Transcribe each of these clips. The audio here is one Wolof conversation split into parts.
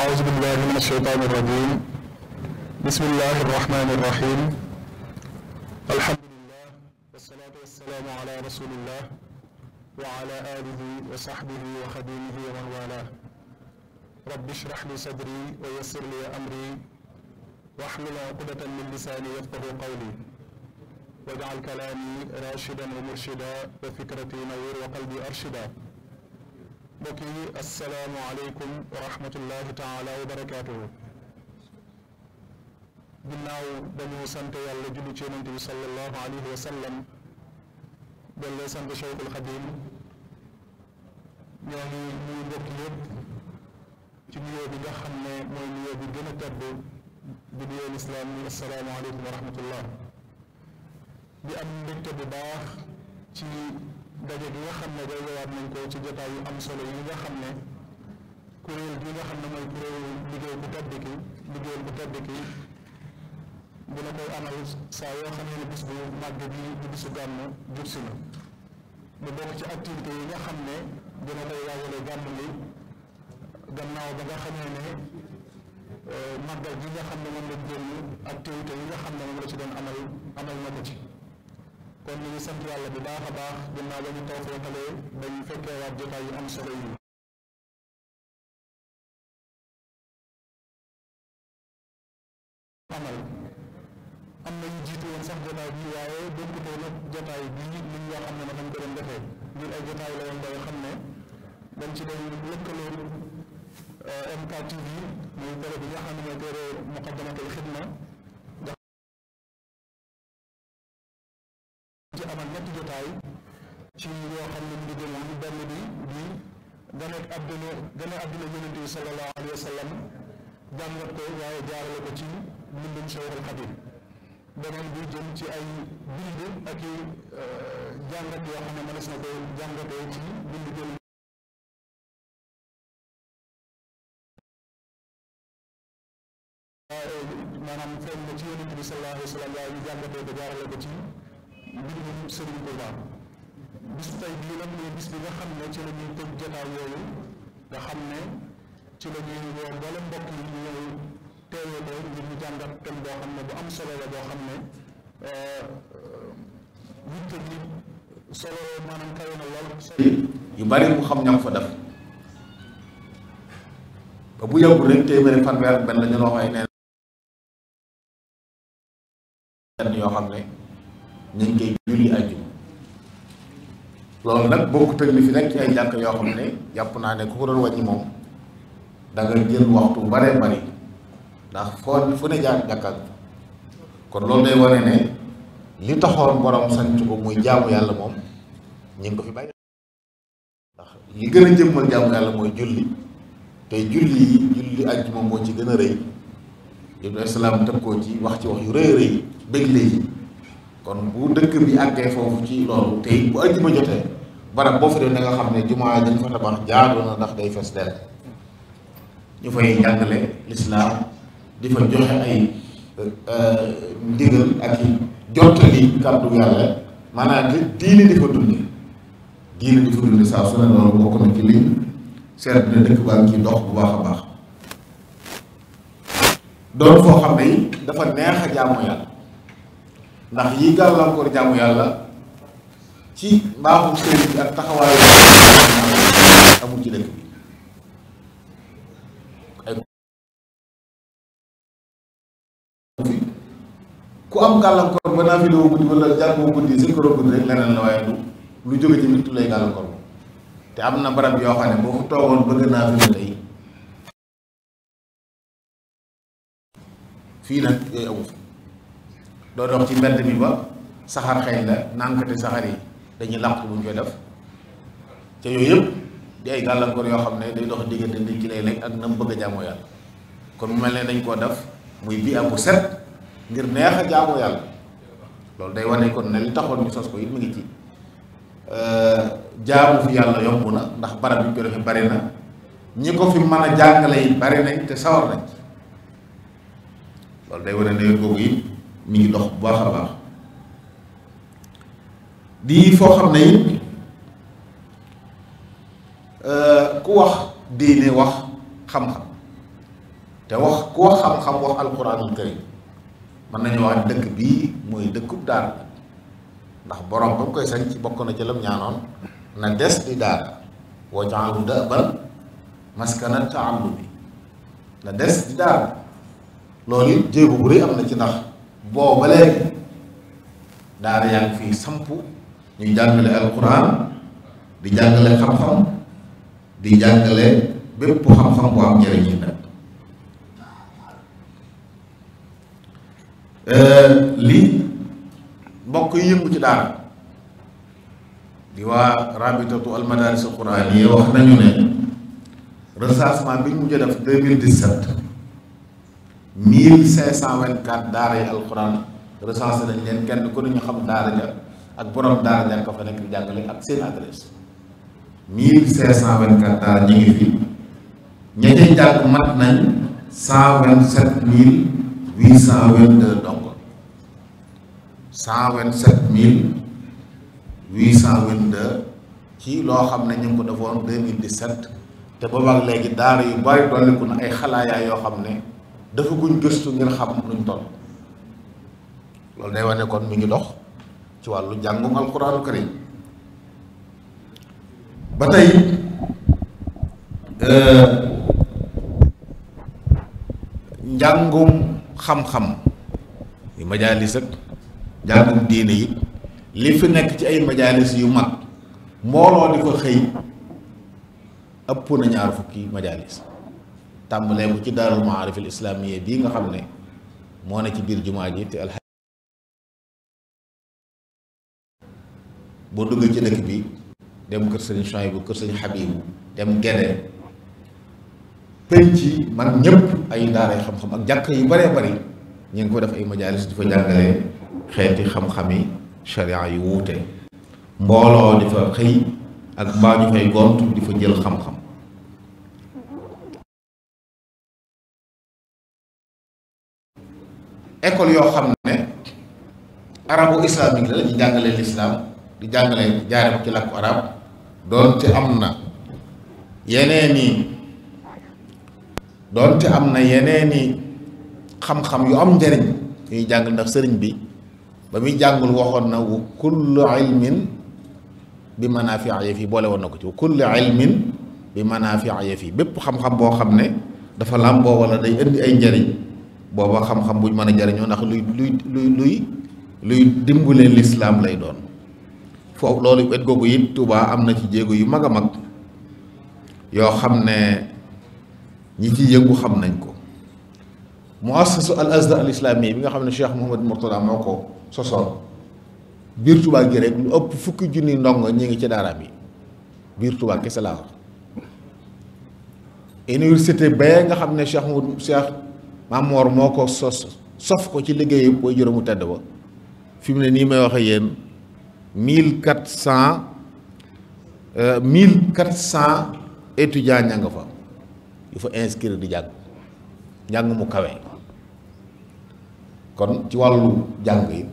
أعوذ بالله من الشيطان الرجيم بسم الله الرحمن الرحيم الحمد لله والصلاة والسلام على رسول الله وعلى آله وصحبه وخديمه ومن والاه رب اشرح لي صدري ويسر لي أمري واحلل عقدة من لساني يفقه قولي واجعل كلامي راشدا ومرشدا وفكرتي نور وقلبي أرشدا mbokk yi asalaamualeykum wa rahmatullahi taala wa barakaatuhu ginnaaw dañu sant yàlla julli ci yonent bi sallallahu alayhi wa sallam dellee sant Cheikhul Xadim ñoo ngi nuyu mbokk yëpp ci nuyoo bi nga xam ne mooy nuyoo bi gën a tedd di am mbégte bu baax ci daje bi nga xam ne dajalewaat nañ ko ci jotaay yu am solo yi nga xam ne kuréel gi nga xam ne mooy kuréelu liggéey bu tedd ki liggéeyal bu tedd ki dina koy amal saa yoo xam ne bis bu màgg bi di bisu gàmmu jub si na mu bokk ci activité yi nga xam ne dina koy waajale gàmm li gannaaw ba nga xamee ne euh, màggal gi nga xam ne moom la génn activité yi nga xam ne moom la ci doon amal amal na ko ci kon ñu sant yàlla bu baax a baax ginnaaw ba ñu taw feexalee dañ fekkee waat jotaay yu am solo yi amal am na ñu jiitu woon sax jotaay bi waaye bokkutoo nag jotaay bi nit ñi nga xam ne na dañ ko doon defee ngir ay jotaay la woon xam ne dañ ci doon lëkkaloo euh, MK TV muy télé bi nga xam ne mooy Muqaddamatul Xidma ci amal ñetti jotaay ci yoo xam ne ñu jël ñu bi di gane àdduna gane àdduna yonent bi sallallahu alayhi wa sallam jàngat ko waaye jaarale ko ci mbindum Cheikhul jëm ci ay bind ak i euh, jàngat yoo xam ci bind jël maanaam feeñ na ci yonent bi sallallahu alayhi wa ci mbirum Serigne bi nga xam ne ci la ñuy tëj xam ne ci la ñuy woo mboolem mbokk yi ñu ñëw boo xam ne bu am solo la boo xam ne yitte gi solo maanaam kawe na lool. yu bari mu xam ñam fa def ba bu yàggul rek téeméeri fanweer benn la ñu loo xam yoo xam ne. nañ koy julli àjjuma loolu nag bokkut li fi nekk ay jàkk yoo xam ne jàpp naa ne ku ko doon wàññi moom da nga jël waxtu bare bari ndax foo fu ne jaar jàkkaag kon loolu day wane ne li taxoon borom sant ko muy jaamu yàlla moom ñu ngi ko fi bàyyi ndax li gën a jëmmal jaamu yàlla mooy julli tey julli yi julli àjjuma moo ci gën a rëy ibnu islaam tëb koo ci wax ci wax yu rëy rëy bëgg yi kon bu dëkk bi àggee foofu ci loolu tey bu ba jotee barab boo fi doon da nga xam ne jumaa dañ fa tabax jaadoo na ndax day fes dere ñu fay jàngale lislaam di fa joxe ay euh, euh, ndigal ak i jottali kàddu yàlla maanaam diine di fa dunde diine di fa dunde saa su ne loolu bokk na ci liñ seet na dëkk baa ngi dox bu baax a baax doon foo xam ne dafa neex a jaamu yàlla ndax yi gàllankoor jàmm yàlla ci mbaaxum sëriñ bi ak taxawaayu amul ci dëkk bi ku am gàllankoor ba naa fi guddi wala jàngoo guddi suñ guddi rek leneen la waaye du lu jóge ci nit lay gàllankoor te am na barab yoo xam ne boo fa toogoon bëgg naa fi tey fii nag eh, doo dox ci mbedd mi ba saxaar xëy la naankate saxaar yi dañuy làqu bu ñu koy def te yooyu yëpp di ay gàllankoor yoo xam ne day dox diggante nit ci lay nekk ak na mu bëgg a jaamoo yàlla kon mu mel ne dañ koo def muy bii ak bu set ngir neex a jaamoo yàlla loolu day wane kon ne li taxoon ñu sos ko it mu ngi ci jaamu fi yàlla yomb na ndax barab yi ko bari na ñi ko fi mën a jàngale yi bari nañ te sawar nañ loolu day wane ne yooyu boobu yi mi ngi dox bu baax a baax di foo xam ne euh, ku wax diine wax xam-xam te wax ku wax xam-xam wax alquranul karim mën nañu wax dëkk bii mooy dëkkub daara ndax borom ba mu koy sañ ci bokkoon na jëlam ñaanoon na des di daara wa jaalu daban maskana taallumi na des di daara loolu jéego bu rëy am na ci ndax booba léegi daara yaa ngi fiy samp ñuy jàngale alquran di jàngale xam-xam di jàngale bépp xam-xam bu am njëriñ yi nag euh, lii mbokk yi yëngu ci daara di waa rabitatu almadaris alquraniya wax nañu ne recensement bi ñu mujj def 2017 1524 daara yi alxuraan recensé nañ leen kenn ku ne ñu xam daara ja ak borom daara ja ko fa nekk di jàngale ak seen adresse 1524 daara ñu ngi fi ña cay jàng mat nañ 127 822 dongo 127 822 ci loo xam ne ñu ngi ko defoon 2017 te boobaag léegi daara yu bari dolliku na ay xalaayaa yoo xam ne. dafa guñ gëstu ngir xam luñ toll loolu day wane kon mu ngi dox ci wàllu jàngum alxuraanu karim ba tey euh, njàngum xam-xam yu majaalis ak njàngum diine yi li fi nekk ci ay majaalis yu mag mbooloo di ko xëy ëpp na ñaar fukki majaalis tàmbalee bu ci daarul maarifil islaamiya bii nga xam ne moo ne ci biir jumaa ji te alxaj boo duggee ci dëkk bi dem kër sëriñ Chouaïbou kër sëriñ Habibou dem Guédé penc yi man ñëpp ay daaray xam-xam ak jàkk yu baree bari ñu ngi ko def ay majaalis di fa jàngale xeeti xam-xami sharia yu wuute mbooloo di fa xëy ak baa ñu fay gont di fa jël xam-xam école yoo xam ne arabo islamique la di jàngalee l'islam di jàngalee jaare ko ci làkku arab doonte am na yeneeni doonte am na yeneeni xam-xam yu am njariñ yuy jàngal ndax sëriñ bi ba muy jàngul waxoon na wu kullu ilmin bi manaafi'a yi fii boole woon na ko ci wu kullu ilmin bi manaafi'a yi fii bépp xam-xam boo xam ne dafa làmboo wala day indi ay njariñ booba xam-xam buñ mën a jariñoo ndax luy luy luy luy luy dimbale lislaam lay doon foofu loolu wet googu it Tuubaa am na ci jéego yu mag a mag yoo xam ne ñi ci yëngu xam nañ ko mu assasu al azda al islami bi nga xam ne Cheikh Mouhamad Mourtada moo ko sosoon biir Tuubaa gi rek lu ëpp fukki junni ndongo ñi ngi ci daaraam yi biir Tuubaa kese laa wax université ba nga xam ne Cheikh Mouhamad maam moo ko sos sof ko ci liggéeyu booy juróomu tedd ba fi mu ne nii may wax ak yéen mille quatre cent euh, mille quatre cent étudiants jàng nga fa yu fa inscrire di jàgg jàng mu kawe kon ci wàllu jàng yi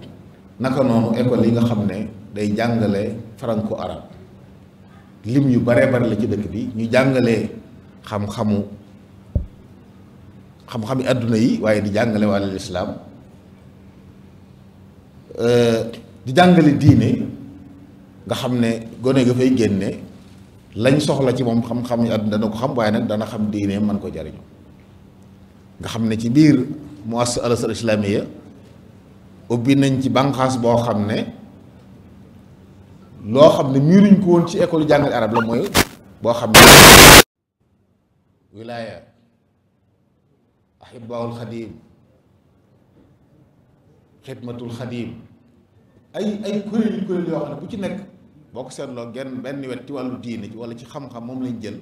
naka noonu école yi nga xam ne day jàngale franco arabe lim yu bare bare la ci dëkk bi ñu jàngalee xam-xamu xam-xami àdduna yi waaye di jàngale wàllu lislaam euh, di jàngale diine nga xam ne gone ga fay génne lañ soxla ci moom xam-xam yi àdduna dana ko xam waaye nag dana xam diine man ko jariñu nga xam ne ci biir muassasa al islaamiya ubbi nañ ci banqaas boo xam ne loo xam ne miiruñ ko woon ci école jàngale arab la mooy boo xam ne wilaaya ahibaahul xadim xidmatul xadim ay ay kuréel yu kuréel yoo xam ne bu ci nekk boo ko seetloo genn benn wet ci wàllu diine wala ci xam-xam moom lañ jël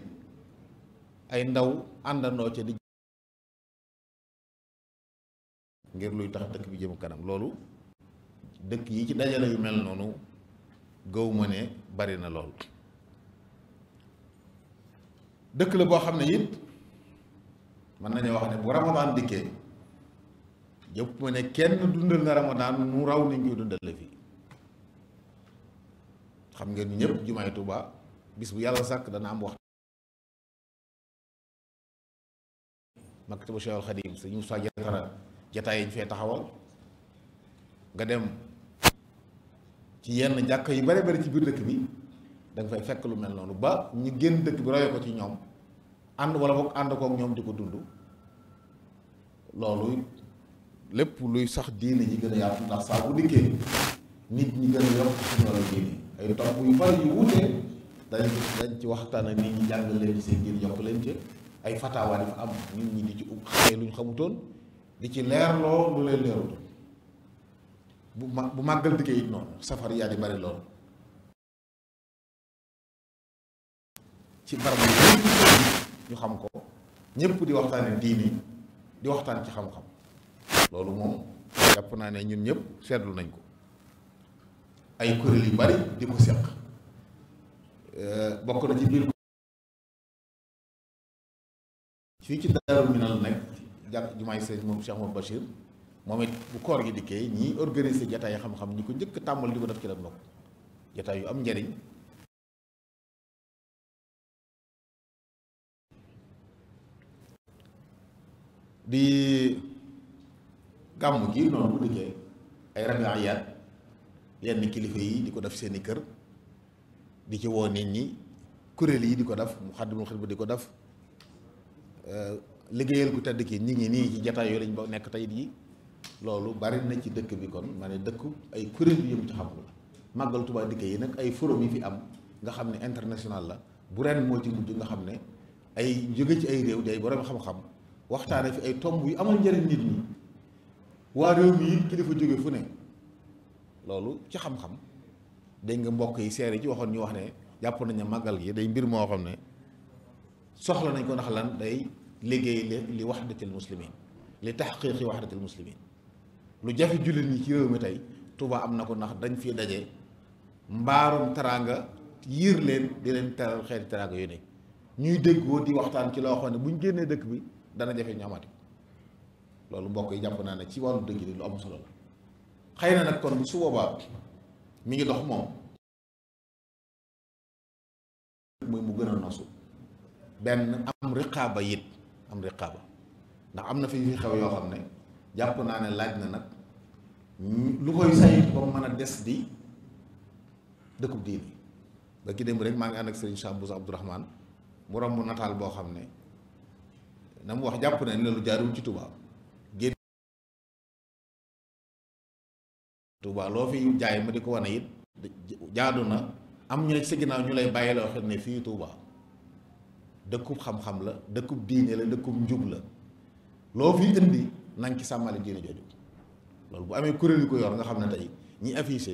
ay ndaw àndandoo ca di ngir luy tax dëkk bi jëm kanam loolu dëkk yi ci dajale yu mel noonu gëw ne bari na lool dëkk la boo xam ne it mën nañoo wax ne bu ramadaan dikkee jëpp ma ne kenn dundal na ramadaan mu raw nañ ñu koy dundale fii xam ngeen ñëpp jumaay Tuubaa gis bu yàlla sàkk dana am waxtu maktabu Cheikh Xadim suñu sa jatara jataay yi ñu fee taxawal nga dem ci yenn jàkk yu bare bari ci biir dëkk bi da nga fay fekk lu mel noonu ba ñu génn dëkk bi roye ko ci ñoom ànd wala boog ànd kook ñoom di ko dund loolu lépp luy sax diine yi gën a yaatu ndax saa bu dikkee nit ñi gën a yokk suñu wàllu diine ay topp yu bari yu wuute dañ dañ ci waxtaan ak nit ñi leen ay fatawaa di ñi di ci ub xamee lu ñu xamutoon di ci leerloo lu leen leerutoon bu ma bu màggal dikkee it noonu safar yaa di bari lool ci barab yi ñu xam ko ñépp di waxtaane diini di waxtaan ci xam-xam loolu moom jàpp naa ne ñun ñëpp seetlu nañ ko ay kuréel yu bari di ko seq euh, bokk na ci biir fii ci Daaru Minam nag jàkk jumaay sëñ moom Cheikh Mouhamed Bachir moom it bu koor gi dikkee ñiy organiser jataay xam-xam ñi ko njëkk tàmbal di ko def ci la bokk jataay yu am njariñ di gàmm gi noonu bu dikkee ay rabiyaat yenn kilifa yi di ko def seeni kër di ci woo nit ñi kuréel yi di ko def mu xaddimul xidma di ko def eh, liggéeyal ku tedd ki ñi ngi nii ci jataay yooyu lañ ba nekk tey yi loolu bari na ci dëkk bi kon ma dëkku ay kurél yu yëngu ci xam la màggal Tuubaa dikkee yi nag ay forum yi fi am nga xam ne international la bu ren moo ci mujj nga xam ne ay jóge ci ay réew day borom xam-xam waxtaane fi ay tomb yu amul njëriñ nit ñi waa réew mi it kilifa jóge fu ne loolu ci xam-xam dégg nga mbokk yi yi ci waxoon ñu wax ne jàpp nañu ne màggal gi day mbir moo xam ne soxla nañ ko nax lan day liggéey li wax li waxdatil muslimin li taxqiqi waxdatil muslimin lu jafe jullit ñi ci réew mi tey tubaa am na ko ndax dañ fi daje mbaarum teraanga yiir leen di leen teral xeeti teraanga yu ne ñuy déggoo di waxtaan ci loo xam ne bu ñu génnee dëkk bi dana jafe ñu amati loolu mbokk yi jàpp naa ne ci wàllu dëgg li lu am solo la xëy na nag kon bu su boobaa mi ngi dox moom mu gën a nosu benn am riqaaba yit am riqaaba ndax am na fi fi xew yoo xam ne jàpp naa ne laaj na nag lu koy sayit ba mën a des di dëkkub diini ba ki démb rek maa ngi ànd ak Serigne Cheikh Boussa Abdourahmane mu nataal boo xam ne na wax jàpp na ne lu jaarul ci Touba génn Touba loo fi jaay ma di ko wane it jaadu na am ñu ne ci sa ginnaaw ñu lay bàyyi la wax ne fii Touba dëkkub xam-xam la dëkkub diine la dëkkub njub la loo fi indi na nga ci sàmmale diine jooju loolu bu amee kuréel yu ko yor nga xam ne tey ñi affiché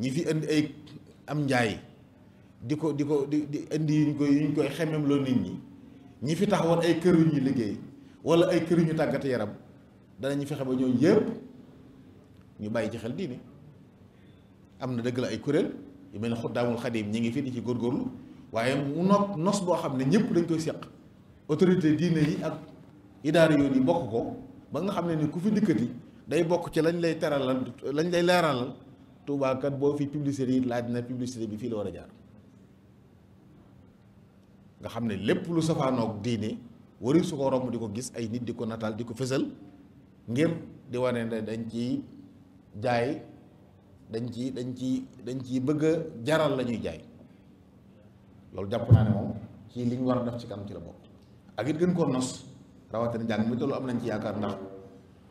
ñi fi indi ay am njaay di ko di ko di indi yuñ koy yuñ koy xemem loolu nit ñi ñi fi taxawoon ay kër yu ñuy liggéey wala ay kër yu ñu tàggat yaram danañu fexe ba ñooñu yëpp ñu bàyyi ci xel diine am na dëgg la ay kuréel yu mel ne xuddaamul xadim ñu ngi fi di ci góor góorgóorlu waaye mu no nos boo xam ne ñëpp dañ koy seq autorité diine yi ak idaara yoon yi bokk ko ba nga xam ne ni ku fi dikkati day bokk ci lañ lay teralal lañ lay leeralal tuubaakat boo fi publicité yi laaj na publicité bi fii la war a jaar nga xam ne lépp lu safaanoog diine wari su ko romb di ko gis ay nit di ko nataal di ko fësal ngir di wane ne dañ ci jaay dañ ci dañ ci dañ ci bëgg a jaral la ñuy jaay loolu jàpp naa ne moom ci liñ ñu war a def ci kanam ci la bokk ak it gën koo nos rawatina jàng mi tollu am nañ ci yaakaar ndax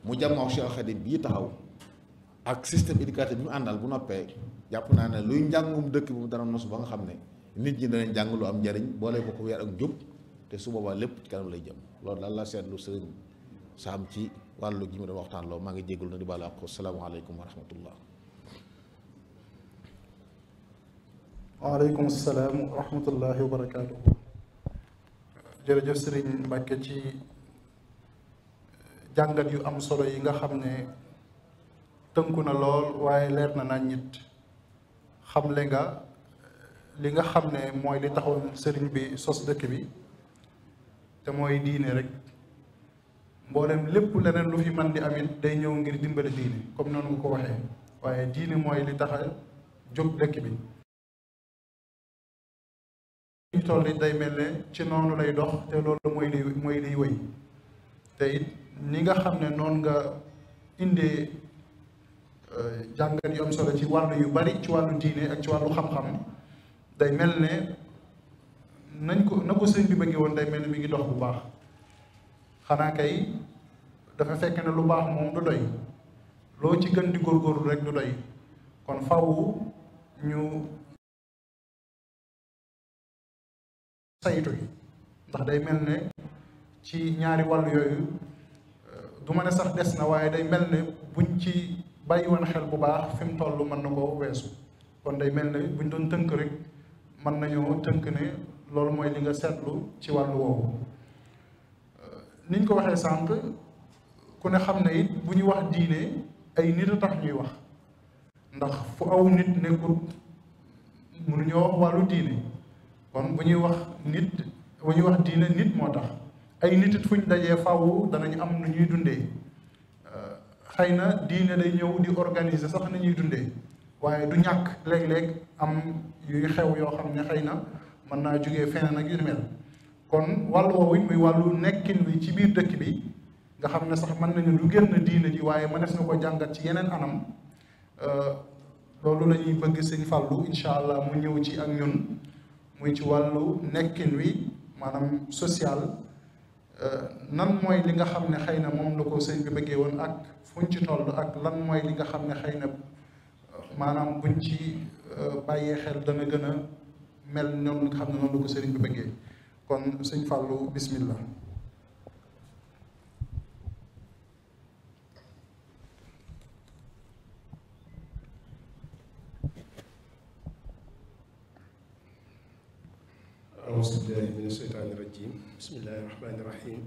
mu jàmmoo Cheikh Khadim bii taxaw ak système éducatif bi mu àndal bu noppee jàpp naa ne luy njàngum dëkk bi mu dana nos ba nga xam ne nit ñi danañ jàng lu am njariñ boole ko ko weer ak jub te su boobaa lépp ci kanam lay jëm loolu daal laa seetlu sëriñ saam ci wàllu gi mu doon waxtaan loo maa ngi jégalu na di baalu àqu salaamaaleykum wa rahmatullah. waaleykum salaam wa rahmatullahi wa barakaatu. jërëjëf Mbàkke ci eh, jàngat yu am solo yi nga xam ne tënku na lool waaye leer na nañ nit xamle nga. li nga xam ne mooy li taxoon sëriñ bi sos dëkk bi te mooy diine rek mboolem lépp leneen lu fi man di amit day ñëw ngir dimbale diine comme noonu nga ko waxee waaye diine mooy li tax a jóg dëkk bi ñu toll ni day mel ne ci noonu lay dox te loolu mooy li mooy liy wéy tey it ni nga xam ne noonu nga indee euh, jàngat yu am solo ci wàllu yu bari ci wàllu diine ak ci wàllu xam-xam day mel ne nañ ko na ko sëñ bi bëggee woon day mel ne mi ngi dox bu baax xanaa kay dafa fekk ne lu baax moom du doy loo ci gën góor góorgóorlu rek du doy kon faw ñu saytu yi ndax day mel ne ci ñaari wàll yooyu du ne sax des na waaye day mel ne buñ ci bàyyi woon xel bu baax fi mu mën na ko weesu kon day mel ne buñ doon tënk rek mën nañoo tënk ne loolu mooy li nga seetlu ci wàllu woowu euh, ni ñu ko waxee sànq ku ne xam ne it bu ñuy wax diine ay nit a tax ñuy wax ndax fu aw nit nekkut mënuñoo wax wàllu diine kon bu ñuy wax nit bu ñuy wax diine nit moo tax ay nit it fuñ dajee faaw danañ am nu ñuy dundee euh, xëy na diine day ñëw di organiser sax na ñuy dundee waaye du ñàkk léeg-léeg am yuy xew yoo xam ne xëy na mën naa jógee feneen ak yu mel kon wàllu woowu muy wàllu nekkin wi ci biir dëkk bi nga xam ne sax mën nañu lu génn diine ji waaye mënees na ko jàngat ci yeneen anam euh, loolu la ñuy bëgg sëñ Fallou incha allah mu ñëw ci ak ñun muy ci wàllu nekkin wi maanaam social euh, nan mooy li nga xam ne xëy na moom la ko sëñ bi bëggee woon ak fuñ ci toll ak lan mooy li nga xam ne xëy na. maanaam buñ ci euh, bàyyee xel dana gën a mel ñoom xam ne noonu la ko sëriñ bi bëggee kon sëñ Fallou bismillah aousubillahi min asheytaani irajim bismillahi rahmaani rahim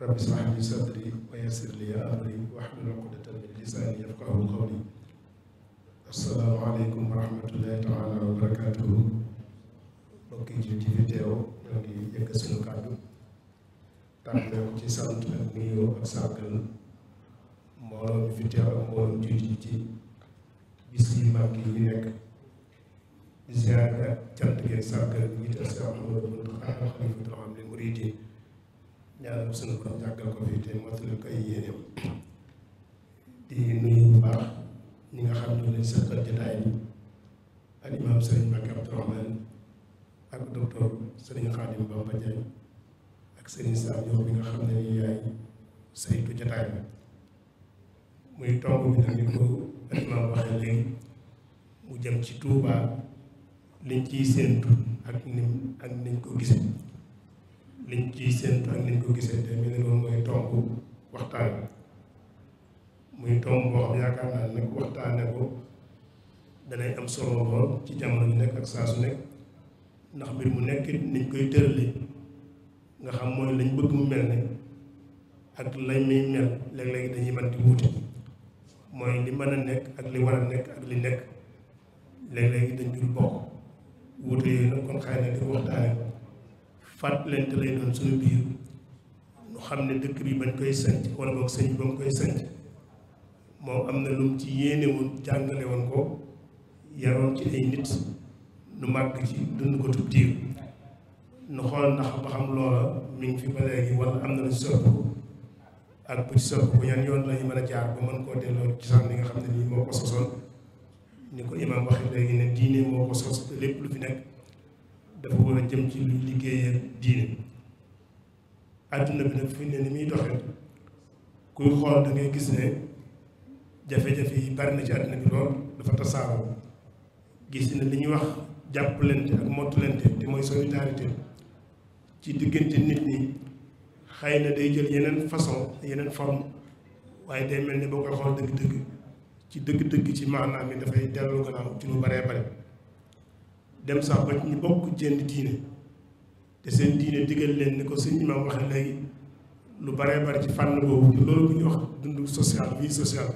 rabbi israh li sadri wa yassir li amri wahlul uqdatan min lisaani yafqahu qawli asalaamaaleykum wa rahmatullahi taala wa barakaatuhu mbokki jullit yi fi teew ngi yëkk suñu kàddu tàmbalee ko ci sant ak nuyoo ak sàggal mbooloo ñu fi teew ak mbooloo jullit ci bis yi màgg yi ñu nekk ziar ak cant ngeen sàggal njiital si Ahmadou Muntaxa xalifatul aam li muriid yi ñaanal suñu ko jàggal ko fi te mottali ko ay yéeneem di nuyu baax ñi nga xam ñoo leen seqal jotaay bi ak imaam Serigne Mbacké Abdourahmane ak docteur Serigne Khadim Bamba Diagne ak Serigne Sam Diop bi nga xam ne ni yaay saytu jotaay bi muy tomb bi nag ñu ko ak waxee léegi mu jëm ci Touba liñ ciy séentu ak nim ak niñ ko gisee liñ ciy séentu ak niñ ko gisee te mel ni loolu mooy tomb waxtaan muy tomb boo xam yaakaar naa nag waxtaane ko danay am solo lool ci jamono ñu nekk ak saa su nekk ndax mbir mu nekk niñ koy tërale nga xam mooy lañ bëgg mu mel ne ak lañ mi mel léeg-léeg dañuy mën di wuute mooy li mën a nekk ak li war a nekk ak li nekk léeg-léeg dañ dul bokk wuute yooyu nag kon xëy na di waxtaane fàttalante lay doon suñu biir ñu xam ne dëkk bi bañ koy sanc wala boog sëñ bi ba mu koy sanc moom am na lum ci yéene woon jàngale woon ko yaroon ci ay nit nu màgg ci dund ko tub diir nu xool ndax ba xam loola mi ngi fi ba léegi wala am na lu soppiku ak bu ci soppiku yan yoon lañu mën a jaar ba mën koo delloo ci sax li nga xam ne nii moo ko sosoon ni ko imaam waxee léegi ne diine moo ko sos lépp lu fi nekk dafa war a jëm ci luy liggéeyee diine àdduna bi nag fi ne ni muy doxee kuy xool da gis ne jafe-jafe yi bari na ci àddina bi lool dafa tasaaroo gis na li ñuy wax jàppalante ak mottulante te mooy solidarité ci diggante nit ñi xëy na day jël yeneen façon yeneen forme waaye day mel ni boo koy xool dëgg-dëgg ci dëgg-dëgg ci maanaam yi dafay dellu gannaaw ci lu baree bare dem sax ñu bokk jënd diine te seen diine digal leen ni ko sëñ imam waxee léegi lu baree bare ci fànn boobu loolu bu ñuy wax dund social vie social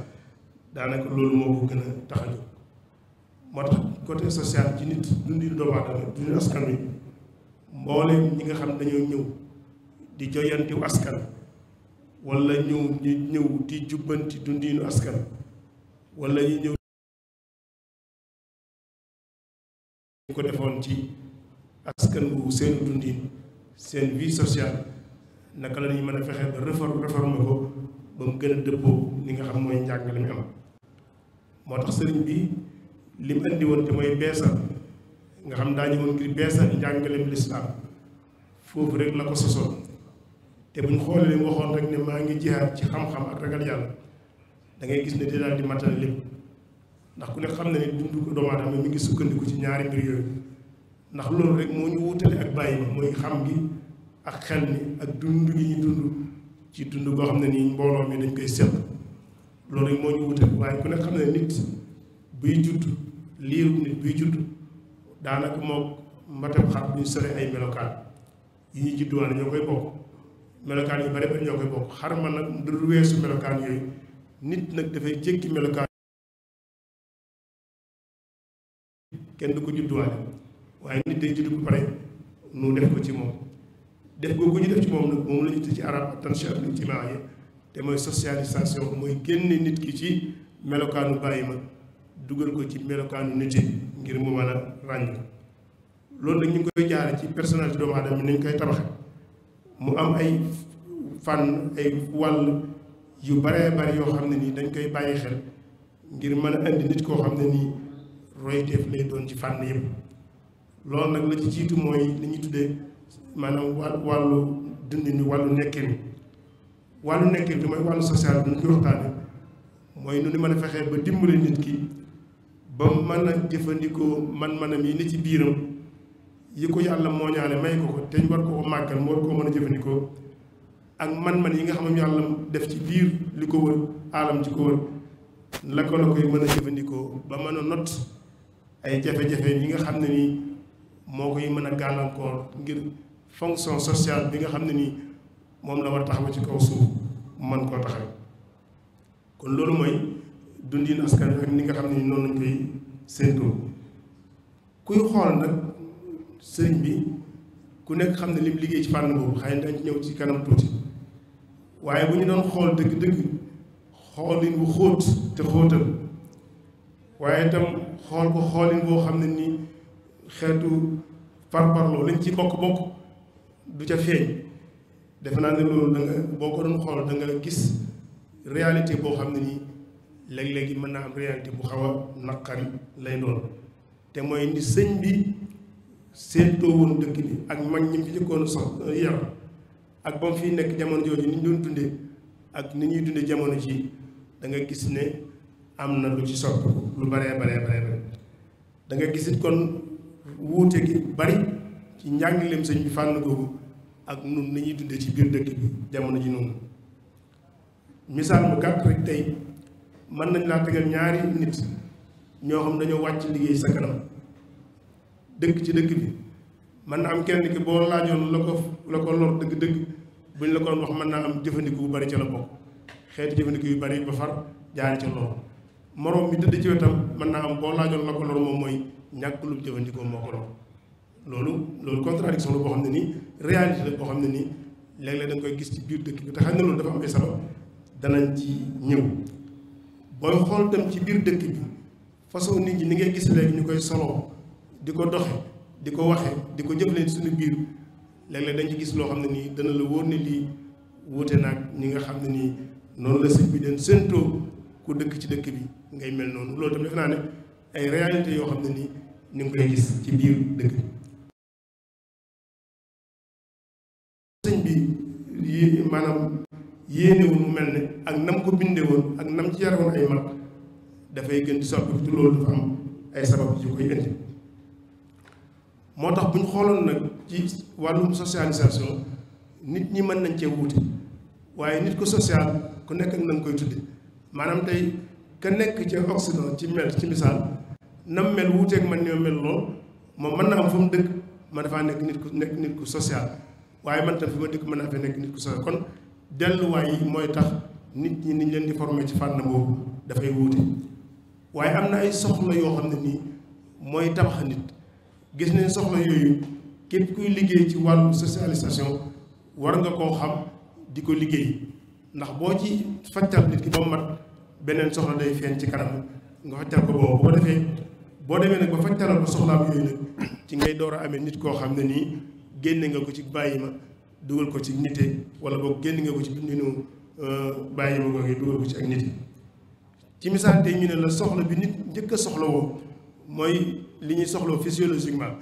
daanaka loolu moo ko gën a tax a jóg moo tax côté social ci nit dundinu doomu aadama dundinu askan wi mbooleem ñi nga xam dañoo ñëw di joyantiw askan wala ñëw ñëw di jubbanti dundinu askan wala ñu ñëw ñu ko defoon ci askan bu seen dundin seen vie sociale naka la ñuy mën a fexe ba réforme réforme ko ba mu gën a dëppoo li nga xam mooy njàngale mi am moo tax sëriñ bi lim indi woon te mooy beesal nga xam daa ñëwoon ngir beesal njàngaleem lislaam foofu rek la ko sosoon te buñ xoolee li waxoon rek ne maa ngi jihaat ci xam-xam ak ragal yàlla da gis ni di daal di matale lépp ndax ku ne xam na ne dundu ko doomu aadama mi ngi sukkandiku ci ñaari mbir yooyu ndax loolu rek moo ñu wutale ak bàyyi mooy xam gi ak xel mi ak dund gi ñu dund ci dund boo xam ne nii mbooloo mi dañ koy seq loolu moo ñu wute waaye ku ne xam ne nit buy judd liiru nit buy judd daanaka mook mbatam xar bu ñu ay melokaan yi ñu judduwaale ñoo koy bokk melokaan yu bari bari ñoo koy bokk xar man nag du weesu melokaan yooyu nit nag dafay jékki melokaan kenn du ko judduwaale waaye nit day judd bu pare nu def ko ci moom def googu ñu def ci moom nag moom la ñu ci arab attention ak liñ ci te mooy socialisation mooy génne nit ki ci melokaanu bàyyi ma dugal ko ci melokaanu nit yi ngir mu mën a ràññ ko loolu nag ñu ngi koy jaare ci personnalité doomu aadama bi ni koy tabax mu am ay fan ay wàll yu baree bari yoo xam ne nii dañ koy bàyyi xel ngir mën a indi nit koo xam ne nii royteef lay doon ci fànn yëpp loolu nag la ci jiitu mooy li ñuy tuddee maanaam wàllu dundin wàllu nekkin wàllu nekkin bi mooy wàllu social bi ñu koy waxtaane mooy nu ni mën a fexee ba dimbale nit ki ba mën a jëfandikoo man man yi ni ci biiram ko yàlla moo ñaale may ko ko te ñu war koo màggal mu war koo mën a jëfandikoo ak man-man yi nga xam ne yàlla def ci biir li ko wër aalam ci ko wër la ko la koy mën a jëfandikoo ba mën a nott ay jafe-jafe yi nga xam ne nii moo koy mën a gàllankoor ngir fonction sociale bi nga xam ne nii moom la war a taxaw ci kaw suuf man koo taxaw kon loolu mooy dundin askan wi ak ni nga xam ne noonu lañ koy séentoo kuy xool nag sëriñ bi ku nekk xam ne lim liggéey ci fànn boobu xëy na dañ ci ñëw ci kanam tuuti waaye bu ñu doon xool dëgg-dëgg xoolin bu xóot te xóotal waaye itam xool ko xoolin boo xam ne ni xeetu parparloo lañ ci bokk-bokk du ca feeñ defe naa ne loolu da nga boo ko doon xool da nga gis réalité boo xam ne nii léeg-léegi mën naa am réalité bu xaw a naqari lay doon te mooy ni sëñ bi seetloo woon dëkk bi ak mag ñi fi njëkkoon sax euh, yar ak ba mu fiy nekk jamono jooju ni ñu doon dundee ak ni ñuy dundee jamono ji da nga gis ne am na lu ci sopp lu bare baree baree da nga gis kon wuute gi bari ci njàngaleem sëñ bi fànn googu. ak nun ni ñuy dundee ci biir dëkk bi jamono ji noonu misaal bu gàtt rek tey mën nañ laa tegal ñaari nit ñoo xam dañoo wàcc liggéey sa kanam dëkk ci dëkk bi mën na am kenn ki boo laajoon la ko la ko lor dëgg-dëgg buñ la ko wax mën naa am jëfandiku bu bari ca la bokk xeeti jëfandiku yu bari ba far jaari ca lool moroom mi tëdd ci wetam mën naa am boo laajoon la ko lor moom mooy ñàkk lu jëfandikoo moo ko lor loolu loolu contradiction la boo xam ne nii réalité la boo xam ne nii léeg-léeg dañ koy gis ci biir dëkk bi te xam ne loolu dafa am ay danañ ci ñëw booy xool dem ci biir dëkk bi façon nit ñi ni ngay gis léegi ñu koy soloo di ko doxe di ko waxe di ko jëfleen suñu biir léeg dañ ci gis loo xam nii dana la wóor ne lii wuute naag ñi nga xam ne nii noonu la sëñ bi den séentoo ku dëkk ci dëkk bi ngay mel noonu loolu tamit defe naa ne ay réalité yoo xam ne nii ñu ngi koy gis ci biir dëkk bi maanaam yéenewul mu mel ne ak nam ko bindee woon ak nam ci yare woon ay mag dafay gën di soppi tu dafa am ay sabab yu koy indi moo tax bu ñu xooloon nag ci wàllum socialisation nit ñi mën nañ cee wuute waaye nit ko social ku nekk ak na nga koy tudde maanaam tey ka nekk ci Occident ci mel ci misaal nam mel wuuteeg man ni ma mel lool moom mën na am fu mu dëkk ma dafaa nekk nit ku nekk nit ku social waaye man tam fi ma dëkk mën a fee nekk nit ku sore kon delluwaay yi mooy tax nit ñi niñ leen di formé ci fànn boobu dafay wuute waaye am na ay soxla yoo xam ne nii mooy tabax nit gis nañ soxla yooyu képp kuy liggéey ci wàllu socialisation war nga koo xam di ko liggéey ndax boo ci fajtal nit ki ba mu mat beneen soxla day feeñ ci kanamam nga fajtal ko boobu bu defee boo demee nag ba fajtalal ko soxlaam yooyu nag ci ngay door a amee nit koo xam ne nii génne nga ko ci bàyyi ma dugal ko ci nite wala boog génne nga ci dundinu euh, bàyyi ma googu dugal ko ci ak nite ci misaal ñu ne la soxla bi nit njëkk a soxla woo mooy li ñuy soxla physiologiquement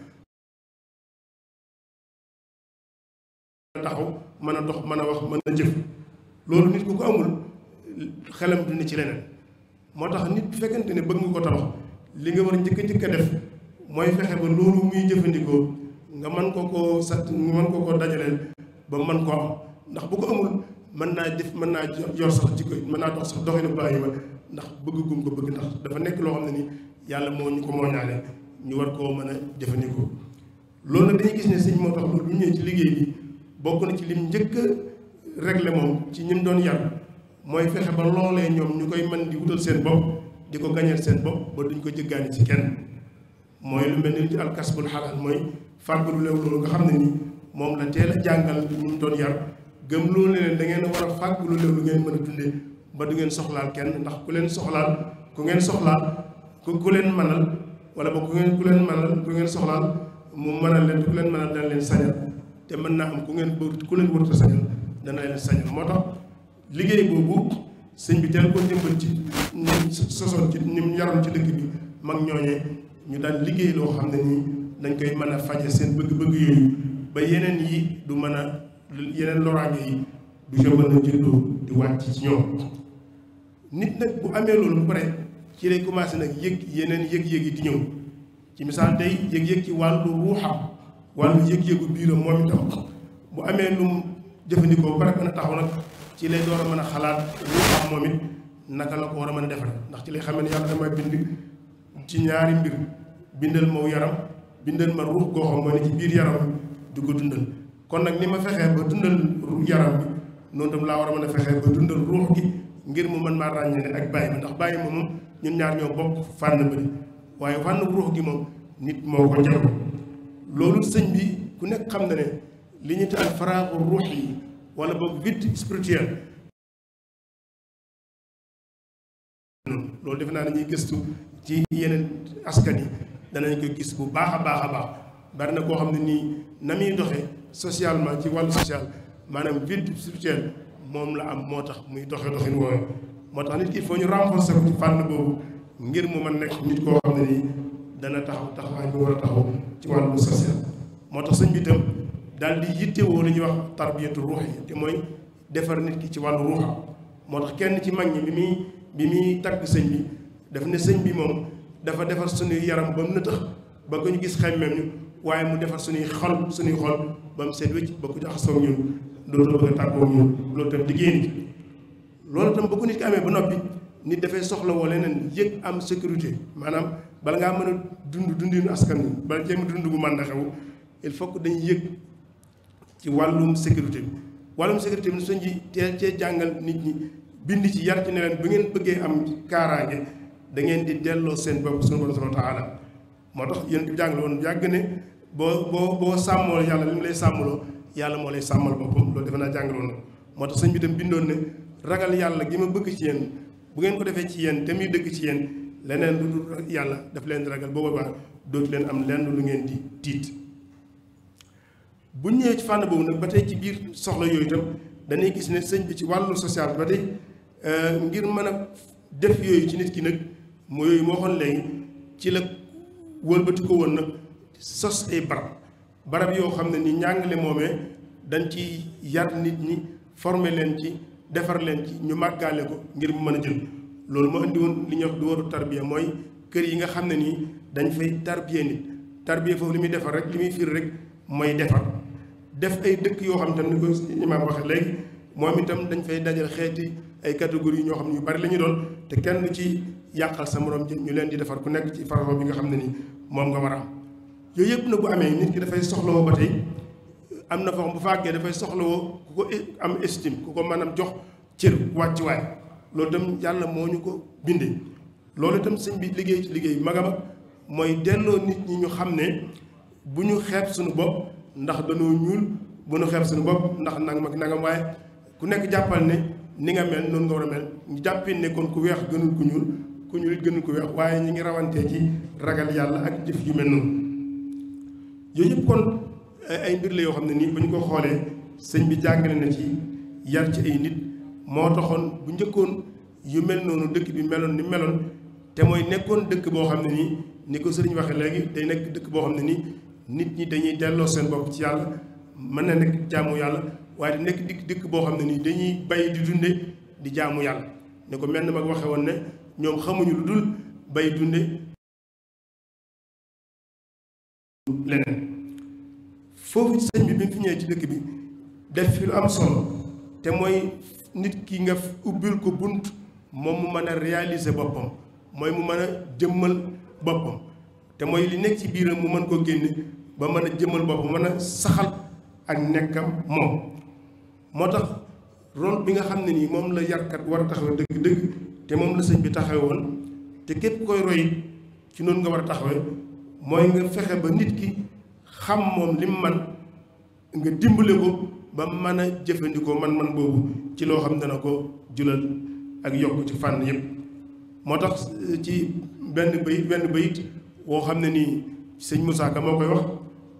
taxaw mën a dox mën a wax mën a jëf loolu nit ku ko amul xelam du ne ci leneen moo tax nit bu fekkente ne bëgg nga ko tabax li nga war njëkk a njëkk a def mooy fexe ba loolu muy jëfandikoo nga man koo ko sat nga mën ko koo dajaleel ba man koo am ndax bu ko amul mën naa jëf mën naa yor sax jikko mën naa dox sax doxinu Ibrahima ndax bëgg gum ko bëgg ndax dafa nekk loo xam ne ni yàlla moo ñu ko mooñaale ñu war koo mën a jëfandikoo loolu nag gis ne sëñ moo tax liggéey bokk na ci lim njëkk a réglé moom ci ñim doon yar mooy fexe ba loolee ñoom ñu koy mën di wutal seen bopp di ko gañeel seen bopp ba duñ ko jëggaani ci kenn mooy lu mel ni ci alkasbul xalaal mooy fàggalu leen loolu nga xam ne nii moom la teel a jàngal ñu doon yar gëm loolu leen da ngeen war a fàggalu leen lu ngeen mën a dunde ba du ngeen soxlaan kenn ndax ku leen soxlaal ku ngeen soxlaal ku leen mënal wala ba ku ngeen ku leen mënal ku ngeen soxlaal mu mënal leen ku leen mënal dana leen sañal te mën naa am ku ngeen bëgg ku leen warut a sañal dana leen sañal moo tax liggéey boobu sëñ bi teel ko dimbal ci ñi sosoon ci ñi yaroon ci dëkk bi mag ñooñee ñu daan liggéey loo xam ne nii dañ koy mën a faje seen bëgg-bëgg yooyu ba yeneen yi du mën a yeneen loraange yi du ca mën a jëndoo di wàcc ci ñoom nit nag bu amee loolu ba pare ci lay commencé nag yëg yeneen yëg-yëg yi di ñëw ci misaal tey yëg-yëg ci wàllu ruuxam wàllu yëg-yëgu biiram moom itam bu amee lu mu jëfandikoo ba pare mën a taxaw nag ci lay door a mën a xalaat ruuxam moom it naka la ko war a mën a defare ndax ci lay xamee ne yàlla damay bind ci ñaari mbir bindal maw yaram bindal ma ruux goo xam moo ci biir yaram di ko dundal kon nag ni ma fexee ba dundal yaram bi noonu tam laa war a mën a fexee ba dundal ruux gi ngir mu mën maa ràññale ak bàyyi ma ndax bàyyi ma moom ñun ñaar ñoo bokk fànn bëri waaye fànn ruux gi moom nit moo ko jar loolu sëñ bi ku nekk xam na ne li ñu taal faraaxu ruux yi wala boog vide spirituel loolu defe naa ne ñuy gëstu ci yeneen askan danañ ko gis bu baax a baax a baax bari na koo xam ne nii na muy doxe socialement ci wàllu social maanaam vie spirituelle moom la am moo tax muy doxe doxin woowu moo tax nit ki il faut ñu renforcer ko ci fànn boobu ngir mu mën nekk nit koo xam nii dana taxaw taxawaay bi war taxaw ci wàllu social moo tax sëñ bi itam daal di yittewoo li ñuy wax tarbiyatu ruux yi te mooy defar nit ki ci wàllu ruuxa moo tax kenn ci mag ñi bi muy bi muy tagg sëñ bi daf ne sëñ bi moom dafa defar suñuy yaram ba mu nëtëx ba ku ñu gis xemmeem ñu waaye mu defar suñuy xol suñuy xol ba mu seet wécc ba ku jaxasoo ñun dootoo bëgg a tàggoo ñun loolu tam liggéey nit loolu tam ba ku nit ki amee ba noppi nit dafay soxla woo leneen yëg am sécurité maanaam bala ngaa mën a dund dundinu askan wi bala jéem dund bu mën na xew il faut que dañuy yëg ci wàllum sécurité bi wàllum sécurité bi suñ ji teel cee jàngal nit ñi bind ci yar ci ne bu ngeen bëggee am kaaraange da ngeen di delloo seen bopp suñu borom subhanahu wa moo tax yéen bi jàngale woon yàgg ne boo boo boo sàmmool yàlla li mu lay sàmmaloo yàlla moo lay sàmmal boppam loolu defe naa jàngale woon moo tax sëñ bi tam bindoon ne ragal yàlla gi ma bëgg ci yéen bu ngeen ko defee ci yéen te muy dëgg ci yéen leneen lu dul yàlla daf leen di ragal booba ba dootu leen am lenn lu ngeen di tiit bu ñëwee ci fànn boobu nag ba tey ci biir soxla yooyu itam dañuy gis ne sëñ bi ci wàllu social ba tey euh, ngir mën a def yooyu ci nit ki nag mu yooyu moo xoon léegi ci la wëlbati ko woon nag sos ay barab barab yoo xam ne ni njàngale moomee dañ ci yar nit ñi former leen ci defar leen ci ñu màggaale ko ngir mu mën a jël loolu moo indi woon li ñuy wax du waru tarbiya mooy kër yi nga xam ne nii dañ fay tarbiya nit tarbiya foofu li muy defar rek li muy fiir rek mooy defar def ay dëkk yoo xam tam ni ko imaam waxe léegi moom itam dañ fay dajal xeeti ay catégorie ñoo xam ne yu bari la doon te kenn ci yàqal sa moroom morom ñu leen di defar ku nekk ci faroo bi nga xam ne ni moom nga war a am yooyu yëpp na bu amee nit ki dafay soxlawoo ko tey am na foo bu fàggee dafay soxlawoo ku ko am estime ku ko maanaam jox cër wàccuwaay loolu dem yàlla moo ñu ko bindee. loolu itam sëñ bi liggéey ci liggéey magam ak mooy delloo nit ñi ñu xam ne bu ñu xeeb suñu bopp ndax dañoo ñuul bu nu xeeb suñu bopp ndax mag ak nangam waaye ku nekk jàppal ne ni nga mel noonu nga war a mel ñu jàppin ne ku weex gënul ku ñuul. ku ñu lit gënu ko weex waaye ñu ngi rawantee ci ragal yàlla ak jëf yu mel noonu yooyu yëpp kon ay mbir la yoo xam ne nii bu ñu ko xoolee sëñ bi jàngale na ci yar ci ay nit moo taxoon bu njëkkoon yu mel noonu dëkk bi meloon ni meloon te mooy nekkoon dëkk boo xam ne nii ni ko sëriñ waxe léegi day nekk dëkk boo xam ne nii nit ñi dañuy delloo seen bopp ci yàlla mën na nekk jaamu yàlla waaye di nekk dikk dëkk boo xam ne nii dañuy bay di dunde di jaamu yàlla ko mel na woon ne ñoom xamuñu lu dul bay dunde leneen foofu ci bi bi mu fi ñëwee ci dëkk bi def fi lu am solo te mooy nit ki nga ubbil ko bunt moom mu mën a réaliser boppam mooy mu mën a jëmmal boppam te mooy li nekk ci biiram mu mën koo génne ba mën a jëmmal boppam mën a saxal ak nekkam moom moo tax rôle bi nga xam ne nii moom la yarkat war a taxaw dëgg-dëgg te moom la sëñ bi taxawe woon te képp koy roy ci noonu nga war a taxawe mooy nga fexe ba nit ki xam moom li man nga dimbale ko ba mën a jëfandikoo man-man boobu ci loo xam dana ko julal ak yokk ci fànn yëpp moo tax eh, ci benn bayit benn bayit woo xam ne nii sëñ Moussa moo koy wax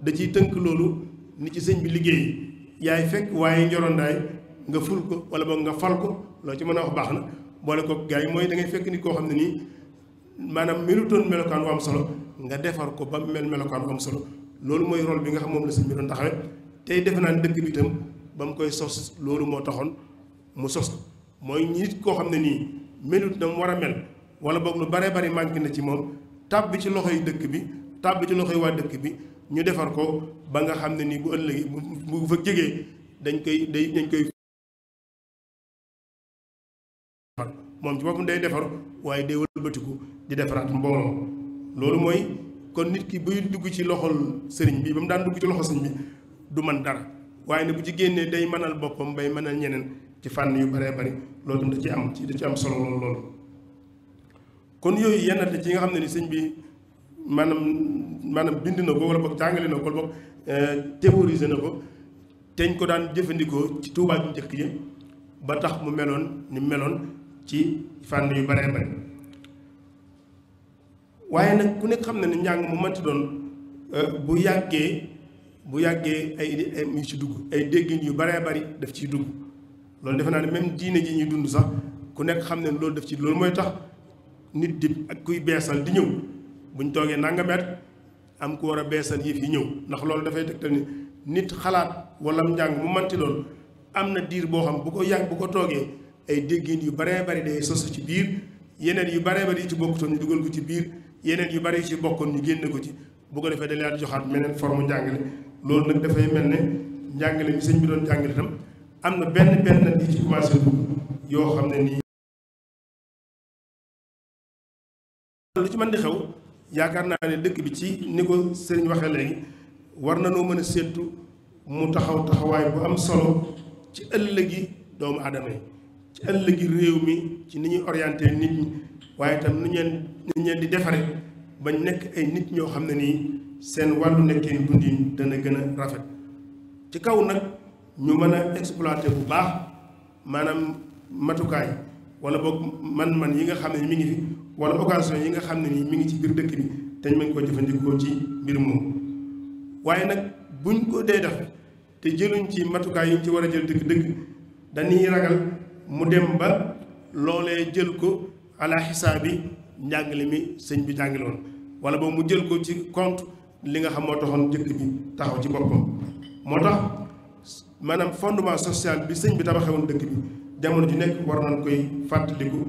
da ciy tënk loolu ni ci sëñ bi liggéey yaay fekk waaye njorondaay nga ful ko wala boog nga fal ko loo ci mën a wax baax na boole ko gaa yi mooy da ngay fekk nit koo xam ne nii maanaam melutoon melokaan bu am solo nga defar ko ba mel melokaan bu am solo loolu mooy rôle bi nga xam moom la sëñ bi doon taxawee tey defe naa ne dëkk bi itam ba mu koy sos loolu moo taxoon mu sos mooy nit koo xam ne nii melut na mu war a mel wala boog lu baree bari manqué na ci moom tàbbi ci loxo yi dëkk bi tàbbi ci yi waa dëkk bi ñu defar ko ba nga xam ne nii bu ëllëgee bu bu fa jegee dañ koy day dañ koy. defar moom ci boppam day defar waaye day wëlbatiku di defaraat mbooloo loolu mooy kon nit ki buy dugg ci loxol sëriñ bi ba mu daan dugg ci loxol sëriñ bi du man dara waaye ne bu ci génnee day mënal boppam bay mënal ñeneen ci fànn yu baree bari loolu tam da ci am ci da ci am solo loolu loolu kon yooyu yenn at ci nga xam ne ni sëñ bi maanaam maanaam bind na ko wala boog jàngale na ko wala boog euh, na ko teñ ko daan jëfandikoo ci tuubaa ju njëkk yi ba tax mu meloon ni meloon ci fànn yu baree bari waaye nag ku nekk xam na ni njàng mu mënti doon euh, bu yàggee bu yàggee ay ay mu ci dugg ay déggin yu baree bari def ciy dugg loolu defe naa ne même diine ji ñuy dund sax ku nekk xam ne loolu daf ci loolu mooy tax nit ak kuy beesal di ñëw buñ toogee nangameet am ku a beesal yëf yi ñëw ndax loolu dafay tegtal nit xalaat wala njàng mu mënti doon am na diir boo xam bu ko yàgg bu ko toogee ay déggin yu baree bari day sosu ci biir yeneen yu baree bari yu ci bokkutoon ñu dugal ko ci biir yeneen yu bari yu ci bokkoon ñu génne ko ci bu ko defee dañ laa joxaat meneen forme njàngale loolu nag dafay mel ne njàngale mi sëñ bi doon jàngale tam am na benn benn nag yi ci commencé dugg yoo xam ne nii lu ci mën di xew yaakaar naa ne dëkk bi ci ni ko sëriñ waxee léegi war na noo mën a séddu mu taxaw taxawaay bu am solo ci ëllëgi doomu aadama yi ci ëllëgi réew mi ci ni ñuy orienté nit ñi waaye itam nu ñeen ni di defare bañ nekk ay nit ñoo xam ne nii seen wàllu nekkee dundin dana gën a rafet ci kaw nag ñu mën a exploité bu baax maanaam matukaay wala boog man-man yi nga xam ne mi ngi fi wala occasion yi nga xam ne nii mi ngi ci biir dëkk bi te ñu ngi ko jëfandikoo ci mbir moomu waaye nag buñ ko dee def te jëluñ ci matukaay yi ñu ci war a jël dëgg-dëgg dañuy ragal mu dem ba loolee jël ko ala xisaabi njàngale mi sëñ bi jàngale woon wala boobu mu jël ko ci compte li nga xam moo taxoon jëkk bi taxaw ci boppam moo tax maanaam fondement sociale bi sëñ bi tabaxee woon dëkk bi jamono ji nekk war nañ koy fàttaliku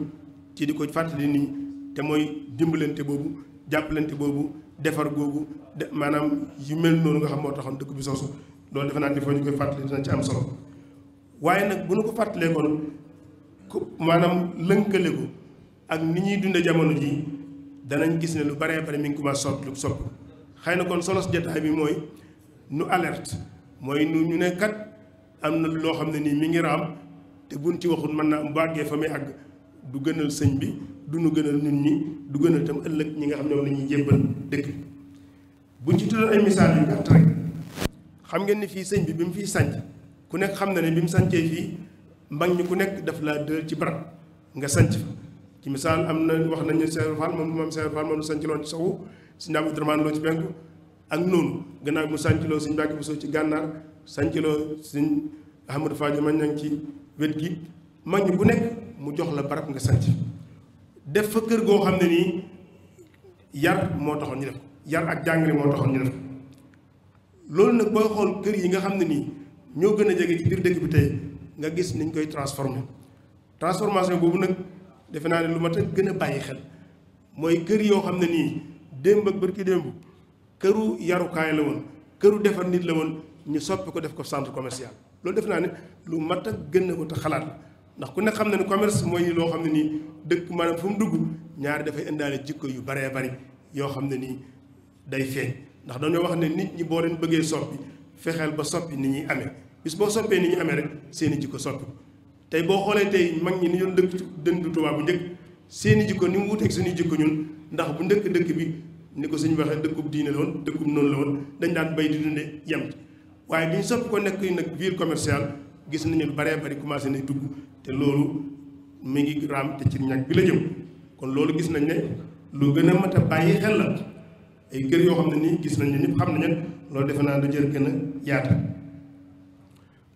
ci di ko fàttali nit te mooy dimbalante boobu jàppalante boobu defar googu de maanaam yu mel noonu nga xam moo taxoon dëkk bi soosu loolu defe naa ne foo ñu koy fàttali dina ci am solo waaye nag bu nu ko maanaam lënkale ko ak ni ñuy dunde jamono ji danañ gis ne lu baree bari mi ngi commencé sopp lu sopp xëy na kon solos jotaay bi mooy nu alerte mooy nu ñu ne kat am na loo xam ne nii mi ngi raam te buñ ci waxul mën naa am bàggee fa mi àgg du gënal sëñ bi du nu gënal nit ñi du gënal tam ëllëg ñi nga xam ne moom la ñuy jébbal dëkk buñ ci tuddoon ay misaal yu gàtt xam ngeen ni fii sëñ bi bi mu fiy sànc ku nekk xam na ne bi mu sàncee fii mag ñi ku nekk daf laa dër ci barab nga sanc fa ci misaal am na wax nañu Cheikh Fall moom moom Cheikh Fall moom la sanc loon ci sowu si ndaam Abdourahmane ak noonu gannaaw mu sanc loo suñ Mbàkke Buso ci gànnaar sanc loo suñ Ahmadou Fadio ci wet gi mag ñi mu jox la barab nga sanc def kër goo xam ne nii yar moo taxoon ñu def ak jàngale loolu nag booy xool kër yi nga xam ne nii ñoo gën a jege ci biir dëkk bi tey nga gis niñ koy transformer transformation boobu nag defe naa ne lu mat a gën a bàyyi xel mooy kër yoo xam ne nii démb ak barki démb këru yarukaay la woon këru defar nit la woon ñu soppi ko def ko centre commercial loolu defe naa ne lu mat a gën a wut a xalaat la ndax ku ne xam na ne commerce mooy loo xam ne nii dëkk maanaam fu mu dugg ñaari dafay indaale jikko yu baree bari yoo xam ne nii day feeñ ndax dañoo wax ne nit ñi boo leen bëggee soppi fexeel ba soppi ni ñuy amee bis boo soppee ni ñu amee rek seeni jikko soppi tey boo xoolee tey mag ñi ni ñoon dëkk dënd Tuubaa bu njëkk seeni i jikko ni mu wuteeg suñuy jikko ñun ndax bu ndëkk dëkk bi ni ko suñu waxee dëkkub diine la woon dëkkub noonu la woon dañ daan bay di dunde yem waaye bi ñu soppi ko nekk nag ville commerciale gis nañu lu baree bari commencé nay dugg te loolu mi ngi raam te ci ñag bi la jëm kon loolu gis nañ ne lu gën a mat a bàyyi xel la ay kër yoo xam ne nii gis nañ ne xam nañu loolu defe naa du jër gën a yaata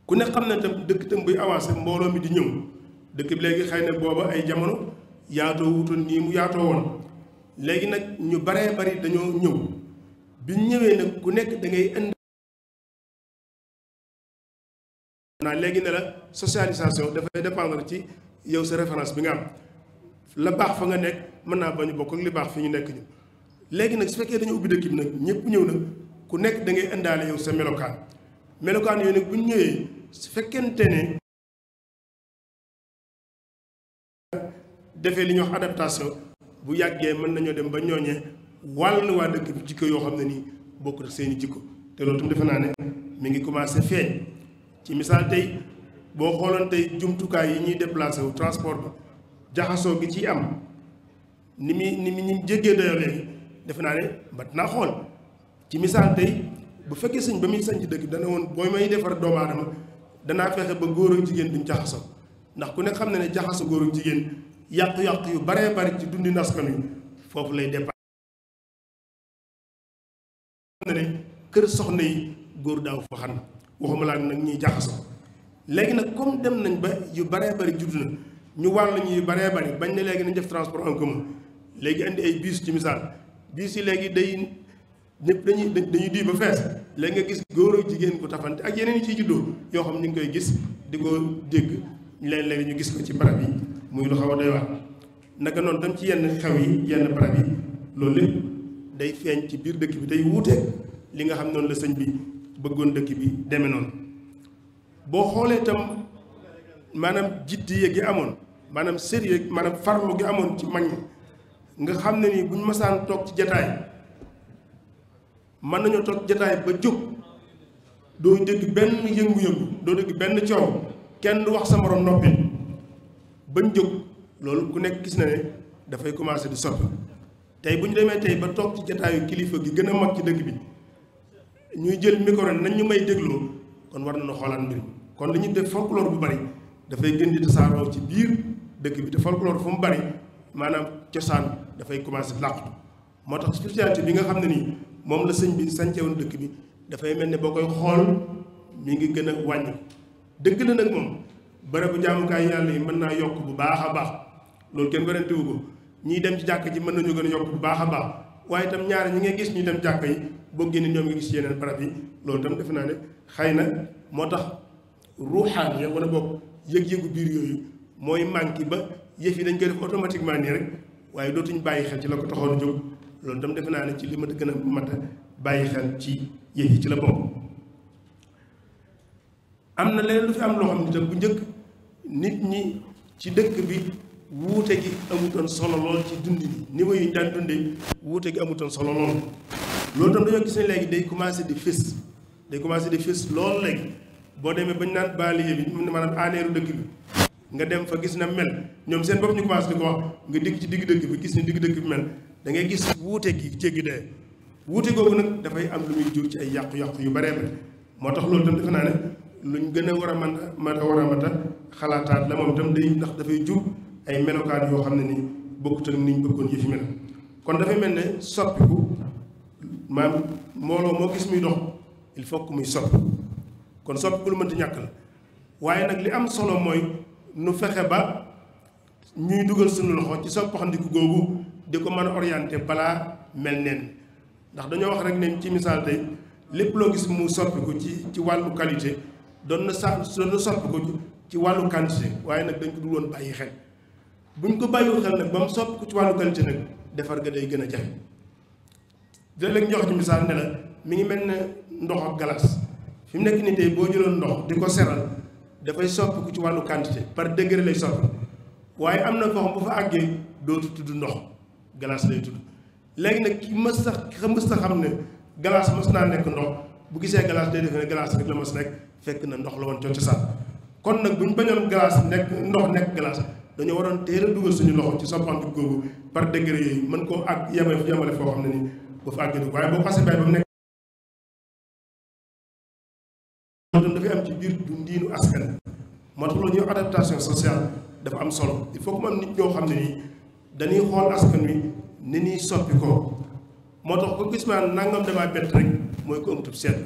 ku ne xam na tam dëkk tam buy avancé mbooloo mi di ñëw dëkk bi léegi xay na booba ay jamono yaatoo wutoon nii mu yaatoo woon léegi nag ñu baree bari dañoo ñëw bi ñëwee nag ku nekk da ngay indi naa léegi ne la socialisation dafay dépendre ci yow sa référence bi nga am la baax fa nga nekk mën naa bañu bokk ak li baax fi ñu nekk ñu léegi nag su fekkee dañu ubbi dëkk nag ñëpp ñëw na ku nekk da ngay indaale yow sa melokaan melokaan yooyu nag bu ñëwee su fekkente ne defee li ñuy wax adaptation bu yàggee mën nañoo dem ba ñooñee wàll waa dëkk bi jikko yoo xam ne nii bokk na seeni jikko te loolu tam defe naa ne mi ngi commencé feeñ ci misaal tey boo xooloon tey jumtukaay yi ñuy déplacé wu transport ba jaxasoo gi ciy am ni muy ni mu ñu jéggee dayoo léegi defe naa ne mat naa xool ci misaal tey bu fekkee sëñ ba muy sañ ci dëkk dana woon booy may defar doomu aadama danaa fexe ba góor ak jigéen duñ jaxasoo ndax ku nekk xam na ne jaxasoo góor jigéen yàq-yàq yu baree bari ci dundi askan wi foofu lay départ. xam na kër soxna yi góor daaw fa xam waxuma laa nag ñuy jaxasoo léegi nag comme dem nañ ba yu baree bari judd na ñu wàll ñu yu baree bari bañ ne léegi nañ def transport en commun léegi indi ay biis ci misaal bus yi léegi day. ñëpp dañuy dañuy duy ba fees léegi nga gis góor ak jigéen ku tafante ak yeneen yi ciy juddoo yoo xam ni ñu ngi koy gis di ko dégg léeg-léeg ñu gis ko ci barab yi muy lu xaw a doy waar naka noonu tam ci yenn xew yi yenn barab yi loolu lépp day feeñ ci biir dëkk bi day wuute li nga xam noonu la sëñ bi bëggoon dëkk bi demee noonu boo xoolee tam maanaam jiddi gi amoon maanaam sérieux maanaam farlu gi amoon ci mag ñi nga xam ne ni buñ masaan toog ci jataay mën nañoo toog jataay ba jóg doo dégg benn yëngu-yëngu doo dégg benn coow kenn wax sa morom noppi bañ jóg loolu ku nekk gis na ne dafay commencé di soppi tey bu ñu demee tey ba toog ci jataayu kilifa gi gën a mag ci dëkk bi ñuy jël micro nañ ñu may dégloo kon war na nañu xoolaat mbir kon li ñuy def folklore bu bari dafay gën di tasaaroo ci biir dëkk bi te folklore fu mu bari maanaam cosaan dafay commencé làqu moo tax spiritualité bi nga xam ne nii moom la sëñ bi sàncewoon dëkk bi dafay mel ne boo koy xool mi ngi gën a wàññi dëgg la nag moom bërëbu jaamukaay yàlla yi mën naa yokk bu baax a baax loolu kenn werante wu ko ñiy dem ci jàkk ji mën nañu gën a yokk bu baax a baax waaye itam ñaare ñu ngay gis ñu dem jàkk yi boo génne ñoom ngi gis yeneen barab yi loolu itam defe naa ne xay na moo tax ruuxaan ya a boog yëg-yëgu biir yooyu mooy manqué ba yëf yi dañ koy def automatiquement nii rek waaye dootuñ bàyyi xel ci la ko taxoon jóg loolu tam defe naa ne ci li ma gën a mat a bàyyi xel ci yëf yi ci la bokk am na leneen lu fi am loo xam ne tam bu njëkk nit ñi ci dëkk bi wuute gi amutoon solo lool ci dundi bi niveau yi ñu daan dundee wuute gi amutoon solo lool loolu tam dañoo gis ne léegi day commencé di fis day commencé di fis lool léegi boo demee bañ naan banlieue bi maanaam aaneeru dëkk bi nga dem fa gis na mel ñoom seen bopp ñu commencé di ko wax nga digg ci digg dëkk bi gis ni digg dëkk bi dangay gis wuute gi jéggi dee wuute googu nag dafay am lu muy jur ci ay yàqu-yàqu yu bare moo tax loolu tam defe naa ne luñ gën a war a mën a mën a war a mën a xalaataat la moom tam day ndax dafay jur ay melokaan yoo xam ne ni bokkut ak niñ bëggoon yëfi mel kon dafay mel ne soppiku mbooloo moo gis il faut que muy soppi kon soppiku lu mënti ñàkk la waaye nag li am solo mooy nu fexe ba ñuy dugal suñu loxo ci soppandiku googu di ko mën a orienté balaa mel neen ndax dañoo wax rek ne ci misaal tey lépp loo gis mu soppiku ci ci wàllu qualité doon na sax doon na soppiku ci wàllu quantité waaye nag dañ ko dul woon bàyyi xel buñ ko bàyyiwul xel nag ba mu soppiku ci wàllu qualité nag defar ga day gën a jafe da léegi jox ci misaal ne la mi ngi mel na ndox ak galax fi mu nekk nii tey boo jëloon ndox di ko seral dafay soppiku ci wàllu quantité par degré lay soppi waaye am na koo xam bu fa àggee ndox glace lay tudd léegi nag ki mës sax ki mës sax xam ne glace mës naa nekk ndox bu gisee glace day defe ne glace rek la mës nekk fekk na ndox la woon coono cosaan kon nag bu ñu bañoon glace nekk ndox nekk glace dañoo waroon teel a dugal suñu loxo ci soppantu googu par degré yooyu mën koo ak yemale yemale foo xam ne nii bu fa àggee waaye boo xasee bàyyi ba mu nekk. am ci biir dundiinu askan moo tax loolu ñuy adaptation sociale am solo il dañuy xool askan wi ni ñuy soppi ko moo tax ko gis maanaam nangam damaa bett rek mooy ko amatul seetlu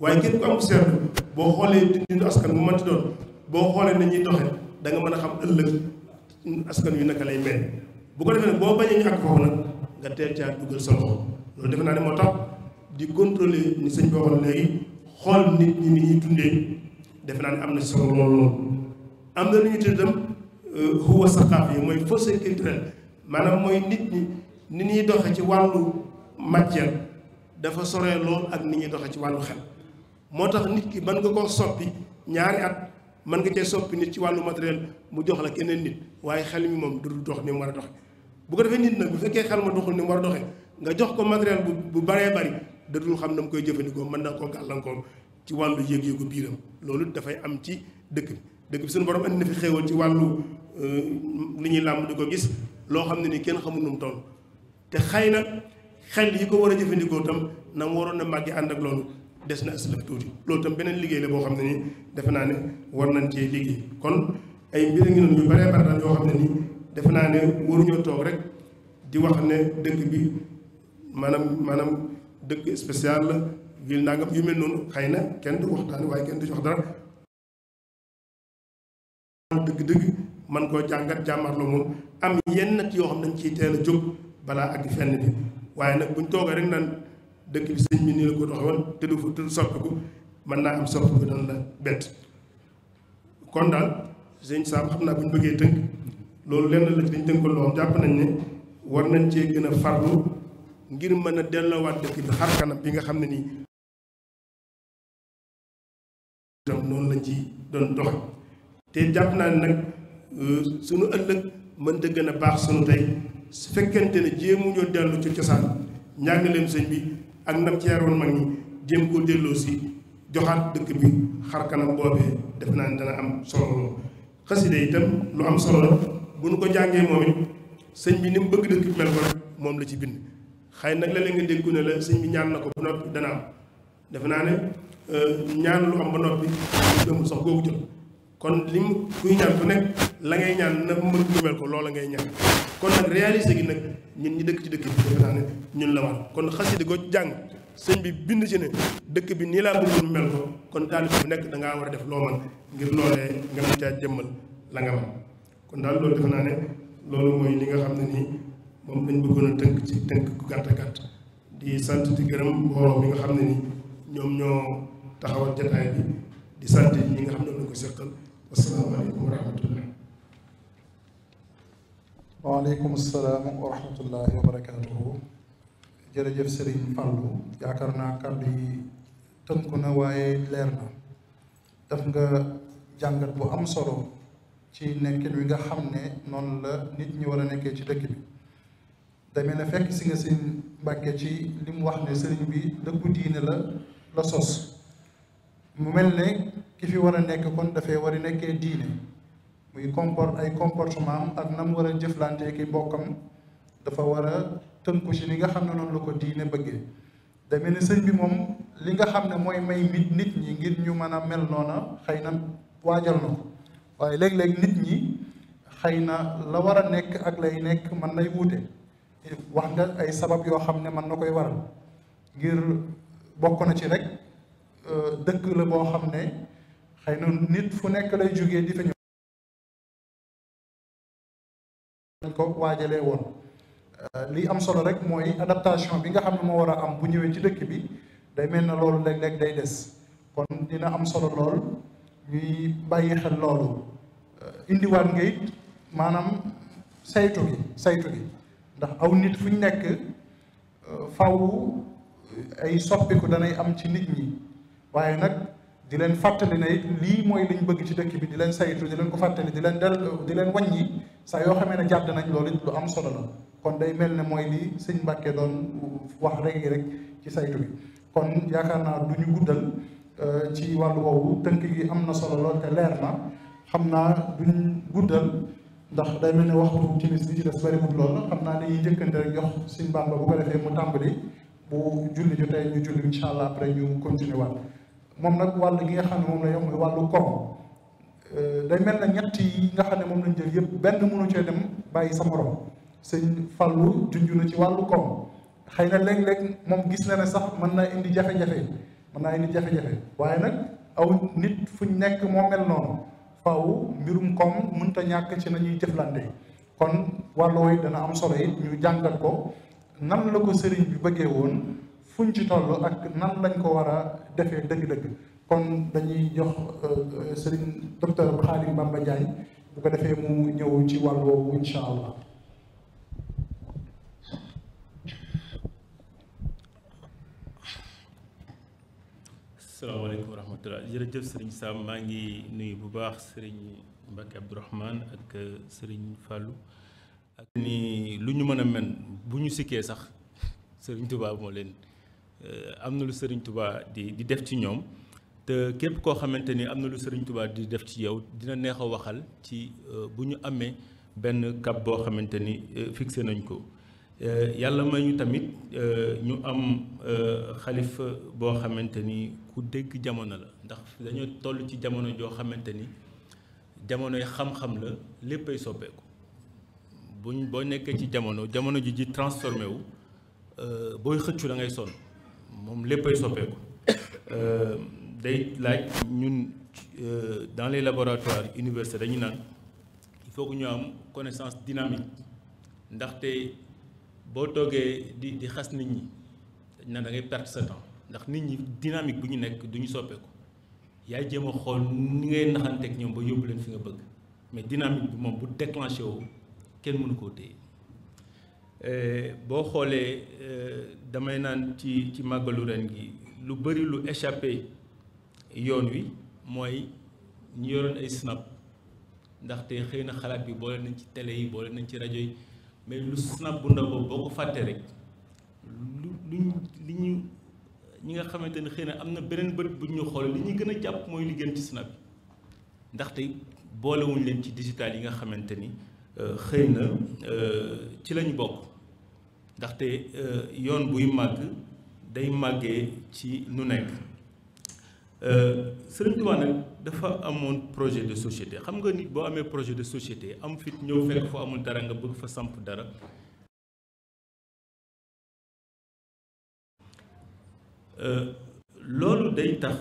waaye képp ku amul seetlu boo xoolee dundinu askan bu mënti doon boo xoolee nañuy ñuy da danga mën a xam ëllëg askan wi naka lay mel bu ko defee nag boo bañee ñu ak foofu nag nga teel caa dugal sa loxo loolu defe naa ne moo tax di contrôler ni sëñ bi léegi xool nit ñi ni ñuy dundee defe naa ne am na solo lool lool am na lu ñu tëddam xuwa euh, saqaaf yi mooy fossé culturel maanaam mooy nit ñi ni ñuy doxe ci wàllu matière dafa soree lool ak ni ñuy doxe ci wàllu xel moo tax nit ki mën nga koo soppi ñaari at mën nga cee soppi nit ci wàllu matériel mu jox la keneen nit waaye xel mi moom du dox ni mu war a doxe bu ko defee nit nag bu fekkee xel ma doxul ni mu war a doxe nga jox ko matériel bu bu baree bari da dul xam na mu koy jëfandikoo mën na koo gàllankoor ci wàllu yëg-yëgu biiram loolu dafay am ci dëkk li euh, ñuy làmb di ko gis loo xam ne ni kenn xamul nu mu toll te xëy na xel yi ko war a jëfandikoo tam na mu waroon na màgg ànd ak loolu des na asilaf tuuti loolu tam beneen liggéey la boo xam ne ni defe naa ne war nañ cee liggéey kon ay mbir yu bare daal nii defe naa ne waruñoo toog rek di wax ne dëkk bi maanaam maanaam dëkk spécial la ville nangam yu mel noonu xëy na kenn du waxtaan waaye kenn du ci wax dara dëgg man koo jàngat jàmmarloo moom am yenn nag yoo xam nañ ciy teel a jóg balaa ak fenn bi waaye nag buñ toogee rek naan dëkk bi sëñ bi nii la ko doxewoon te du te du soppiku mën naa am soppiku dana la bett kon daal sëñ Sam xam naa buñ bëggee lenn la jàpp nañ ne war nañ cee gën a farlu ngir mën a delloowaat dëkk bi xar kanam bi nga xam ne nii tam noonu lañ ci doon doxe te jàpp naa ne nag Euh, suñu ëllëg mën gën a baax suñu tey su fekkente ne jéemu ñoo dellu ci cosaan njàngaleem sëñ bi ak nam ci yaroon mag ñi jéem koo delloo si joxaat dëkk bi xar kanam boobee def naa ne dana am solo lool xasida itam lu am solo la bu nu ko jàngee moom it sëñ bi ni mu bëgg dëkk bi mel ko rek moom la ci bind xëy nag la leen nga déggu ne la sëñ bi ñaan na ko ba noppi dana am defe naa ne euh, ñaan lu am ba noppi demul sax googu jot kon li mu kuy ñaan ku nekk la ngay ñaan na mën mel ko la ngay ñaan kon nag réalisé gi nag ñun ñi dëkk ci dëkk bi defe naa ne ñun la war kon xasida ko jàng sëñ bi bind ci ne dëkk bi nii laa bëggoon mel ko kon taalib bu nekk danga ngaa war a def loo man ngir loolee nga mën caa jëmmal la kon daal loolu defe naa ne loolu mooy li nga xam ne nii moom lañ bëggoon a tënk ci tënk ku gàtt gàtt di sant di gërëm mbooloo mi nga xam ne nii ñoom ñoo taxawal jataay bi di sant ñi nga xam ne ñoo ko seqal asalaamaaleykum wa rahmatullah waaleykum salaam wa rahmatullahi wa barakaatuhu yaakaar naa kàddu yi tënku na waaye leer na daf nga jàngat bu am solo ci nekkin bi nga xam ne noonu la nit ñi war a nekkee ci dëkk bi demee na fekk si nga sëñ Mbàkke ci li mu wax ne sëriñ bi dëkku diine la la sos mu mel ne ki fi war a nekk kon dafay war a nekkee diine muy comport ay comportement ak nam war a jëflantee ki bokkam dafa war a tënku ci li nga xam ne noonu la ko diine bëggee deme ni sëñ bi moom li nga xam ne mooy may nit nit ñi ngir ñu mën a mel noona xëy na waajal na ko waaye léeg-léeg nit ñi xëy na la war a nekk ak lay nekk mën nay wuute wax nga ay sabab yoo xam ne mën na koy waral ngir bokk na ci rek euh, dëkk la boo xam ne xëy na nit fu nekk lay jugee di fa ko waajalee woon euh, li am solo rek mooy adaptation bi nga xam ne moo war a am bu ñëwee ci dëkk bi day mel na loolu léeg-léeg day des kon dina am solo lool ñuy bàyyi xel loolu euh, indiwaat nga maanaam saytu bi saytu gi ndax aw nit fu ñu nekk euh, fawu ay soppiku danay am ci nit ñi waaye nag di leen fàttali ne lii mooy liñ bëgg ci dëkk bi di leen saytu di leen ko fàttali di leen del di leen wàññi saa yoo xamee ne jàdd nañ loolu lu am solo la kon day mel ne mooy lii sëñ Mbàkke doon wax léegi rek ci saytu bi kon yaakaar naa du ñu guddal euh, ci wàllu woowu tënk gi am na solo lool xam naa duñ guddal ndax day mel ne waxtu timis bi ci des bëriwul lool xam naa dañuy njëkkante rek jox sëñ Bàmba bu ko defee mu tàmbali bu julli jotee ñu julli incha allah après ñu continuer waat moom nag wàll gi nga xam ne moom la yor mooy wàllu koom euh, day mel na ñett yi nga xam ne moom lañ jël yëpp benn mënu cee dem bàyyi sa morom sëñ Fallou junj na ci wàllu koom xëy na léeg-léeg moom gis na ne sax mën naa indi jafe-jafe mën naa indi jafe-jafe waaye nag aw nit fu nekk moo mel noonu faaw mbirum koom mënta ñàkk ci nañuy jëflante kon wàllu way dana am solo it ñu jàngat ko nan la ko sëriñ bi bëggee woon fuñ ci toll ak nan lañ ko war a defee dëgg-dëgg kon dañuy jox euh, sëriñ docteur Khadim Bamba Ndiaye bu ko defee mu ñëw ci wàll woowu incha allah. asalaamaaleykum wa rahmatulah jërëjëf sëriñ Sam maa ngi nuyu bu baax sëriñ Mbacke Abdourahmane ak euh, sëriñ Fallou. ak nii lu ñu mën a men bu ñu sikkee sax sëriñ Touba leen. Euh, am na lu Serigne Touba di di def ci ñoom te képp koo xamante ni am na lu Serigne tubaa di def ci yow dina neex a waxal ci euh, bu ñu amee benn cap boo xamante ni euh, fixé nañ ko. yàlla may ñu tamit ñu am xalifa boo xamante ni ku dégg jamono la ndax dañoo toll ci jamono joo xamante ni jamonoy xam-xam la léppay soppeeku buñ boo nekkee ci jamono jamono ji ji transformé wu booy xëccu da ngay sonn. moom léppay soppeeku euh, day laaj ñun euh, dans les laboratoires université dañu naan il faut que ñu am connaissance dynamique ndaxte boo toogee di di xas nit ñi dañ naan da ngay perte sa temps ndax nit ñi dynamique bu ñu nekk du ñu soppeeku yaay jéem a xool ni ngay naxanteeg ñoom ba yóbbu leen fi nga bëgg mais dynamique bi moom bu déclenché woo kenn mënu koo téye Eh, boo xoolee eh, damay naan ci ci màggalu ren gi lu bëri lu échappé yoon wi mooy ñu yoroon ay snap ndaxte xëy na xalaat bi boole nañ ci tele yi boole nañ ci rajo yi mais lu snap bu ndaw boobu boo ko fàtte rek lu luñ li ñu ñi nga xamante ne xëy na am na beneen bët bu ñu xool li ñuy gën a jàpp mooy li gën ci snap bi ndaxte boolewuñ leen ci digital yi nga xamante ni. xëy na euh, ci lañu bokk ndaxte euh, yoon buy màgg day màggee ci nu nekk euh, Sëriñ Tuubaa nag dafa amoon projet de société xam nga nit boo amee projet de société am fit ñëw fekk foo amul dara nga bëgg fa samp dara loolu day tax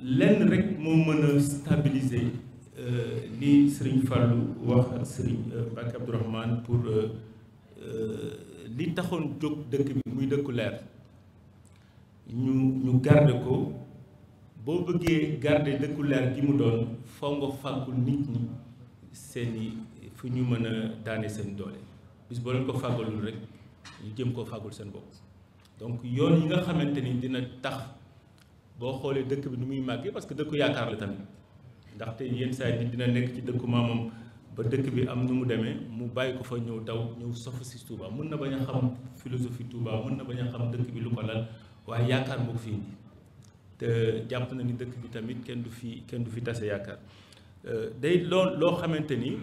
lenn rek moo mën a stabiliser Euh, li Serigne Fallou wax Serigne euh, Mbacke Abdourahmane pour euh, li taxoon jóg dëkk bi muy dëkku leer ñu ñu garder ko boo bëggee garder dëkku leer gi mu doon fongo nga fàggul nit ñi seeni fu ñu mën a daane seen doole bis boo leen ko fàggalul rek ñu jëm koo fàggul seen bopp donc yoon yi nga xamante ni dina tax boo xoolee dëkk bi nu muy màggee parce que dëkku yaakaar la tamit ndaxte yenn saa yi dina nekk ci dëkku maamam ba dëkk bi am nu mu demee mu bàyyi ko fa ñëw daw ñëw sofu si Touba mun na bañ a xam philosophie Touba mën na bañ a xam dëkk bi lu ko lal waaye yaakaar moo ko fi indi te jàpp na ni dëkk bi tamit kenn du fi kenn du fi tase yaakaar euh, day loo loo xamante ni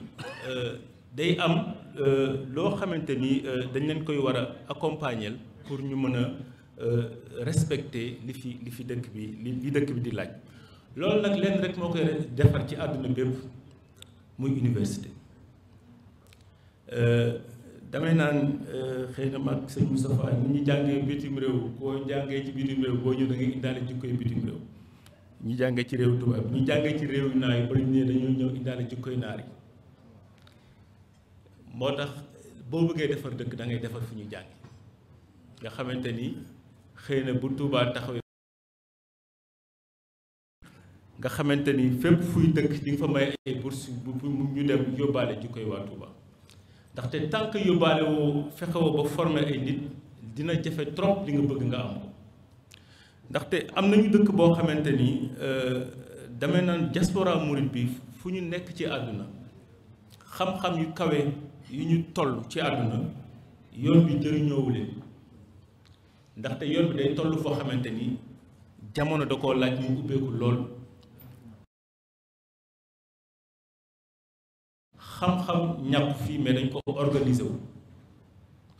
euh, day am euh, loo xamante ni dañ leen koy war a accompagner pour ñu mën a respecter li fi li fi dëkk bi li dëkk bi di laaj. loolu nag lenn rek moo koy defar ci àdduna bépp muy université euh, damay naan euh, xëy na mag sëñ Moustapha ñu jàngee bitim réew koo jàngee ci bitim réew boo ñu da ngay indaale jikkoy bitim réew ñu jàngee ci réew tubaab ñu jànge ci réew naar yi ba ñu ne dañoo ñëw indaale jikkoy naar yi moo tax boo bëggee defar dëkk dangay defar fu ñu jànge nga xamante ni xëy na bu Tuubaa taxawee nga xamante ni fépp fuy dëkk di nga fa may ay bourse bu mu ñu dem yóbbaale ji koy waa Touba ndaxte tant que yóbbaale woo fexe woo ba former ay nit dina jafe trop li nga bëgg nga am ko ndaxte am nañu dëkk boo xamante ni euh, damay naan diaspora murit bi fu ñu nekk ci àdduna xam-xam yu kawe yu ñu toll ci àdduna yoon bi jëriñoowu leen ndaxte yoon bi day toll foo xamante ni jamono da koo laaj mu ubbeeku lool xam-xam ñàkk fii mais dañ ko organiser wu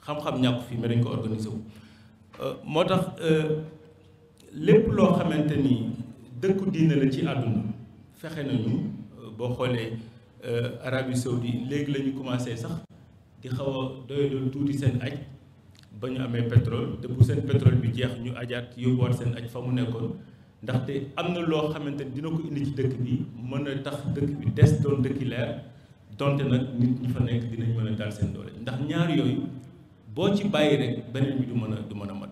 xam-xam ñàkk fii mais dañ ko organiser wu euh, moo tax euh, lépp loo xamante ni dëkku diine la ci àdduna fexe nañu euh, boo xoolee Arabie Saoudi léegi la ñu commencé sax di xaw a doyadal tuuti seen aj ba ñu amee pétrole te bu seen pétrole bi jeex ñu ajaat yóbbuwaat seen aj fa mu nekkoon ndaxte am na loo xamante ni dina ko indi ci dëkk bi mën a tax dëkk bi des doon dëkki leer donte nag nit ñi fa nekk dinañ mën a daal seen doole ndax ñaar yooyu boo ci bàyyi rek beneen bi du mën a du mën a mat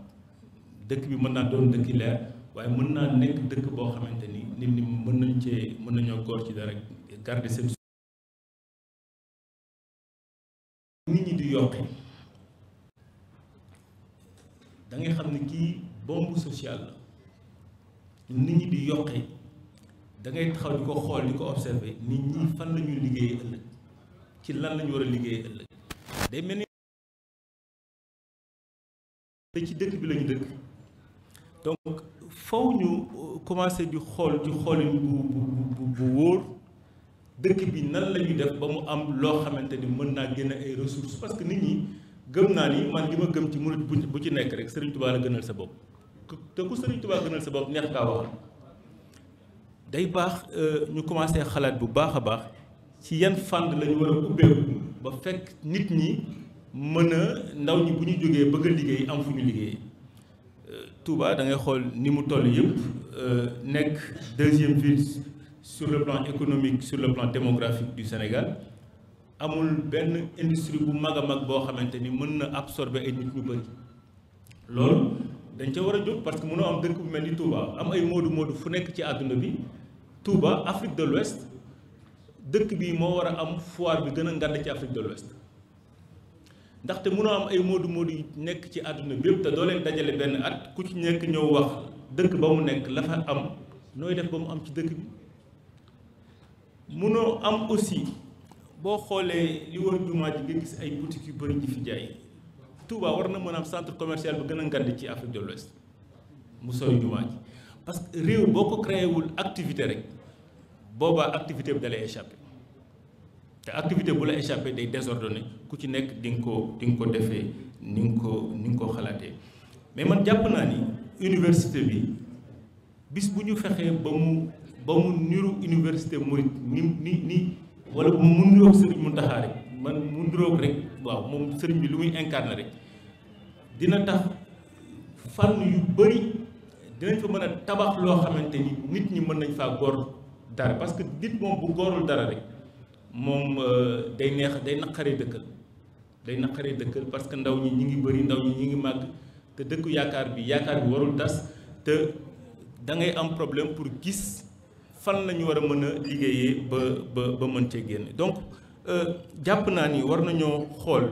dëkk bi mën naa doon dëkki leer waaye mën naa nekk dëkk boo xamante ni nit ñi mën nañ cee mën nañoo góor ci dara garder seen nit di yokki da xam ne kii bombe la nit ñi di yokki da ngay taxaw di ko xool di ko observer nit ñi fan la ñuy ëllëg ci lan lañu war a liggéey mel ni ci dëkk bi lañu dëkk donc faw ñu euh, commencé di xool ci xoolin bu bu wóor dëkk bi nan la ñuy def ba mu am loo xamante ni mën naa génne ay ressources parce que nit ñi gëm naa ni man li ma gëm ci mu murit bu ci nekk rek Serigne Touba la gënal sa bopp te ku Serigne Touba gënal sa bopp neex kaa wax day baax euh, ñu commencé xalaat bu baax a baax ci yan fànn lañu ñu a ubbeeku ba fekk nit ñi mën na ndaw ñi bu ñu jógee bëgg a liggéey am fu ñu liggéey euh, Touba da ngay xool ni mu toll yëpp euh, nekk deuxième ville sur le plan économique sur le plan démographique du Sénégal amul benn industrie bu mag a mag boo xamante ni mën na absorber ay nit ñu bëri loolu dañ ca war a jóg parce que mënoo am dëkk bu mel ni Touba am ay moodu moodu fu nekk ci àdduna bi Touba Afrique de l'Ouest dëkk bii moo war a am foire bi gën a ngand ci Afrique de l'Ouest ndaxte mënoo am ay moodu-moodu yi nekk ci àdduna bépp yëpp doo leen dajale benn at ku ci nekk ñëw wax dëkk ba mu nekk la fa am nooy def ba mu am ci dëkk bi mënoo am aussi boo xoolee li war jumaa ji nga gis ay boutiques yu bëri ji fi jaay Touba war na mën a am centre commercial bi gën a ngand ci Afrique de l'Ouest mu sooy jumaa ji parce que réew boo ko créé wul activité rek. boobaa activité bi da lay échappé te activité bu la échappé day désordonné ku ci nekk di nga ko di nga ko defee ni nga ko ni nga ko xalaatee mais man jàpp naa ni université bi bis bu ñu fexee ba mu ba mu niru université murit ni nii ni wala mu niroog sëriñ Muntaxa rek man mu niroog rek waaw moom sëriñ bi lu muy incarné rek dina tax fànn yu bëri dinañ fa mën a tabax loo xamante ni nit ñi mën nañ faa góor dara parce que nit moom bu góorul dara rek moom euh, day neex day naqaree dëkkal day naqaree dëkkal parce que ndaw ñi ñi ngi bëri ndaw ñi ñi ngi màgg te dëkku yaakaar bi yaakaar bi warul tas te da ngay am problème pour gis fan la ñu war a mën a liggéeyee ba ba ba mën cee génn donc euh, jàpp naa ni war nañoo xool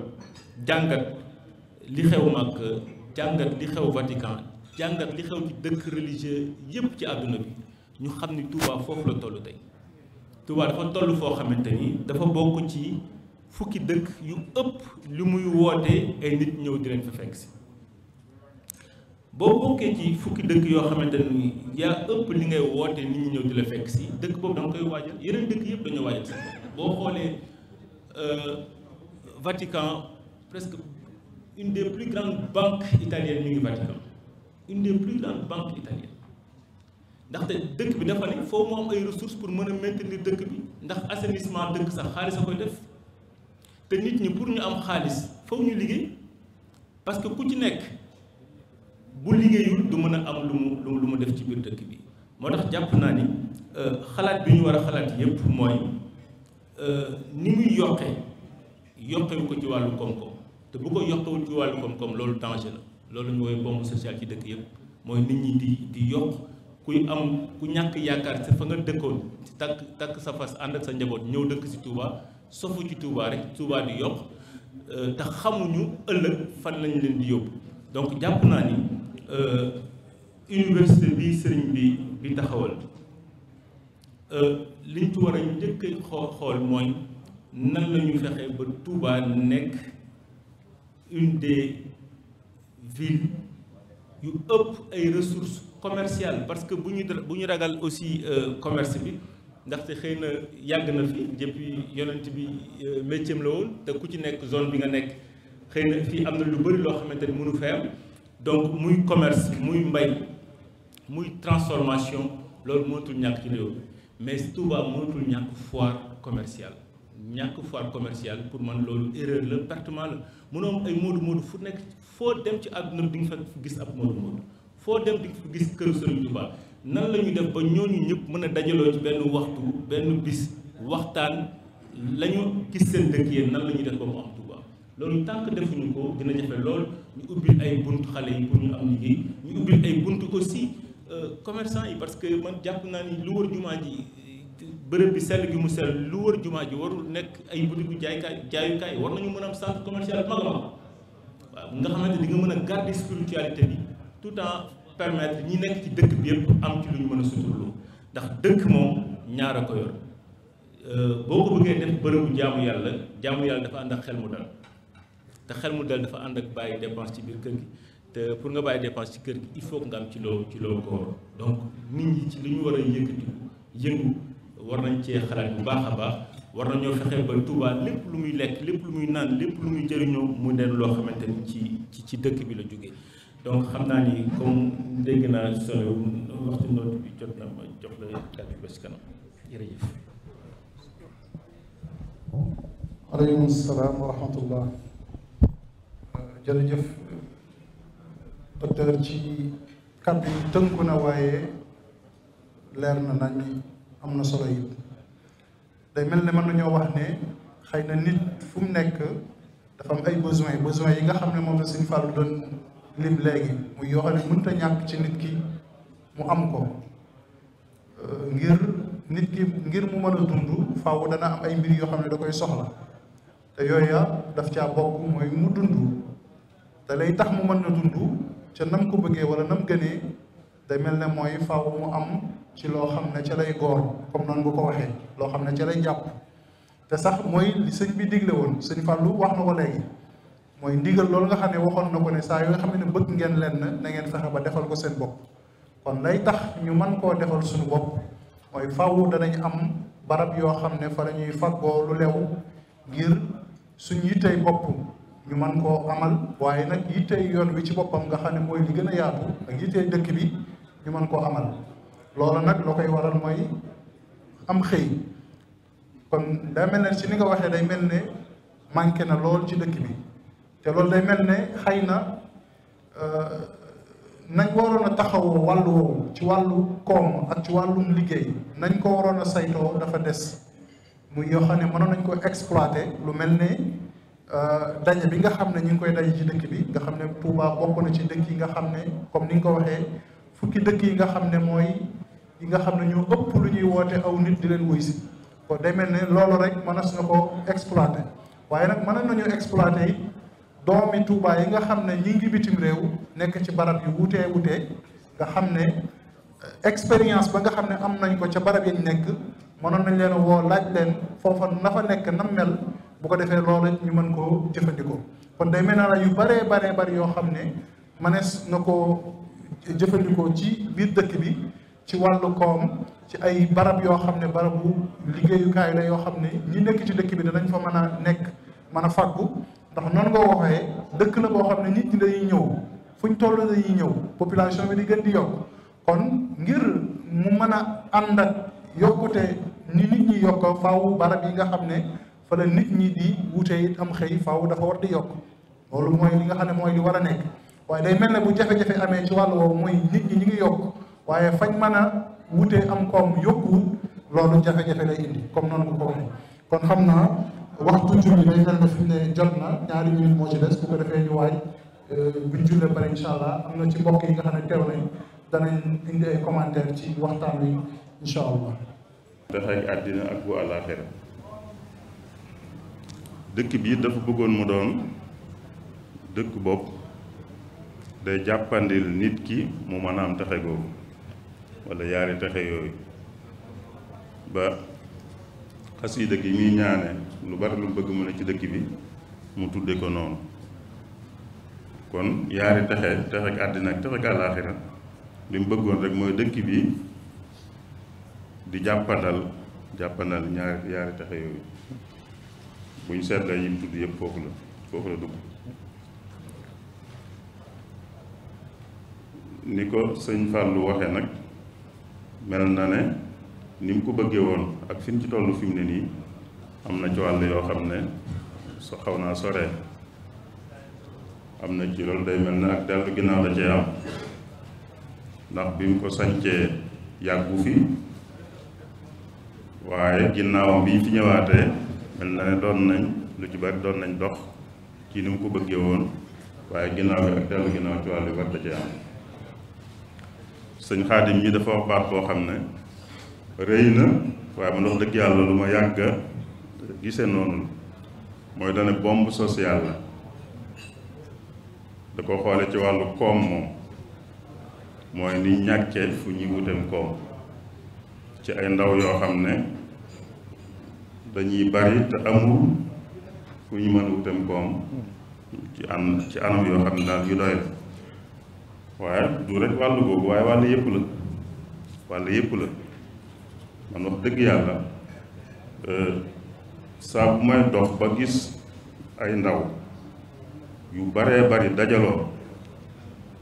jàngat li xew mag jàngat li xew Vatican jàngat li xew ci dëkk religieux yépp ci àdduna bi ñu xam ni Touba foofu la toll tey Touba dafa toll foo xamante ni dafa bokk ci fukki dëkk yu ëpp li muy woote ay nit ñëw di leen fa fekk si boo bokkee ci fukki dëkk yoo xamante nii yaa ëpp li ngay woote nit ñu ñëw di la fekk si dëkk boobu da nga koy waajal yeneen dëkk yëpp dañoo waajal sax boo xoolee euh, Vatican presque une des plus grandes banques italiennes ñu ngi Vatican une des plus grandes banques italiennes ndaxte dëkk bi dafa ni foo mu am ay ressources pour mën a maintenir dëkk bi ndax assainissement dëkk sax xaalis a koy def te nit ñi pour ñu am xaalis foofu ñu liggéey parce que ku ci nekk bu liggéeyul du mën a am lu mu lu mu def ci biir dëkk bi moo tax jàpp naa ni euh, xalaat bi ñu war a xalaat yépp mooy euh, ni muy yokke yokkewu ko ci wàllu koom-koom te bu ko yokkewul ci wàllu koom-koom loolu danger la loolu ñu woy bombe sociale ci dëkk yépp mooy nit ñi di di yokk kuy am ku ñàkk yaakaar si fa nga dëkkoon ci takk takk sa fas ànd ak sa njaboot ñëw dëkk si Touba sofu ci Touba rek Touba di yokk euh, te xamuñu ëllëg fan lañu leen di yóbbu donc jàpp naa ni euh, université bi sëriñ bi bi taxawal euh, liñ ci war a njëkk a xool mooy nan la ñu fexe ba Touba nekk une des yu ëpp ay ressources commercial parce que bu ñu bu ñu ragal aussi euh, commerce bi ndaxte xëy na yàgg na fi depuis yonent bi euh, métier la woon te ku ci nekk zone bi nga nekk xëy na fii am na lu bëri loo xamante ni mënu fee am donc muy commerce muy mbay muy transformation loolu mënatul ñàkk ci réew mais Touba mënatul ñàkk foire commerciale ñàkk foire commerciale pour man loolu erreur la pertement la mënoo ay moodu moodu fu nekk foo dem ci àdduna bi di nga fa gis ab moodu moodu foo dem di gis këru Serigne baax nan la ñu def ba ñooñu ñëpp mën a dajaloo ci benn waxtu benn bis waxtaan la ñu gis seen dëkk yéen nan la ñuy def ba mu am Touba loolu tànk defuñu ko dina jafe lool ñu ubbil ay bunt xale yi pour ñu am liggéey ñu ubbil ay bunt ko si euh, commerçant yi parce que man jàpp naa ni lu wër jumaa ji bërëb bi sell gi mu sell lu wër jumaa ji warul nekk ay boutique jaaykaay jaayukaay war nañu mën a am centre commercial mag a waaw nga xamante di nga mën a garder spiritualité bi tout en permettre ñi nekk ci dëkk bi yëpp am ci lu ñu mën a suturloo ndax dëkk moom ñaar a ko yor euh, boo ko bëggee def bërëbu jaamu yàlla jaamu yàlla dafa ànd ak xel mu dal te xel mu dal dafa ànd ak bàyyi dépense ci biir kër gi te pour nga bàyyi dépense ci kër gi il faut nga am ci loo ci loo donc nit ñi ci lu ñu war a yëkkati yëngu war nañ cee xalaat bu baax a baax war nañoo fexe ba Touba lépp lu muy lekk lépp lu muy naan lépp lu muy jëriñoo mu ne loo xamante ni ci ci dëkk bi la jógee. donc xam naa ni comme dégg naa solo waxtu noot bi jot na ma jox la kàddu ba si kanam jërëjëf. aleykum salaam wa rahmatullah jërëjëf docteur ci kàddu yi tënku na waaye leer na ni am na solo yi day mel ne man nañoo wax ne xëy na nit fu nekk dafa am ay besoin besoin yi nga xam ne moom la suñu fàllu doon lim léegi muy yoo xam ñàkk ci nit ki mu am ko euh, ngir nit ki ngir mu mën a dund faaw dana am ay mbir yoo xam ne da koy soxla te yooya daf caa bokk mooy mu dund te tax mu mën na dund ca nam ko bëggee wala nam gënee day mel ne mooy faaw mu am ci loo xam ne ca lay góor comme noonu nga ko waxee loo xam ne ca lay jàpp te sax mooy li sëñ bi digle woon sëñ Fallou wax na ko léegi mooy ndigal loolu nga xam ne waxoon na ko ne saa yoo xam ne bëgg ngeen lenn na ngeen fexe ba defal ko seen bopp kon lay tax ñu man koo defal suñu bopp mooy faaw danañ am barab yoo xam ne fa la ñuy faggoo lu lew ngir suñu yittey ñu mën koo amal waaye nag yittey yoon wi ci boppam nga xam ne mooy li a yaatu ak yittey dëkk bi ñu mën koo amal loolu nag loo koy waral mooy am xëy kon daa mel ne ci ni nga waxee day mel ne manqué na lool ci dëkk bi. te loolu day mel ne xëy na euh, nañ waroon a taxawoo wàllu woowu ci wàllu koom ak ci wàllum liggéey nañ ko waroon a saytoo dafa des muy yoo xam ne mënoon nañ koo exploiter lu mel ne euh, daje bi nga xam ne ñu ngi koy daje ci dëkk bi nga xam ne Touba bokk na ci dëkk yi nga xam ne comme ni nga ko waxee fukki dëkk yi nga xam ne mooy yi nga xam ne ñoo ëpp lu ñuy woote aw nit di leen wuy si kon day mel ne loolu rek mënees na ko exploiter waaye nag mënoon nañu exploiter yi doomi Touba yi nga xam ne ñi ngi bitim réew nekk ci barab yu wutee wutee nga xam ne euh, expérience ba nga xam ne am nañ ko ca barab yañ nekk mënoon nañ leen woo laaj leen foofa na fa nekk nam mel bu ko defee loolu ñu mën koo jëfandikoo kon day mel na la yu baree baree bari yoo xam ne manees na koo jëfandikoo ci biir dëkk bi ci wàllu koom ci ay barab yoo xam ne barabu liggéeyukaay la yoo xam ne ñi nekk ci dëkk bi danañ fa mën a nekk mën a fàggu ndax noonu nga waxee dëkk la boo xam ne nit ñi dañuy ñëw fuñ toll dañuy ñëw population bi di gën di yokk kon ngir mu mën a ànd ak yokkute ni nit ñi yokk faaw barab yi nga xam ne fa la nit ñi di wute am xëy faaw dafa war di yokk loolu mooy li nga xam ne mooy li war a nekk waaye day mel ne bu jafe-jafe amee ci wàll woowu mooy nit ñi ñu ngi yokk waaye fañ mën a wute am koom yokkuwut loolu jafe-jafe lay indi comme noonu ko ko kon xam naa waxtu julli day mel na fi ne jot na ñaari minute moo ci des bu ko ñu waaj euh, buñ jullee pare incha allah am na ci mbokk yi nga xam ne teew nañ danañ indi ay commentaire ci waxtaan wi incha allah daxay àddina ak bu àllaaxira dëkk bi dafa bëggoon mu doon dëkk bopp day jàppandil nit ki mu mën a am texe googu wala yaari texe yooyu ba xasiida gi muy ñaane lu bari lu bëgg mu ne ci dëkk bi mu tudde ko noonu kon yaari texe texe àddina ak texe ak àllaaxira li bëggoon rek mooy dëkk bi di jàppandal jàppandal ñaari yaari texe yooyu bu ñu seetloo yi mu tudd yëpp foofu la foofu la dugg ni ko sëñ Fallou waxee nag mel na ne ni mu ko bëggee woon ak fi ci tollu fi ne nii am na ci wàll yoo xam ne so xaw naa sore am na ci loolu day mel ne ak dellu ginnaaw la cee am ndax bi mu ko sañcee yàggu fi waaye ginnaawam bi ñu fi mel na ne doon nañ lu ci bari doon nañ dox ci ni ko bëggee waaye ginnaaw bi ak dellu ginnaaw ci wàllu war da cee am sëñ xaadim ñi dafa wax boo xam ne rëy na waaye man wax dëgg yàlla lu ma yàgga gisee noonu mooy dana bombe sociale la da ko xoole ci wàllu koom moom mooy ni ñàkkee fu ñuy wuteem koom ci ay ndaw yoo xam ne dañuy bari te amul fu ñu mën a wuteem koom ci an ci anam yoo xam ne daal yu doy la waaye du rek wàllu googu waaye wàll yëpp la wàll yëpp la man wax dëgg yàlla euh, saa bu may dox ba gis ay ndaw yu baree bari dajaloo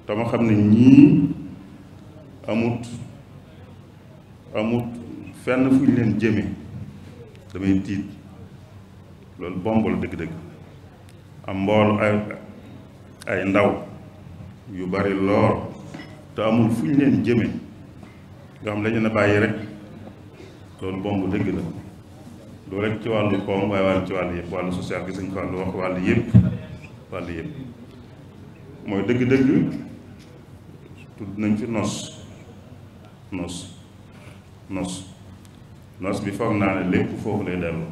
te ma xam ne ñii amut amut fenn fu ñu leen jëme damay tiit loolu bombal dëgg-dëgg am mbool ay ay ndaw yu bari lool te amul fu ñu leen jëme nga xam dañu ne bàyyi rek loolu bomb dëgg la du rek ci wàllu koom waaye wàllu ci wàllu yëpp wàllu social gi sëñ Fallou mooy dëgg-dëgg tudd nañ ci nos nos nos nos bi foog naa ne lépp foofu lay dellu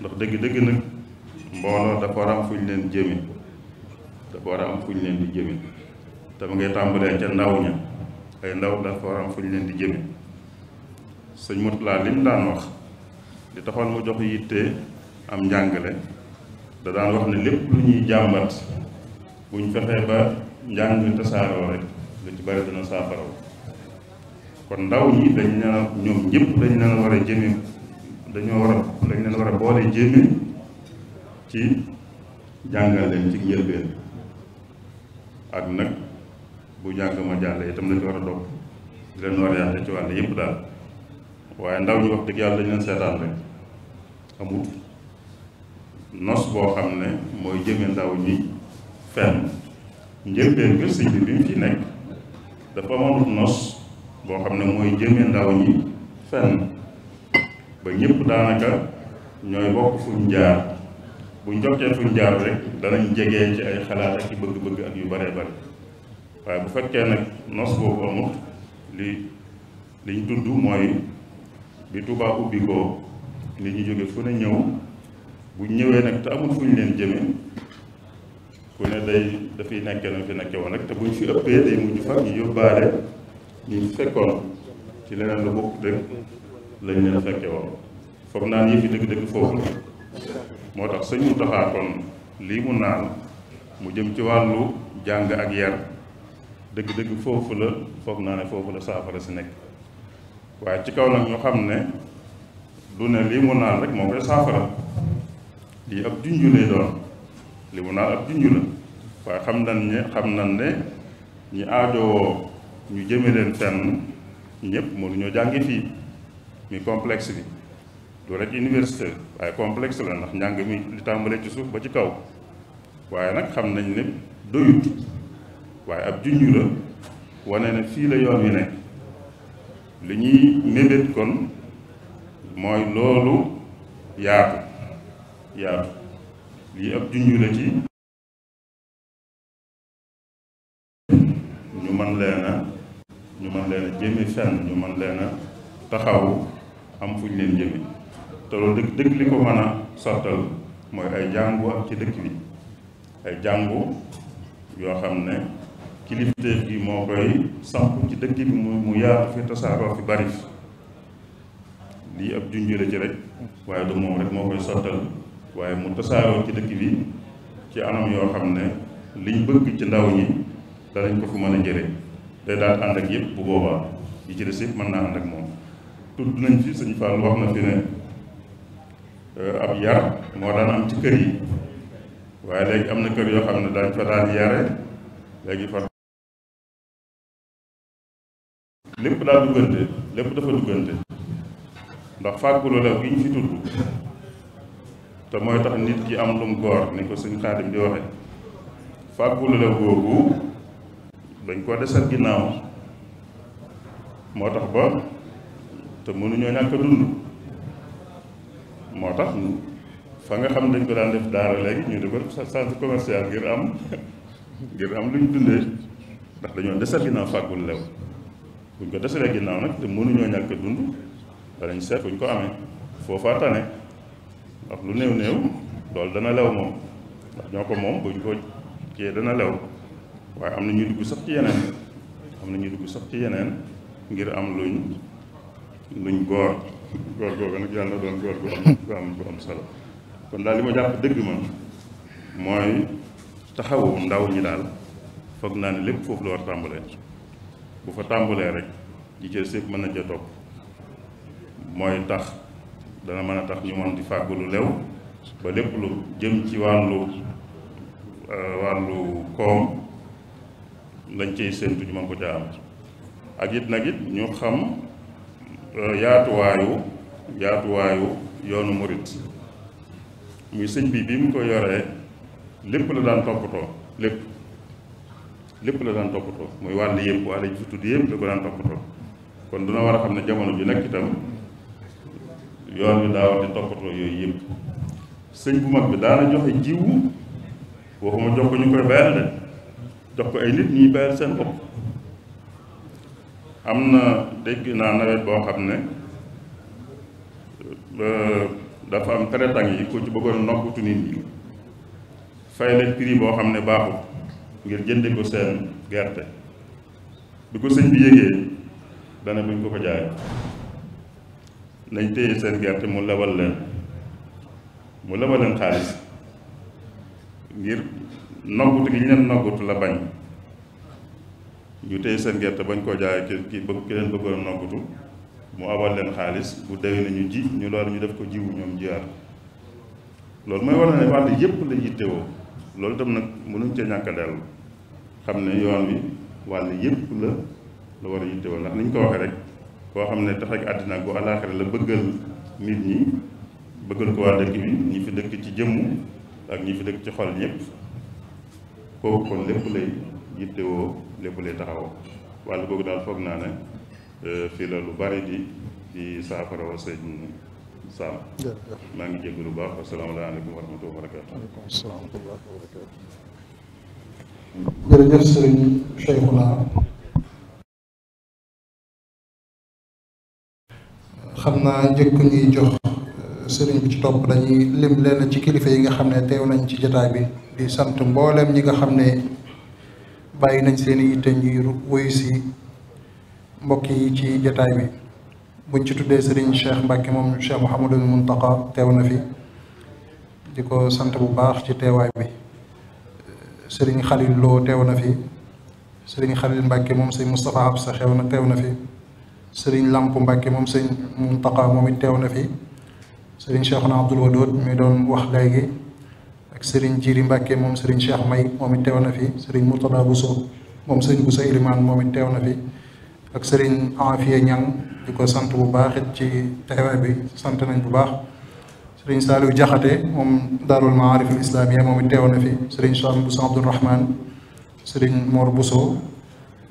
ndax dëgg-dëgg nag mbooloo dafa war a am fu ñu leen jëme dafa war a am fu ñu leen di jëme te ma ngay tàmbalee ca ndaw ña ay ndaw dafa war a am fu ñu leen di jëme sëñ Moutalla li mu daan wax li taxoon mu jox yitte am njàngale da daan wax ne lépp lu ñuy jàmbat buñ fexee ba njàng mi tasaaroo rek lu ci bari dina saafaraw kon ndaw ñi dañ na ñoom ñëpp dañ leen war a jëme dañoo war a dañ leen war a boole jëme ci jàngal leen ci njëlbeen ak nag bu jàng ma jàll itam dañ ko war a dopp di leen war a yàq ci wàll yëpp daal waaye ndaw ñi wax dëgg yàlla dañ leen seetaan rek amul nos boo xam ne mooy jëme ndaw ñi fenn njëlbeen ngir sëñ bi bi mu fi nekk dafa amoon nos boo xam ne mooy jëme ndaw ñi fenn ba ñëpp daanaka ñooy bokk fuñ jaar buñ jokkee fuñ jaar rek danañ jege ci ay xalaat ak i bëgg-bëgg ak yu baree bari waaye bu fekkee nag nos boobu amut li liñ tudd mooy bi Touba ubbi ko li ñu jóge fu ne ñëw bu ñëwee nag te amul fu ñu leen jëmee ku ne day dafay nekkee na fi nekkee woon rek te bu ñu fi ëppee day mujj fa ñu yóbbaale ñu fekkoon dëgg lañ fekke woon foog naan yëfi dëgg-dëgg foofu la moo tax sëñ mu taxaa kon lii mu naan mu jëm ci wàllu jàng ak yar dëgg-dëgg foofu la foog naa ne foofu la saafara si nekk waaye ci kaw nag ñu xam ne du ne lii naa naan rek moo koy saafara lii ab junju lay doon li mu naan ab junju la waaye xam nañ ne xam nañ ne ñi aajowoo ñu jëme leen fenn lu ñoo jàngi fii mi complexe bi du rek université waaye complexe la ndax njàng mi li tàmbalee ci suuf ba ci kaw waaye nag xam nañ ne doyut waaye ab junju la wane ne fii la yoon wi ne li ñuy mébét kon mooy loolu yaatu yaatu lii ab junju la ci ñu mën leen a ñu mën leen a jëme fenn ñu mën leen taxawu am fuñ leen jëme te loolu dëgg dëgg li ko mën sottal mooy ay jàngu ci dëkk bi ay jàngu yoo xam ne kilifteef bi moo koy samp ci dëkk bi mu mu yaatu fi tasaaroo fi bari lii ab junjure ci rek waaye du moom rek moo koy sottal waaye mu tasaaroo ci dëkk bi ci anam yoo xam ne liñ bëgg ci ndaw ñi danañ ko fi mën a jëre day daal ànd ak yëpp bu boobaa yi ci des yëpp mën naa ànd ak moom tudd nañ fi sëñ Fall wax na fi ne euh, ab yar moo daan am ci kër yi waaye léegi am na kër yoo xam ne daañ fa daan yare léegi fa lépp daa duggante lépp dafa duggante ndax fàggulu lew gi ñu fi tudd te mooy tax nit ki am lum goor ni ko suñ xaadim di waxe fàggulu lew googu dañ koo desal ginnaaw moo tax ba te mënuñoo ñàkk a dund moo tax fa nga xam dañ ko daan def daara léegi ñu di ko def centre commercial ngir am ngir am lu ñu dundee ndax dañoo desal ginnaaw fàggul lew buñ ko desalee ginnaaw nag te mënuñoo ñàkk dund danañ seet buñ ko amee foofaa tane ndax lu néew néew loolu dana lew moom ndax ñoo ko moom buñ ko kee dana lew waaye am na ñuy dugg sax ci yeneen am na ñuy dugg sax ci yeneen ngir am luñ luñ góor góor googu nag yàlla doon góor gu am gu am gu solo kon daal li ma jàpp dëgg ma mooy taxawu ndaw ñi daal foog naa ni lépp foofu la war bu fa tàmbalee rek ji cër sépp mën na ca topp mooy tax dana mën a tax ñu mën di fàggu lu lew ba lépp lu jëm ci wàllu euh, wàllu koom lañ cay séntu ñu mën ko ca am ak it nag it ñu xam euh, yaatuwaayu yaatuwaayu yoonu murit muy sëñ bi bi mu ko yoree lépp la daan toppatoo lépp lépp la daan toppatoo muy wàll yëpp wàll yi surtout yëpp la ko daan toppatoo kon dina war a xam ne jamono bi nekk itam yoon bi daa war di toppatoo yooyu yëpp sëñ bu mag bi daana joxe jiwu waxuma jox ko ñu koy bayal de jox ko ay nit ñuy bayal seen bopp am na dégg naa nawet boo xam ne dafa am traitants yi ko ci bëggoon nopputu nit ñi fay leen prix boo xam ne baaxul ngir jënde ko seen gerte bi ko sëñ bi yëgee dana buñ ko ko jaay nañ téye seen gerte mu lebal leen mu lebal leen xaalis ngir noggutu gi ñu leen noggutu la bañ ñu téye seen gerte bañ koo jaay ki ki bëgg ki leen bëggoon noggutu mu abal leen xaalis bu déwénee ñu ji ñu loolu ñu def ko jiwu ñoom jiyaat loolu mooy war na ne wàll yépp la yittewoo loolu itam nag mënuñ ca ñàkk a dellu xam ne yoon wi wàll yépp la la war a yittewal ndax ni ñu ko waxee rek koo xam ne tax ak àddina gu alaaxira la bëggal nit ñi bëggal ko waa dëkk bi ñi fi dëkk ci jëmm ak ñu fi dëkk ci xol yépp kooku kon lépp lay yittewoo lépp lay taxaw wàll googu daal foog naa ne euh, fii la lu bari di ci saafara wa saam maa ngi jégg lu baax asalaamaaleykum wa rahmatulah salaam wa rahmatulah wa barakaatu. xam naa njëkk ñuy jox euh, sëriñ bi ci topp dañuy lim leen ci kilifa yi nga xam ne teew nañ ci jotaay bi di sant mbooleem ñi nga xam ne bàyyi nañ seeni i itte ñuy si mbokk yi ci jotaay bi. buñ ci tuddee sëriñ Cheikh Mbacke moom Cheikh Mouhamadou Mountakha teew na fi di ko sant bu baax ci teewaay bi sëriñ Khalil Lo teew na fi sëriñ Khalil mbakki moom sëñ Moustapha Absa xew na teew na fi sëriñ Lamp Mbacke moom sëñ Mountakha moom it teew na fi sëriñ Cheikhouna Abdoul Wadoud mi doon wax léegi ak sëriñ Jiri Mbacke moom sëriñ Cheikh May moom it teew na fi sëriñ bu Bousso moom sëriñ Bousso Ilimane moom it teew na fi. ak sëriñ Afia Niang di ko sant bu baax it ci teewaay bi sant nañ bu baax sëriñ Saliou jaxate moom daarul maarif al islamiya moom it teew na fi sëriñ Soham Bousso Abdourahman sëriñ Mor Bousso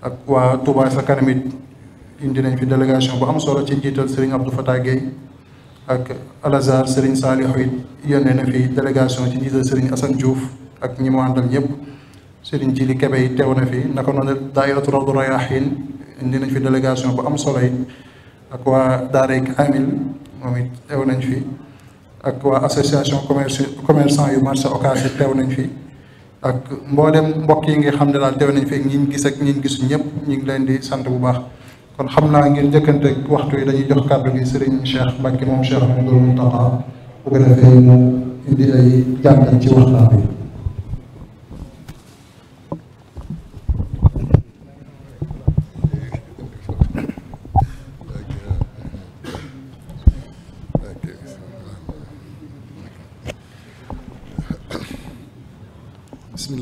ak waa Touba sa kanam it indi fi délégation bu am solo ci njiital sëriñ Abdou Fatah Guèye ak Alazar sëriñ Saliou it yónnee na fi délégation ci njiital sëriñ Assane Diouf ak ñi mu Serigne Jili Kebe yi teew na fi naka noonu daayiratu Rawdu Rayaahiin indi nañ fi délégation bu am solo yi ak waa Daaray Kaamil moom it teew nañ fi ak waa association commerce commerçant yu marché occasion teew nañ fi ak mboolem mbokk yi xam ne daal teew nañ fi ak ñi ñu gis ak ñi ñu gisul ñëpp ñu ngi leen di sant bu baax kon xam naa ngir njëkkante waxtu wi dañuy jox kàddu gi Serigne Cheikh Mbacke moom Cheikh Amadou Mountakha bu ko defee mu indi ay jàngat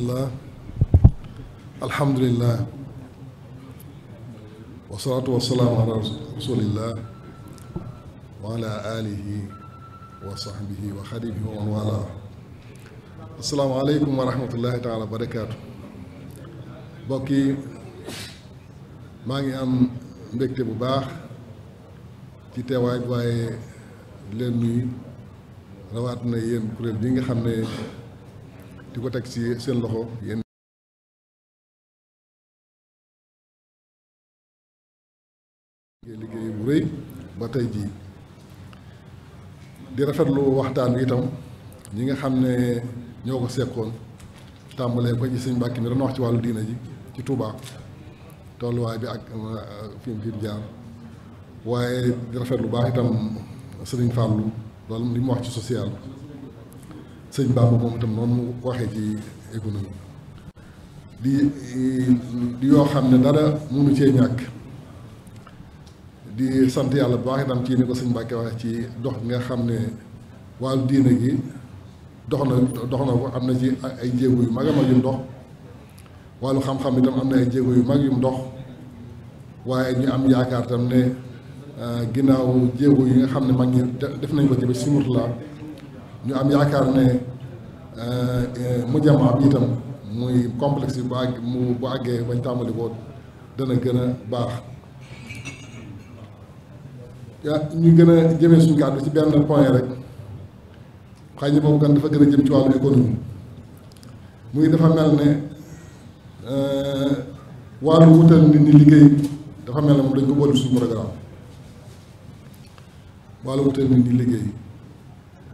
rahmatullah alhamdulillah wasalaatu wasalaamu ala rasulillah wa wala asalaamu aleykum wa rahmatullahi taala wa barakaatu yi maa ngi am mbégte bu baax ci teewaay waaye leen nuyu rawaat na yéen kuréel bi nga xam ne di ko teg ci seen loxo yéen ngeen liggéey bu rëy ba tey jii di rafetlu waxtaan wi itam ñi nga xam ne ñoo ko sekkoon tàmbalee ko ci sëñ Mbàkke mi doon wax ci wàllu diina ji ci Touba tolluwaay bi ak euh, fi mu jaar waaye di rafetlu baax itam sëriñ Fallou loolu li wax ci social sëñ Bamba moom tam noonu mu waxee ci économie di yoo xam ne dara mënu cee ñàkk di sant yàlla bu baax itam ci ni ko sëñ Mbàkke waxee ci dox bi nga xam ne wàllu diine gi dox na dox na ko am na ci ay jéego yu mag a mag yu dox wàllu xam-xam itam am na ay jéego yu mag yu dox waaye ñu am yaakaar itam ne ah, ginnaaw jéego yi nga xam ne mag ñi def nañ ko ci ba si ñu am yaakaar ne euh, mu jëm am itam muy complexe bu àgg mu bu àggee bañ tàmbali ko dana gën a baax ñu gën a jëmee suñu kàddu ci benn point rek xëy na boobu kan dafa gën a jëm ci wàllu économie muy dafa mel ne euh, wàllu wutal nit ñi liggéey dafa mel ne moom dañ ko boole suñu programme wàllu wutal nit ñi liggéey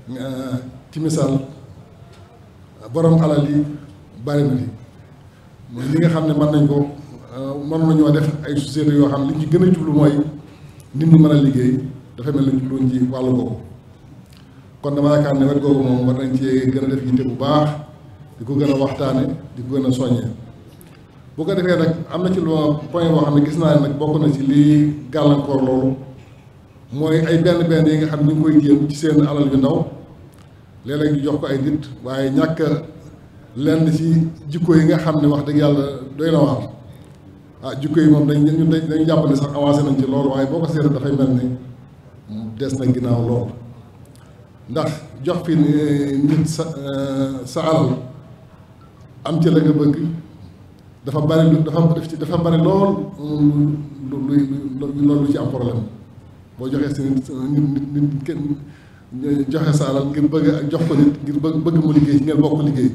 Euh, ci misaal boroom alal yi bari na li mooy li nga xam ne mën nañ ko euh, mën nañoo def ay société yoo xam ne li ñu gën a jublu mooy nit ñi mën a liggéey dafa mel ni jubluwoon ji wàllu googu kon dama yaakaar ne wet googu moom war nañ cee gën a def yitte bu baax di ko gën a waxtaane di ko gën a soññee bu ko defee nag am na ci lu point boo xam ne gis naa ne nag bokk na ci lii gàllankoor loolu mooy ay benn benn yi nga xam ne ñu ngi koy jéem ci seen alal yu ndaw léeg-léeg ñu jox ko ay nit waaye ñàkk lenn ci jikko yi nga xam ne wax dëgg yàlla doy na waar ah jikko yi moom dañ ñun dañ jàpp ne sax avancé nañ ci loolu waaye boo ko seetee dafay mel ni des na ginnaaw lool ndax jox fi eh, nit eh, sa alal am ci la nga bëgg dafa bari lu dafa dafa bari lool mm, lu lu lu lu ci am problème boo joxee seen nit nit nit kenn. joxe sa alal ngir bëgg jox ko nit ngir bëgg bëgg mu liggéey ngeen bokk liggéey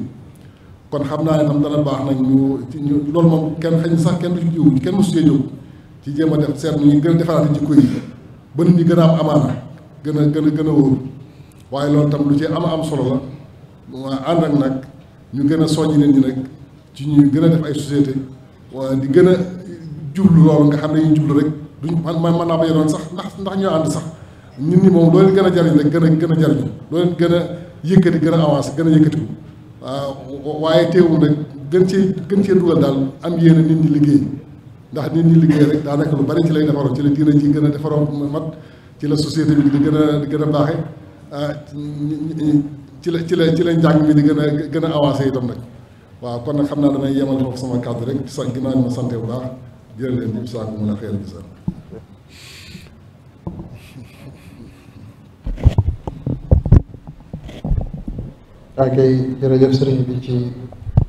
kon xam naa ne tam dana baax nag ñu ci ñu loolu moom kenn xëy sax kenn du ci jiw kenn mosu cee jóg ci jéem a def seet ñu gën a defaraat ci koy ba ñi gën a am amaana gën a gën a gën a wóor waaye loolu tam lu ci am am solo la waa ànd ak nag ñu gën a soññi nit ñi nag ci ñuy gën a def ay société waaye di gën a jublu loolu nga xam ne ñu jublu rek duñ man man naa ba yoroon sax ndax ndax ñu ànd sax nit ñi moom loo leen gën a jariñ rek gën a gën a jariñu loo gën a yëkkati gën a avancé gën a yëkkatiku waaw waaye teewul rek gën cee gën cee dugal daal am yéene nit ñi liggéey ndax nit ñi liggéey rek daanaka lu bari ci lay defaroo ci la diina ci gën a defaroo mat ci la société bi di gën a di gën a baaxe ah, ci la ci la ci la njàng mi di gën a gën a avancé itam nag waaw kon nag xam naa damay yemal foofu sama kàddu rek sa ginnaaw ma sante bu baax jërë leen ñi bisaako mun a xëyal bisa waa kay jërëjëf sëriñ bi ci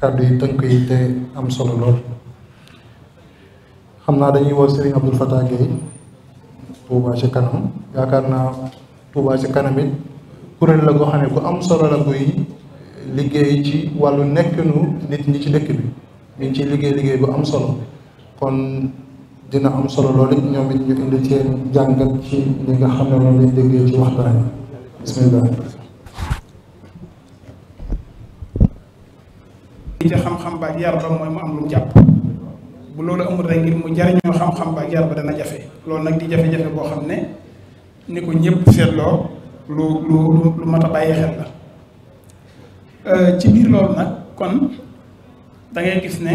kàddu yi tënk yi te am solo lool xam naa dañuy woo sëriñ Abdou Fatah Gueye Touba ci kanam yaakaar naa Touba ci kanam it kuréel la goo xam ne ku am solo la buy liggéey ci wàllu nu nit ñi ci lëkk bi ñu ngi ciy liggéey liggéey bu am solo kon dina am solo lool it ñoom it ñu indi seen jàngat ci li nga xam ne moom lañ déggee ci waxtaan bismillah li ca xam-xam ba ak mooy mu am lu jàpp bu loolu amul rek ngir mu jariñoo xam-xam ba ak yar ba dana jafe loolu nag di jafe-jafe boo xam ne ni ko ñëpp seetloo lu lu lu mat a bàyyi xel la euh, ci biir loolu nag kon da ngay gis ne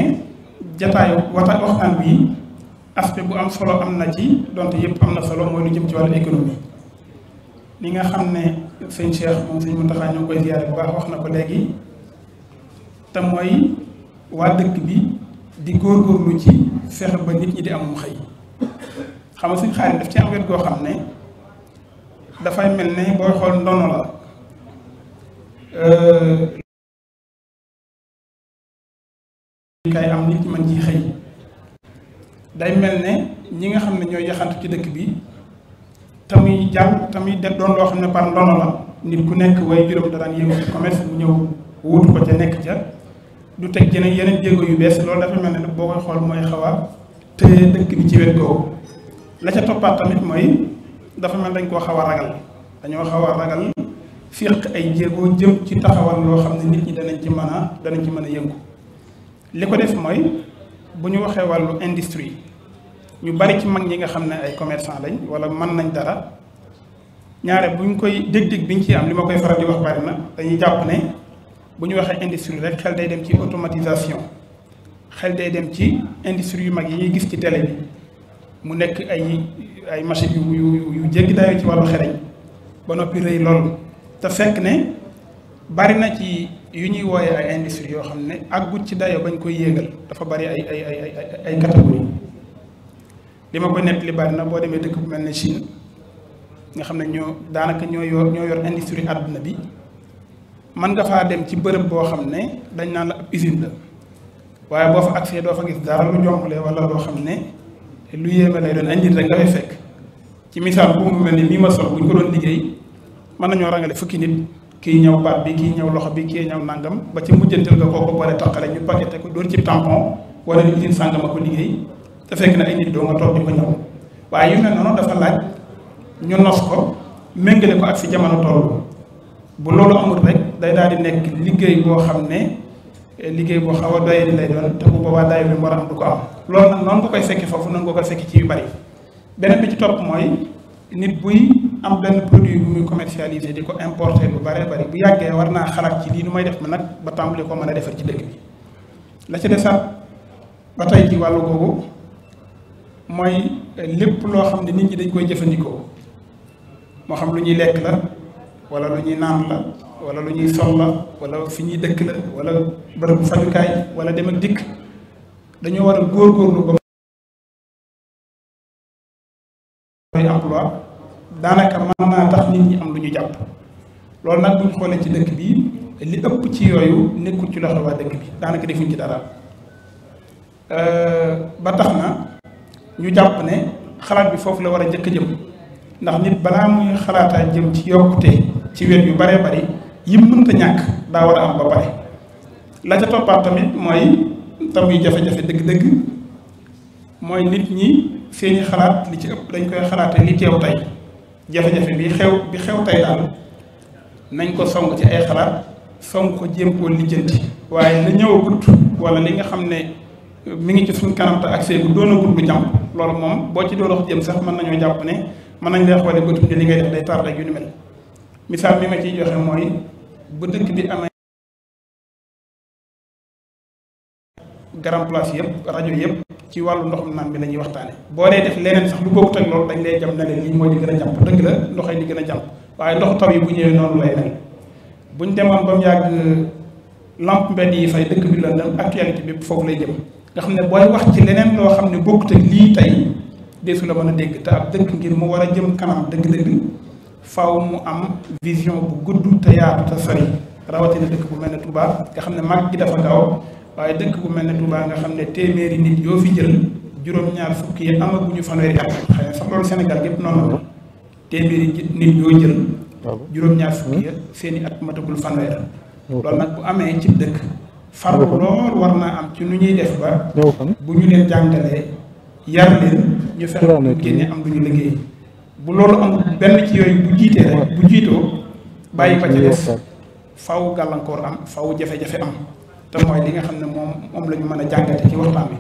jataayu wata waxtaan bi aspect bu am solo am na ci donte yëpp am na solo mooy lu jëm ci wàllu économie ni nga xam ne sëñ Cheikh moom sëñ Mountakha ñoo koy ziyaare bu baax wax na ko léegi te mooy waa dëkk bi di góor góorgóorlu ci fexe ba nit ñi di amum xëy xam nga suñ xaar ci am goo xam ne dafay mel ne booy xool ndono la kay am nit ñi mën xëy day mel ne nga xam ne ñooy yaxantu ci dëkk bi tamuy jàll tamuy de doon loo xam ne par ndono la ku nekk way juróom da daan yëngu ci commerce mu ñëw wutu ko ca nekk ca du teg jeneen yeneen jéego yu bees loolu dafa mel na ne boo koy xool mooy xaw a te dëkk bi ci wet googu la ca toppaat tamit mooy dafa mel dañ koo xaw a ragal dañoo xaw a ragal fiq ay jéego jëm ci taxawal loo xam ne nit ñi danañ ci mën a danañ ci mën a yëngu li ko def mooy bu ñu waxee wàllu industrie ñu bari ci mag ñi nga xam ne ay commerçant lañ wala mën nañ dara ñaare bu ñu koy dég-dég bi ñu ciy am li ma koy faral di wax bari na dañuy jàpp ne bu ñu waxee industrie rek xel day dem ci automatisation xel day dem ci industrie yu mag yi ñuy gis ci télé bi mu nekk ay ay machines yu yu yu jéggi ci wàllu xereñ ba noppi rëy loolu te fekk ne bari na ci yu ñuy wooyee ay industrie yoo xam ne àggut ci dayoo bañ koy yéegal dafa bari ay ay ay ay catégorie li ma koy nett li bari na boo demee dëkk bu mel ne Chine nga xam ne ñoo daanaka ñoo yor ñoo yor industrie àdduna bi man nga faa dem ci bërëb boo xam ne dañ naan la ab usine la waaye boo fa agsee doo fa gis dara lu jonxle wala loo xam ne lu yéeme lay doon ay nit rek nga fekk ci misaal bu mu mel ni mii ma sol bu ñu ko doon liggéey mën nañoo rangale fukki nit kii ñëw baat bi kii ñëw loxo bi kii ñëw nangam ba ci mujjantal nga kooku boole taqale ñu paqueté ko dóor ci tampon wala usine sàngam ko liggéey te fekk na ay nit doo nga toog di ko ñëw waaye dafa laaj ñu nos ko méngale ko ak fi jamono toll bu loolu amul rek day daal di nekk liggéey boo xam ne eh, liggéey boo xaw a doyee di lay doon te bu boobaa daay bi mu war a am du ko am loolu nag noonu nga koy fekki foofu noonu nga koy fekki yu bari beneen bi ci topp mooy nit buy am benn produit bu muy commercialisé di ko importer bu baree bari bu yàggee war naa xalaat ci lii nu may ma nag ba tàmbali ko mën a defar ci dëkk bi la ci desaat ba tey ci wàllu eh, lépp loo xam ne nit ñi dañ koy jëfandikoo moo xam lu ñuy lekk la wala lu ñuy naan la wala lu ñuy sol la wala fi ñuy dëkk la wala bërëb fajukaay wala dem ak dikk dañoo war a góorgóorlu ba mooy emploi daanaka mën naa nit ñi am lu ñu jàpp loolu nag buñ xoolee ci dëkk bi li ëpp ci yooyu nekkul ci loxo waa dëkk bi daanaka defuñ ci dara euh, ba tax na ñu jàpp ne xalaat bi foofu la war a jëkk jëm ndax nit balaa muy xalaataa jëm ci yokkute ci wet yu baree bari yi mënta ñàkk daa war a am ba pare la ca toppaat tamit mooy tamuy jafe-jafe dëgg-dëgg mooy nit ñi seeni xalaat li ci ëpp dañ koy xalaate li teew tey jafe-jafe bi xew bi xew tey daal nañ ko song ci ay xalaat song ko jéem koo lijjanti waaye la ñëwagut wala li nga xam ne mi ngi ci suñ kanam te accès bu doonagut bu jàmm loolu moom boo ci doon wax jëm sax mën nañoo jàpp ne mën nañ lay xoolee bëtum li ngay def day tardé yu ni misaal bi ma ciy joxe mooy bu dëkk bi amee grand place yëpp rajo yëpp ci wàllu ndoxum naan bi la ñuy waxtaane boo dee def leneen sax lu bokkut ak loolu dañ lay jam na leen lii mooy di gën a jàmp dëgg la ndox yi di gën a jàmp waaye ndox taw yi bu ñëwee noonu lay mel buñ demoon ba mu yàgg lamp mbedd yi fay dëkk bi lëndëm actualité bépp foofu lay jëm nga xam ne booy wax ci leneen loo xam ne bokkut ak lii tey deesu la mën a dégg te ab dëkk ngir mu war a jëm kanam dëgg faaw mu am vision bu gudd te yaatu te sori rawatina dëkk bu mel ne Touba nga xam ne mag gi dafa gaaw waaye dëkk bu mel na Touba nga xam ne téeméeri nit yoo fi jël juróom-ñaar fukki yi amaguñu fanweeri at xëy na sax loolu Sénégal yëpp noonu la téeméeri nit yoo jël. juróom-ñaar fukki ya seeni at matagul fanweer. loolu nag bu amee ci dëkk. farlu lool war naa am ci nu ñuy def ba. bu ñu leen jàngalee yar leen ñu fexe génne am lu ñu liggéey. bu loolu am benn ci yooyu bu jiitee bu jiitoo bàyyi ba ci des faw gàllankoor am faw jafe-jafe am te mooy li nga xam ne moom moom lañu mën a jàngate ci waxtaan boo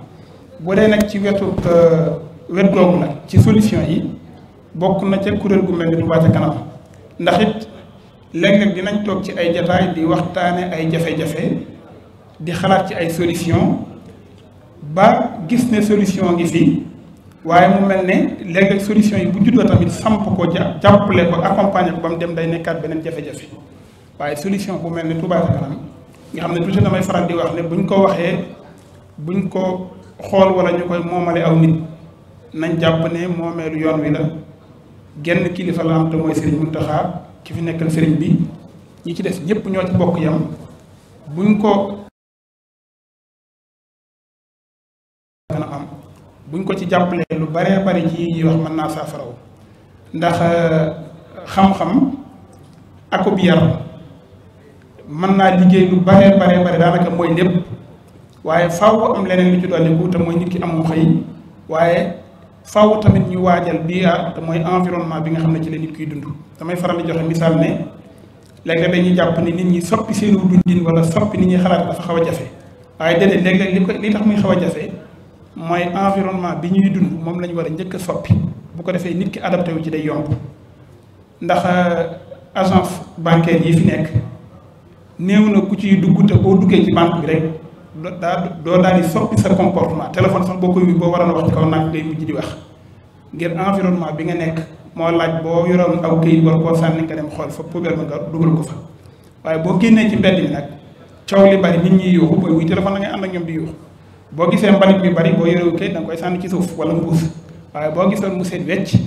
bu dee nag ci wetu euh, wet googu nag ci solution yi bokk na ca kuréel gu mel ni Touba ca kanam ndax it léeg dinañ toog ci ay jataay di waxtaane ay jafe-jafe di xalaat ci ay solution ba gis ne solution ngi si waaye mu mel ne léeg-léeg solution yi bu juddoo tamit samp ko ja jàppale ko accompagner ko ba mu dem day nekkaat beneen jafe-jafe waaye solution bu mel ne Touba Ca Kanam nga xam ne toujours damay faral di wax ne ñu ko waxee buñ ko xool wala ñu koy moomale aw nit nañ jàpp ne moomeelu yoon wi la genn kilifa la am te mooy Serigne Mountakha ki fi nekkal Serigne bi ñi ci des ñëpp ñoo ci bokk yam buñ ko. buñ ko ci jàppalee lu baree bari ci yi ñuy wax man naa saafaraw ndax euh, xam-xam akub yar mën naa liggéey lu baree baree bari daanaka mooy lépp waaye faaw am leneen lu ci dolliku te mooy nit ki amum xëy waaye faaw tamit ñu waajal bi te mooy environnement bi nga xam ne ci nit kiy dund damay faral di joxe misaal ne léeg-léeg dañuy jàpp ni nit ñi soppi seenu dundin wala soppi nit ñuy xalaat a dafa xaw a jafe waaye déedéet léeg-léeg li ko li tax muy xaw a jafe mooy environnement bi ñuy dund moom la ñu war a njëkk a soppi bu ko defee nit ki adapté wu ci day yomb ndax euh, agence bancaire yii fi nekk néew na ku ciy dugg te boo duggee ci banque bi rek daa doo daal di soppi sa comportement téléphone sax boo koy wi boo waroon a wax ci kaw nag ngay mujj di wax ngir environnement bi nga nekk moo laaj boo yoroon aw këyit wala boo sànni nga dem xool fa poubelle nga dugal ko fa waaye boo génnee ci mbedd mi nag coow li bari nit ñi yuuxu booy wuy téléphone la ngay ànd ñoom di yuuxu boo gisee mbalit bi bari boo yorewu kayit danga nga koy sànni ci suuf wala mbuus waaye boo gisoon mu seet wecc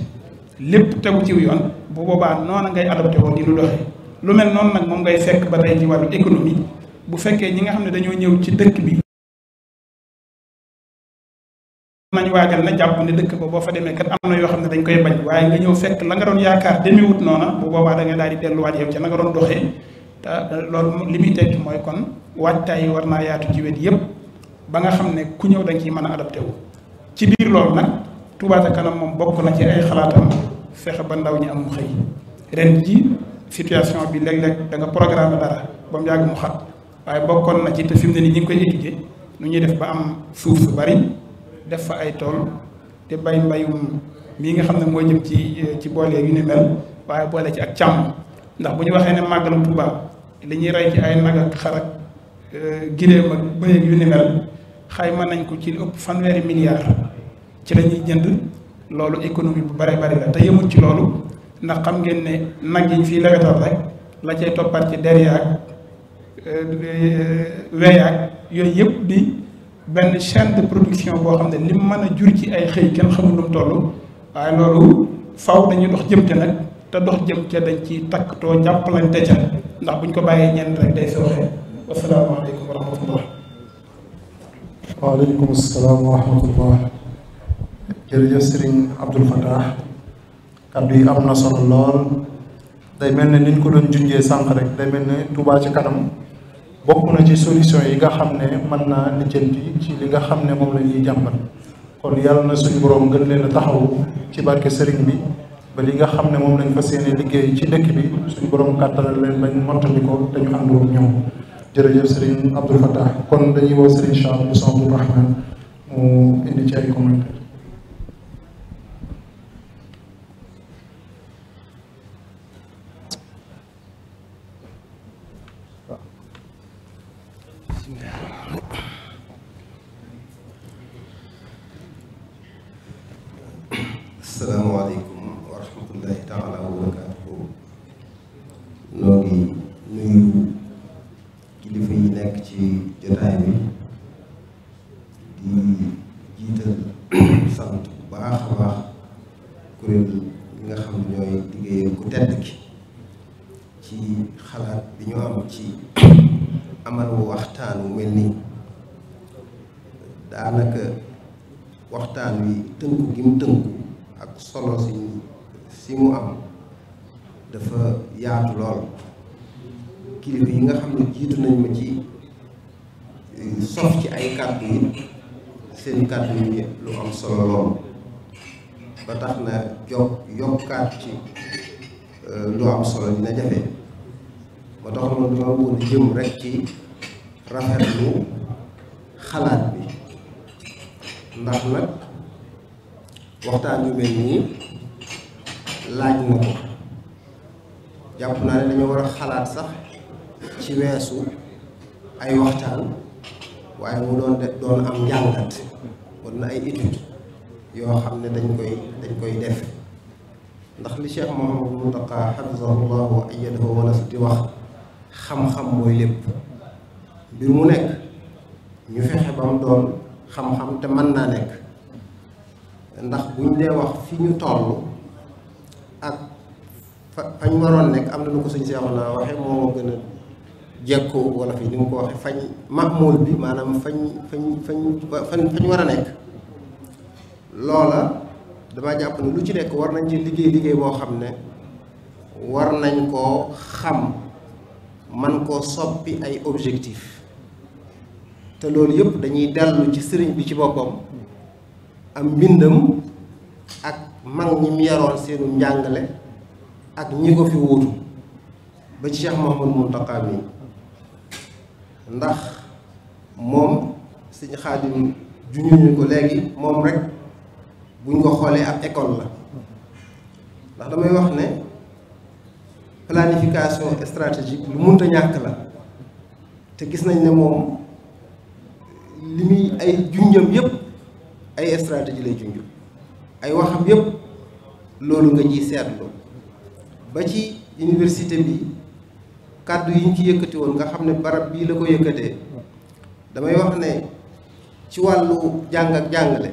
lépp tegu ciw yoon bu boobaa noona ngay adopté woon dinu lu doxe lu mel noonu nag moom ngay sekk ba tey ci wàllu économie bu fekkee ñi nga xam ne dañoo ñëw ci dëkk bi nañ waagal na jàpp ne dëkk ba boo fa demee kat am na yoo xam ne dañ koy bañ waaye nga ñëw fekk la nga doon yaakaar demewut noona bu boobaa da nga daal di delluwaat yow ca na doon doxee te loolu li muy tekki mooy kon waajtaay war naa yaatu ci wet yépp ba nga xam ne ku ñëw dañ nga ciy mën a adapté wu. ci biir lool nag Touba ca kanam moom bokk na ci ay xalaatam sexe ba ndaw ñi am xëy ren ji situation bi léeg-léeg da nga programme dara ba mu yàgg mu xat waaye bokkoon na ci te fi mu ne nii ñu ngi koy étudier nu ñuy def ba am suuf su bari def fa ay tool te bay mbayum mii nga xam ne mooy jëm ci ci boole yu ni mel waaye boole ci ak càmm ndax bu ñu waxee ne màggalam Touba li ñuy rey ci ay nag ak xar ak euh, gileem ak bëy yu xayma nañ ko ci ëpp fanweeri milliards ci la ñuy jënd loolu économie bu bare bari la te yëmul ci loolu ndax xam ngeen ne nag yi ñu fiy lewetal rek la cay toppat ci der yaag weyaag yooyu yëpp di benn chaîne de production boo xam ne lim mën a jur ci ay xëy kenn xamul lu mu waaye loolu faw dañuy dox jëm ca nag te dox jëm ca dañ ci takk too jàppalante ca ndax buñ ko bàyyee ñenn rek day sooxee wasalaamaaleykum wa rahmatullah waaleykum salaam wa rahmatullah jërëjëf sëriñ Abdoul Fattah kàddu yi am na solo lool day mel ne ni ñu ko doon junjee sànq rek day mel ne Touba ci kanam bokk na ci solution yi nga xam ne mën naa lijjanti ci li nga xam ne moom la ñuy jàmbat kon yàlla na suñu borom gën leen a taxaw ci barke sëriñ bi ba li nga xam ne moom lañ fas yéene liggéey ci dëkk bi suñu borom kàttanal leen bañ mottali ko dañu àndoo ñoom. jërëjëf Serigne Abdoul Fattah kon dañuy woo Serigne Charles bu Sambour Rahman mu indi ci ay commentaires jëm rek mënoon nekk am na nu ko suñ seexu naa waxe moo gën a jekku wala fi ni mu ko waxe fañ mahmoul bi maanaam fañ fañ fañ fañ fañ war a nekk loola dama jàpp ne lu ci nekk war nañ ci liggéey liggéey boo xam ne war nañ koo xam man koo soppi ay objectif te loolu yëpp dañuy dellu ci sëriñ bi ci boppam am mbindam ak mag ñi mu yaroon seenu njàngale ak ñi ko fi wuutu ba ci Cheikh Mouhamadou Mountakha mi ndax moom sëñ Xaadim juñu ñu ko léegi moom rek buñ ko xoolee ak école la ndax damay wax ne planification stratégique lu munta ñàkk la te gis nañ ne moom li muy ay junjam yépp ay stratégie lay junj ay waxam yépp loolu nga ciy seetlu ba ci université bi kàddu yi ñu ci yëkkati woon nga xam ne barab bii la ko yëkkatee damay wax ne ci wàllu jàng ak jàngale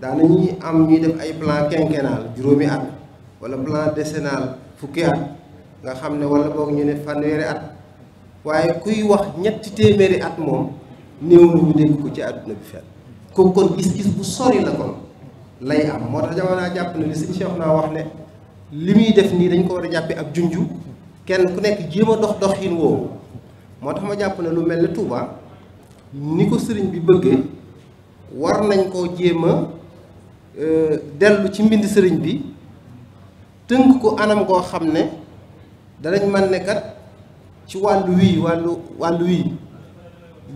daanañuy am ñuy def ay plan quinquennal juróomi at wala plan décennal fukki at nga xam ne wala boog ñu ne fanweeri at waaye kuy wax ñetti téeméeri at moom néew na ñu dégg ko ci àdduna bi fenn kooku kon gis-gis bu sori la kon lay am moo tax jamono jàpp na li sëñ Cheikh naa wax ne li muy def nii dañ ko war a jàppee ak junju kenn ku nekk jéem a dox doxin woowu moo tax ma jàpp ne lu mel ne Touba ni ko sëriñ bi bëggee war nañ koo jéem a euh, dellu ci mbind sëriñ bi tënk ko anam goo xam ne danañ mën ne kat ci wàll wii wàll wàllu wii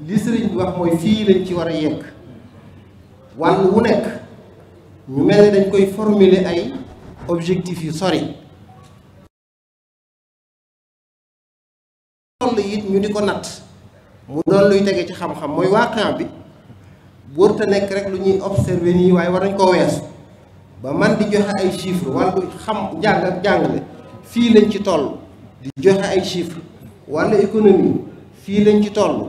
li sëriñ bi wax mooy fii lañ ci war a yegg wàllu wu nekk ñu mel ne dañ koy formuler ay objectif yu sori toll it ñu di ko natt mu doon luy tege ci xam-xam mooy waaqan bi wërta nekk rek lu ñuy observer nii waaye war nañ koo wees ba man di joxe ay chiffres wàllu xam jàng ak fii lañ ci toll di joxe ay chiffres wàllu économie fii lañ ci toll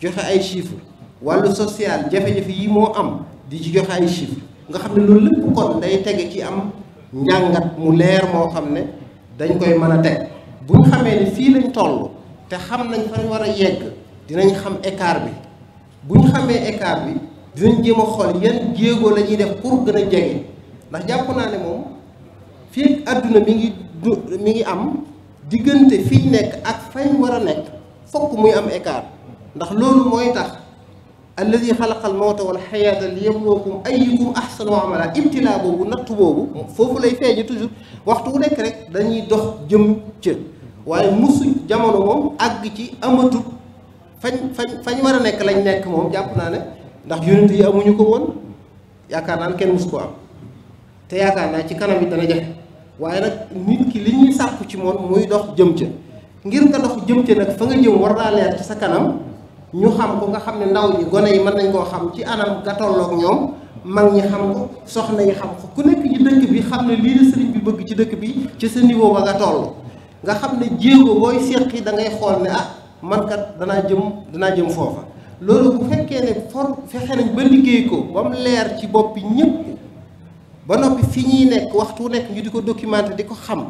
joxe ay chiffres wàllu social jafe-jafe yi moo am di ci joxe ay chiffres nga xam ne loolu lépp kon day tege ci am njàngat mu leer moo xam ne dañ koy mën a teg bu ñu xamee ni fii lañ toll te xam nañ fañ war a yegg dinañ xam écart bi bu ñu xamee écart bi dinañ jéem a xool yan jéego la ñuy def pour gën a jege ndax jàpp naa ne moom fii àdduna mi ngi du mi ngi am diggante fii nekk ak fañ war a nekk fokk muy am écart ndax loolu mooy tax. alladi xalaqal mawta wal xayaata liyabluwakum ayyukum ahsanu amala ibtilaa boobu nattu boobu foofu lay feeñe toujours waxtu wu nekk rek dañuy dox jëm ca waaye musuñ jamono moom àgg ci amatul fa fañ fañ war a nekk lañ nekk moom jàpp naa ne ndax yonent yi amuñu ko woon yaakaar naa ne kenn musu ko am te yaakaar naa ci kanam yi dana jafe waaye nag nit ki li ñuy sàkku ci moom muy dox jëm ca ngir nga dox jëm ca nag fa nga jëm war naa leer ci sa kanam ñu xam ko nga xam ne ndaw ñi gone yi mën nañ koo xam ci anam ga tolloog ñoom mag ñi xam ko soxna yi xam ko ku nekk ci dëkk bi xam ne lii sëriñ bi bëgg ci dëkk bi ci sa niveau ba nga toll nga xam ne jéego booy séqi da ngay xool ne ah man kat danaa jëm danaa jëm foofa loolu bu fekkee ne for fexe nañ ba liggéey ko bam leer ci boppi ñépp ba noppi fi ñuy nekk waxtu nekk ñu di ko documenté di ko xam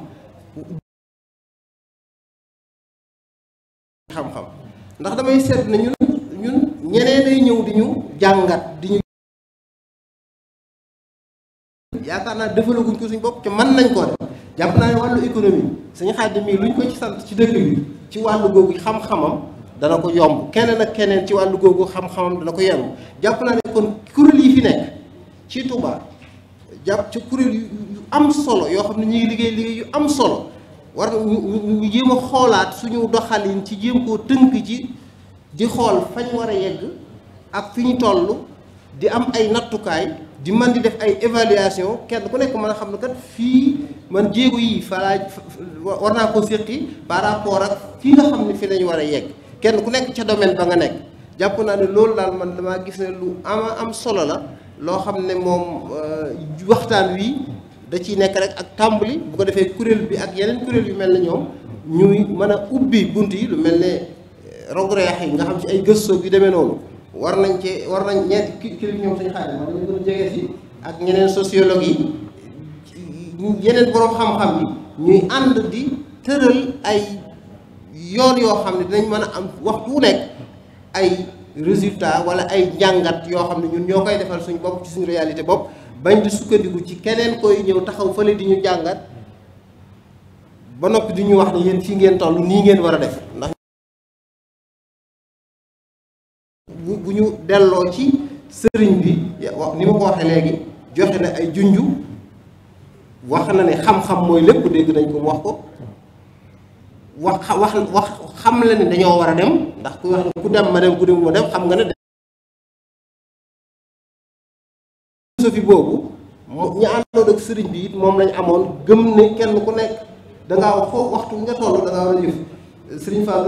xam-xam ndax damay seet ne ñun ñun ñeneen ay ñëw di ñu jàngat di ñu yaakaar naa développé guñ ko suñ bopp te man nañ ko def jàpp naa ne wàllu économie suñu xaadim mii luñ ko ci sant ci dëkk bi ci wàllu googu xam-xamam dana ko yomb keneen ak keneen ci wàllu googu xam-xamam dana ko yomb jàpp naa ne kon kuréel yi fi nekk ci Touba jàpp ci kuréel yu am solo yoo xam ne ñu ngi liggéey liggéey yu am solo war ñu jéem a xoolaat suñu doxalin ci jéem koo tënk ci xool fañ war a yegg ak fi ñu toll di am ay nattukaay di man di def ay évaluation kenn ku nekk mën a xam ne kat fii man jéego yi falaa naa ko séqi par rapport ak fii nga xam ne fi lañu war a yegg kenn ku nekk ca domaine ba nga nekk jàpp naa ne loolu daal man damaa gis ne lu ama am solo la loo xam ne moom euh, waxtaan wi da ciy nekk rek ak tàmbali bu ko defee kuréel bi ak yeneen kuréel yu mel na ñoom ñuy mën a ubbi bunt yi lu mel ne eh, rogureex yi nga xam ci ay gëstoo yu demee noonu war nañ cee war nañ ñeenti ki kii ñoom suñu xaalis war nañu gën a jege si ak ñeneen sociologue yi yeneen borom xam-xam yi ñuy ànd di tëral ay yoon yoo xam ne dinañ mën a am waxtu nekk ay. résultat wala ay jàngat yoo xam ne ñun ñoo koy defal suñ bopp ci suñu réalité bopp bañ di sukkandiku ci keneen koy ñëw taxaw fële di ñu jàngat ba noppi di ñu wax ni yéen fii ngeen toll nii ngeen war a def ndax bu bu ñu delloo ci sëriñ bi wax ni ma ko waxee léegi joxe na ay junju wax na ne xam-xam mooy lépp dégg nañ ko wax ko wax wax wax xam la ne dañoo war a dem ndax ku wax ku dem ma dem ku dem ma dem ne philosophie boobu ñu àndoon ak sëriñ bi it moom lañ amoon gëm ne kenn ku nekk dangaa wax foofu waxtu nga toll dangaa war a jëf sëriñ Fall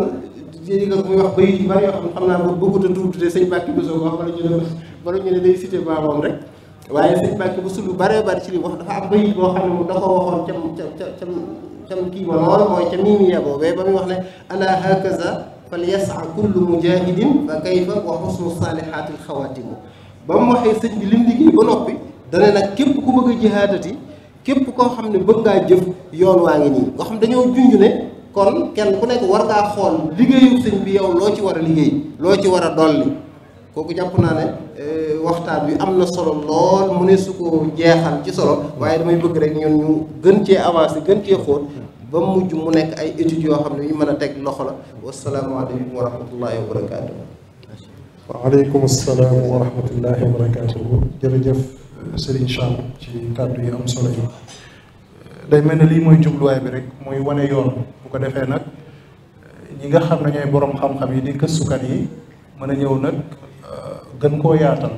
jéegi nga muy wax bayit yi bari yoo xam xam naa ba bëggut a tudd te sëñ Bàkki bu soo wax wala ñu ne wala ñu ne day cité baamoom rek waaye sëñ Bàkki bu sulu baree bari ci li wax dafa am bayit boo xam ne moom da ko waxoon ca ca ca tam kii ba noonu mooy ca miimiya boobee ba muy wax ne ala hakaza fal yasa kullu mujahidin fa kayfa wa xusnu saalihaati alxawaatimu ba mu waxee sëñ bi lim liggéey ba noppi dana nag képp ku bëgg a jihaadati képp koo xam ne bëgg ngaa jëf yoon waa ngi nii nga xam dañoo junj ne kon kenn ku nekk war ngaa xool liggéeyu sëñ bi yow loo ci war a liggéey loo ci war a dolli kooku jàpp naa ne euh, waxtaan bi am na solo lool mu ne su ko jeexal ci solo waaye damay bëgg rek ñun ñu gën cee avancé gën cee xóot ba mujj mu nekk ay études yoo xam ne yu mën a teg loxo la wasalaamaaleykum wa rahmatullahi wa barakaatu. waaleykum salaam wa rahmatullahi wa barakaatu jërëjëf Serigne ci kàddu yu am solo yi. day mel ne lii mooy jubluwaay bi rek muy wane yoon bu ko defee nag ñi nga xam ne ñooy borom xam-xam yi di gëstukat yi mën a ñëw nag. gën koo yaatal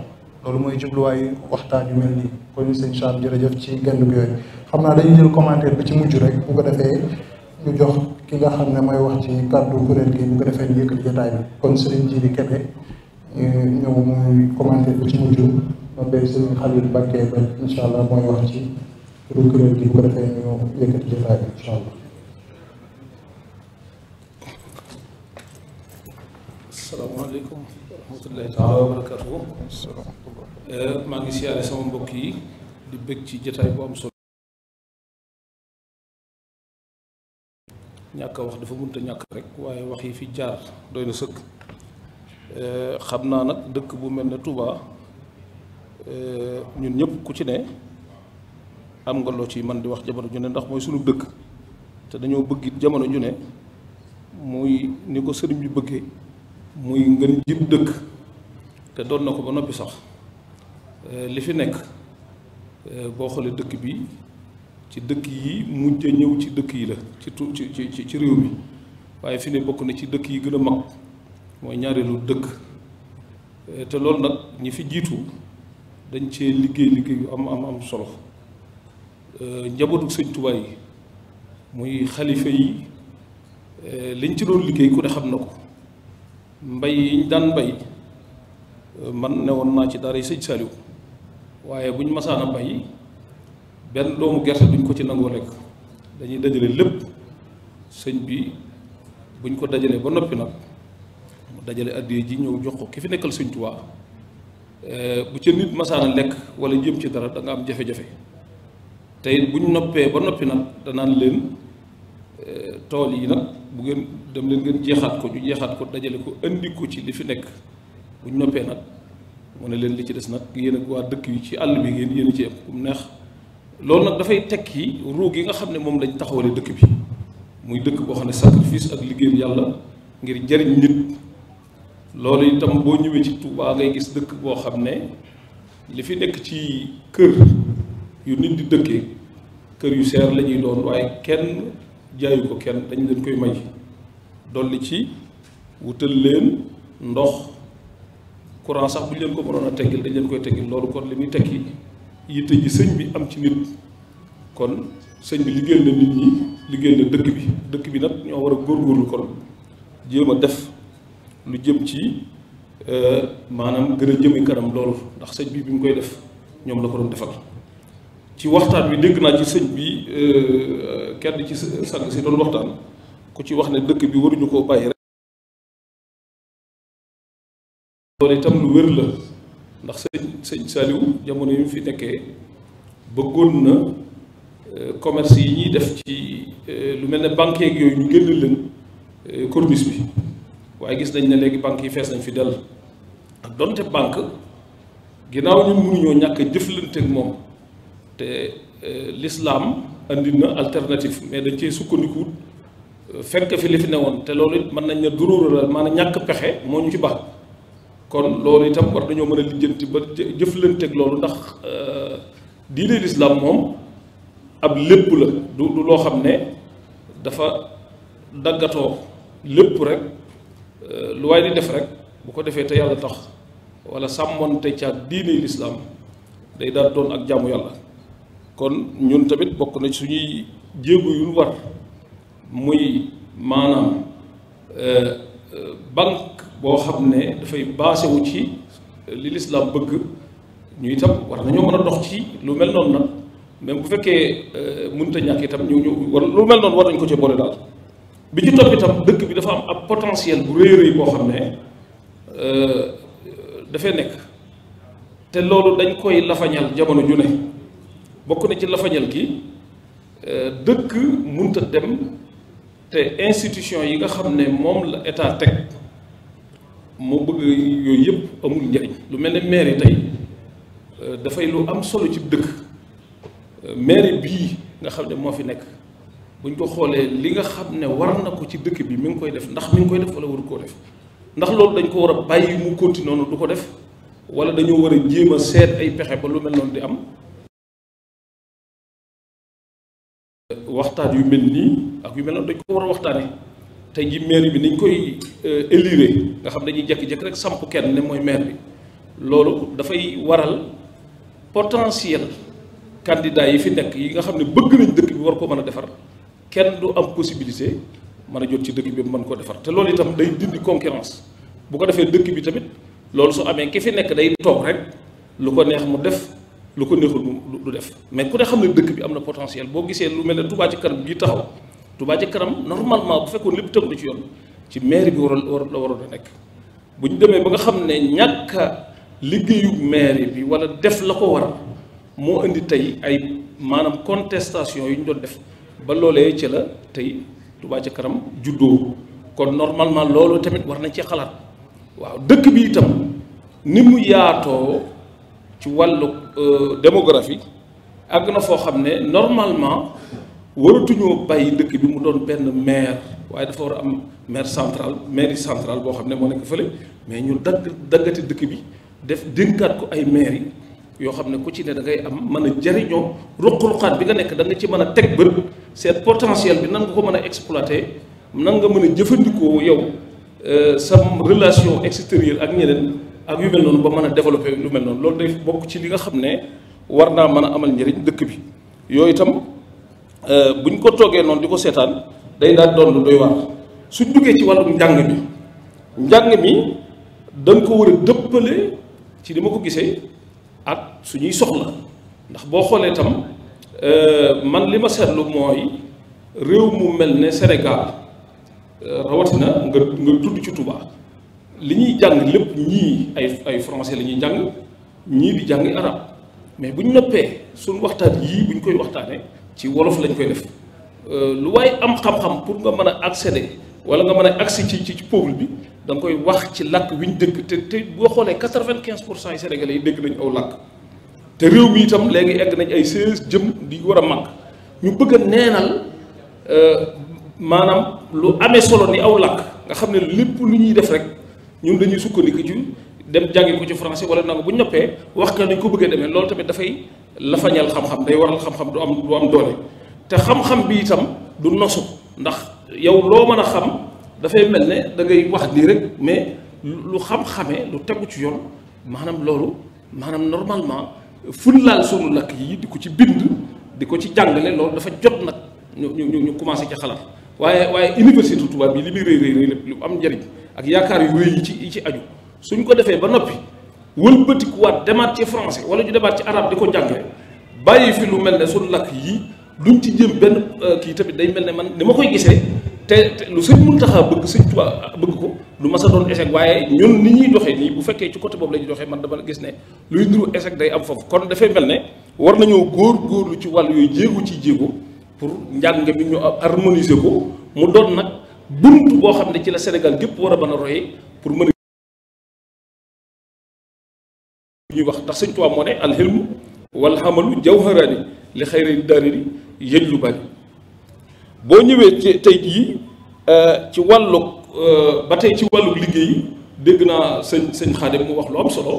loolu mooy jubluwaayu waxtaan yu mel nii kon sëñ Cham jërëjëf ci genn bi yooyu xam naa dañuy jël commentaire bi ci mujj rek bu ko defee ñu jox ki nga xam ne mooy wax ci kàddu kuréel gi bu ko defee ñu yëkkati jotaay bi kon sëriñ ji di Kébé ñëw mooy commentaire bi ci mujj moom day sëriñ Xalil Bakke ba incha allah mooy wax ci turu kuréel gi bu rahmatullahi taala wa barakatuhu eh, maa ngi siyaare sama mbokk yi di bëgg ci jataay bu am solo ñàkk a wax dafa mënta ñàkk rek waaye wax yi fi jaar doy na sëkk eh, xam naa nag dëkk bu mel ne Touba eh, ñun ñëpp ku ci ne am nga loo ci man di wax jamono ju ne ndax mooy sunu dëkk te dañoo bëgg jamono ju ne muy ni ko sëriñ bi bëggee muy ngën jib dëkk te doon na ko ba noppi sax euh, li fi nekk euh, boo xoolee dëkk bi ci dëkk yi mujj a ñëw ci dëkk yi la ci tu ci ci réew mi waaye fi ne bokk na ci dëkk yi gën a mag mooy ñaareelu dëkk euh, te loolu nag ñi fi jiitu dañ cee liggéey liggéey yu am am am solo njabootu sëñ Tuubaa yi muy xalifa yi liñ ci doon liggéey ku ne xam na ko mbay yi ñu daan mbay man ne woon naa ci dara yi sëñ Saliou waaye bu ñu masaan a mbay benn doomu gerte duñ ko ci nangoo lekk dañuy dajale lépp sëñ bi buñ ko dajalee ba noppi nag mu dajale addiya ji ñëw jox ko ki fi nekkal sëñ Tuubaa eh, bu ci nit masaan a lekk wala jëm ci dara danga am jafe-jafe te it bu ñu noppee ba noppi nag danaan leen tool yi nag bu ngeen dem leen ngeen jeexaat ko ñu jeexaat ko dajale ko indi ko ci li fi nekk bu ñu noppee nag mu ne leen li ci des nag yéen ak waa dëkk yi ci àll bi ngeen yéen ci am mu neex loolu nag dafay tekki ruug yi nga xam ne moom lañ taxawale dëkk bi muy dëkk boo xam ne sacrifice ak liggéeyam yàlla ngir jariñ nit loolu itam boo ñëwee ci Touba ngay gis dëkk boo xam ne li fi nekk ci kër yu nit di dëkkee kër yu seer lañuy ñuy doon waaye kenn jaayu ko kenn dañ leen koy may dolli ci wutal leen ndox courant sax bu ñu leen ko mënoon a teggil dañ leen koy teggil loolu kon li muy tekki yitte ji sëñ bi am ci nit kon sëñ bi liggéeyal na nit ñi liggéeyal na dëkk bi dëkk bi nag ñoo war a góorgóorlu kon jéem a def lu jëm ci euh, maanaam gën a jëmi kanam loolu ndax sëñ bi bi mu koy def ñoom la ko doon defal ci waxtaan wi dégg naa ci sëñ bi euh, kenn ci sàng si doon ku ci wax ne dëkk bi waruñu koo bàyyi rek loolu itam la ndax sëñ sëñ jamono yi mu fi nekkee bëggoon na euh, commerce yi ñuy def ci euh, lu mel ne banque yeeg yooyu ñu génn leen corniche bi waaye gis nañ ne léegi banque yi fees nañ fi dell ak donte banque ginnaaw ñun mënuñoo ñàkk jëflante ak moom te euh, l'islam andi na alternative mais dañ cee sukkandiku euh, fekk fi li fi newoon te loolu it mën nañ ne duruura la maanaam ñàkk pexe moo ñu ci baax kon loolu itam war dañoo mën a lijjanti ba jëflanteeg loolu ndax euh, diine l'islam moom ab lépp la du du loo xam ne dafa daggatoo lépp rek lu waay di def rek bu ko defee te yàlla tax wala sàmmonte ca diine l'islam day daal doon ak jaamu yàlla kon ñun tamit bokk na suñuy jéego yu war muy maanaam euh, banque boo xam ne dafay basé wu ci li lislaam bëgg ñuy itam war nañoo mën a dox ci lu mel noonu nag même bu fekkee euh, mënut a ñàkk itam ñu ñu war lu mel noonu war nañ ko ci boole daal bi ñu topp itam dëkk bi dafa am ab potentiel bu rëy rëy boo xam ne euh, dafay nekk te loolu dañ koy lafañal jamono ju ne bokk na ci lafañal gi euh, dëkk munta dem te institution yi nga xam ne moom la état teg mu bëgg yooyu yëpp amul njariñ lu mel ne maire yi tey euh, dafay lu am solo ci dëkk euh, maire bii nga xam ne moo fi nekk bu ñu ko xoolee li nga xam ne war na ko ci dëkk bi mi ngi koy def ndax mi ngi koy def wala waru koo def ndax loolu dañ ko war a bàyyi mu continuer noonu du ko def wala dañoo war a jéem a seet ay pexe ba lu mel noonu di am waxtaan yu mel nii ak yu mel noonu dañ ko war a waxtaane tey ji maire bi niñ koy euh, élire nga xam dañuy jékki-jékki rek samp kenn ne mooy maire bi loolu dafay waral potentiel candidat yi fi nekk yi nga xam ne bëgg nañ dëkk bi war koo mën a defar kenn du am possibilité man a jot ci dëkk bi mën koo defar te loolu itam day dindi concurrence bu ko defee dëkk bi tamit loolu su amee ki fi nekk day toog rek lu ko neex mu def lu ko neexul du def mais ku ne xam ne dëkk bi am na potentiel boo gisee lu mel ne Touba ci kanam gi taxaw Touba ci kanam normalement bu fekkoon lépp tënku ci yoon ci maire bi waroon war la waroon a nekk bu ñu demee ba nga xam ne ñàkk liggéeyu maire bi wala def la ko war moo indi tey ay maanaam contestation yu ñu doon def ba loolee ci la tey Touba ci kanam juddoo kon normalement loolu tamit war nañ ci xalaat waaw dëkk bi itam ni mu yaatoo ci wàllu. Euh, démographie àgg na foo xam ne normalement waratuñoo bàyyi dëkk bi mu doon benn maire waaye dafa war am maire centrale mairie centrale boo xam ne moo nekk fële mais ñu dagg daggati dëkk bi def dénkaat ko ay maires yoo xam ne ku ci ne da am mën a jariñoo ruq-ruqaat bi nga nekk da nga ci mën a teg bët seet potentiel bi nan nga ko mën a exploiter nan nga mën a jëfandikoo yow euh, sa relation extérieure ak ñeneen. ak yu mel noonu ba mën a développé lu mel noonu loolu day bokk ci li nga xam ne war naa mën a amal njariñ dëkk bi yooyu itam euh, buñ ko toogee noonu di ko seetaan day daal doon lu doy waar su duggee ci wàllum njàng mi njàng mi dañ ko war a dëppale ci li ma ko gisee ak suñuy soxla ndax boo xoolee itam euh, man li ma seetlu mooy réew mu mel ne Sénégal euh, rawatina nga nga tudd ci tubaa li ñuy jàng lépp ñii ay ay français la ñuy jàng ñii di jàng arab mais bu ñu noppee suñu waxtaan yii bu ñu koy waxtaanee ci wolof lañu koy def euh, lu waaye am xam-xam pour nga mën a accéder wala nga mën a accès ci ci peuple bi da nga koy wax ci làkk wi ñu dëkk te te boo xoolee quatre-vingt-quinze pour cent yi sénégalais yi dégg nañu aw làkk te réew mi itam léegi egg nañ ay seize jëm di war a màgg ñu bëgg a neenal euh, maanaam lu amee solo ni aw làkk nga xam ne lépp lu ñuy def rek. ñun dañuy sukkandiku ci dem jàngi ko ci français wala nangu bu ñu noppee wax ka nañ ko bëggee demee loolu tamit dafay lafañal xam-xam day waral xam-xam du am du doole te xam-xam bi itam du nosu ndax yow loo mën a xam dafay mel ne da ngay wax lii rek mais lu xam-xamee lu tegu ci yoon maanaam loolu maanaam normalement fullaal sunu lakk yi di ko ci bind di ko ci jàngale loolu dafa jot nag ñu ñu ñu commencé ci xalaat waaye waaye université Touba bi li muy rëy rëy lépp lu am njëriñ ak yaakaar yu wéy yi ci yi ci aju suñ ko defee ba noppi wëlbatikuwaat demaat ci français wala ñu demaat ci araab di ko jàngale bàyyi fi lu mel ne suñ lakk yi duñ ci jëm benn euh, kii tamit day mel ne man ni ma koy gisee te lu sëñ Muntaxa bëgg sëñ bëgg ko lu mas a doon échec waaye ñun ni ñuy doxee nii bu fekkee ci côté boobu la doxee man dama gis ne luy nuru échec day am foofu kon defee mel ne war nañoo góor góorlu ci wàll yooyu jéego ci jéego pour njàng mi ñu harmoniser ko mu doon nag bunt boo xam ne ci la Sénégal gépp war a mën a royee pour mën a ñuy wax ndax sëñ Tuubaa moo ne alxilmu wal xamalu jawharaani li xayri daarini yëj lu bari boo ñëwee ci tey jii euh, ci wàllug euh, ba tey ci wàllug liggéey dégg naa sëñ sëñ xaade mu wax lu am solo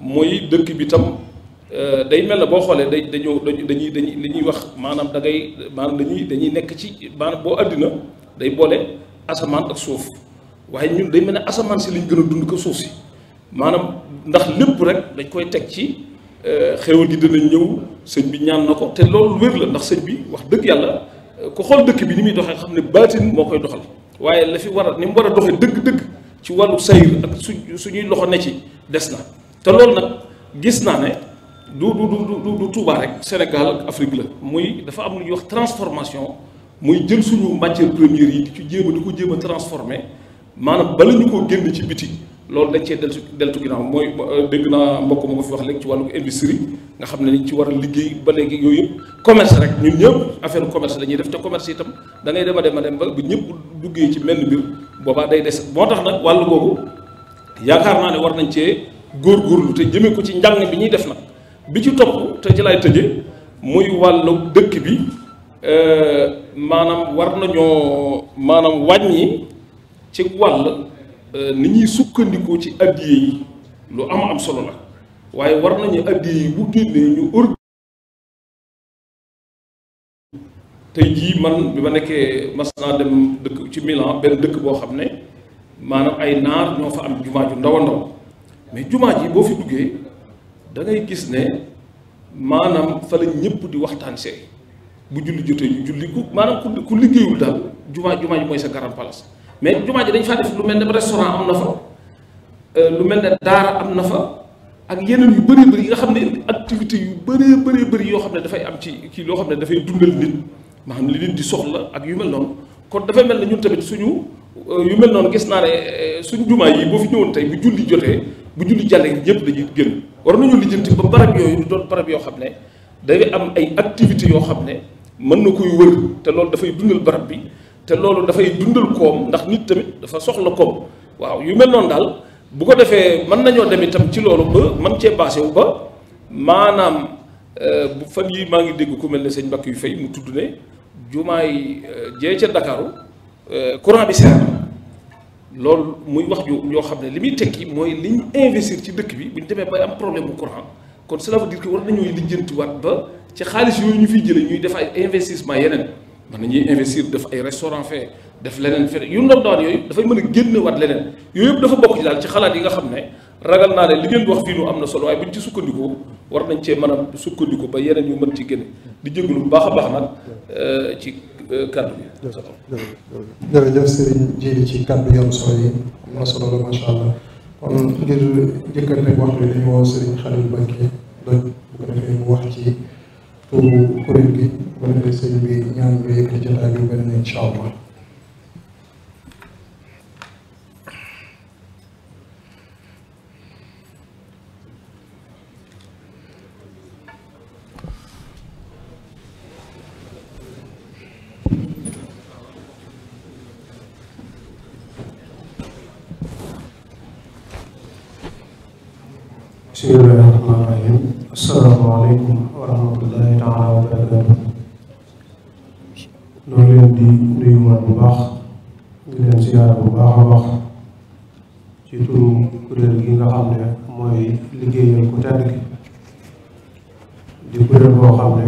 mooy dëkk bi tam euh, day mel na boo xoolee day dañoo dañuy dañuy li ñuy wax maanaam da ngay maanaam dañuy dañuy nekk ci maanaam boo àddina day boole asamaan ak suuf waaye ñun day mel ne asamaan si lañ gën a dund ko suuf si maanaam ndax lépp rek dañ koy teg ci euh, xéewal di dinañ ñëw sëñ bi ñaan na ko te loolu wér la ndax sëñ bi wax dëgg yàlla euh, ko xool dëkk bi ni muy doxee xam ne baatin moo koy doxal waaye la fi war ni mu war a doxe dëgg-dëgg ci wàllu sayir ak su suñuy loxo ne ci des na te loolu nag gis naa ne du du du du Touba rek Sénégal ak Afrique la muy dafa am lu ñuy wax transformation muy jël suñu matière première yi di ci jéem a di ko jéem a transformé maanaam bala ñu ko génn ci biti loolu dañ cee deltu deltu ginnaaw mooy euh, dégg naa mbokk ma ko fi wax léegi ci wàllu industrie nga xam ne ni ci war a liggéey ba léegi yooyu yëpp commerce rek ñun ñëpp affaire commerce la ñuy def te commerce itam da ngay dem a dem dem ba bu ñëpp duggee ci mel mbir boobaa day des moo tax nag wàllu boobu yaakaar naa ne war nañ cee góorgóorlu te jëmee ko ci njàng bi ñuy def nag bi ci topp te ci laay tëje muy wàllu dëkk bi Euh, maanaam war nañoo maanaam wàññi ci wàll euh, ni ñuy sukkandikoo ci addiye yi lu am am solo la waaye war nañu addiye yi bu génnee ñu or tey jii man bi ma nekkee mas dem dëkk ci Milan benn dëkk boo xam ne maanaam ay naar ñoo fa am jumaa ju ndaw ndaw mais jumaa ji boo fi duggee da gis ne maanaam fa la ñëpp di waxtaan see bu julli jotee ñu julli ku maanaam ku ku liggéeyul daal jumaa jumaa ji mooy sa garan palace mais jumaa ji dañ faa def lu mel ne restaurant am na fa euh, lu mel ne daara am na fa ak yeneen yu bëree bëri yi nga xam ne activité yu bëree bëree bëri yoo xam ne dafay am ci kii loo xam ne dafay dundal nit maa xam li leen di soxla ak yu mel noonu kon dafay mel ne ñun tamit suñu euh, yu mel noonu gis naa ne euh, suñu jumaa yi boo ñëwoon tey bu julli jotee bu julli jàllee ñëpp dañuy génn war nañu lijjanti ba barab yooyu du doon barab yoo xam ne day am ay activité yoo xam ne mën na koy wër te loolu dafay dundal barab bi te loolu dafay dundal koom ndax nit tamit dafa soxla koom waaw yu mel noonu daal bu ko defee mën nañoo dem itam ci loolu ba man cee basé wu ba maanaam euh, bu fan yi maa ngi dégg ku mel ne sëñ mbakk yu fay mu tudd ne jumaay yi euh, ca Ndakaaru euh, courant bi seer loolu muy wax ju yoo xam ne li muy tekki mooy liñ investir ci dëkk bi bu ñu demee bay am problème bu courant kon cela veut dire que war nañooy lijjantiwaat ba ci xaalis yooyu ñu fiy jëlee ñuy def ay investissement yeneen man nañuy investir def ay restaurant fee def leneen fee yu ndaw daan yooyu dafay mën a génne leneen yëpp dafa bokk ci ci xalaat yi nga xam ne ragal naa ne li ngeen di wax fii nu am na solo buñ ci sukkandiku war nañ cee mën a sukkandiku ba yeneen yu mën ci génne di jégalu bu baax a baax nag euh, euh, ci kàddu bi. jërëjëf Serigne ci kàddu yam solo yi am na solo la macha allah kon ngir njëkkanteeg wax bi dañu woo Serigne Khalil Mbacké doon bu ko defee mu wax ci. turu kuréel gi wala de sëñ bi ñaan nga yëg li jotaay bi beneen incha allah bismillaahi rahmaani rahiim asalaamaaleykum wa rahmatullahi taala wa barakatu loolu leen di nuyu bu baax di leen siyaara bu baax a baax ci turu kuréel gi nga xam ne mooy liggéeyal ku tedd gi di kuréel boo xam ne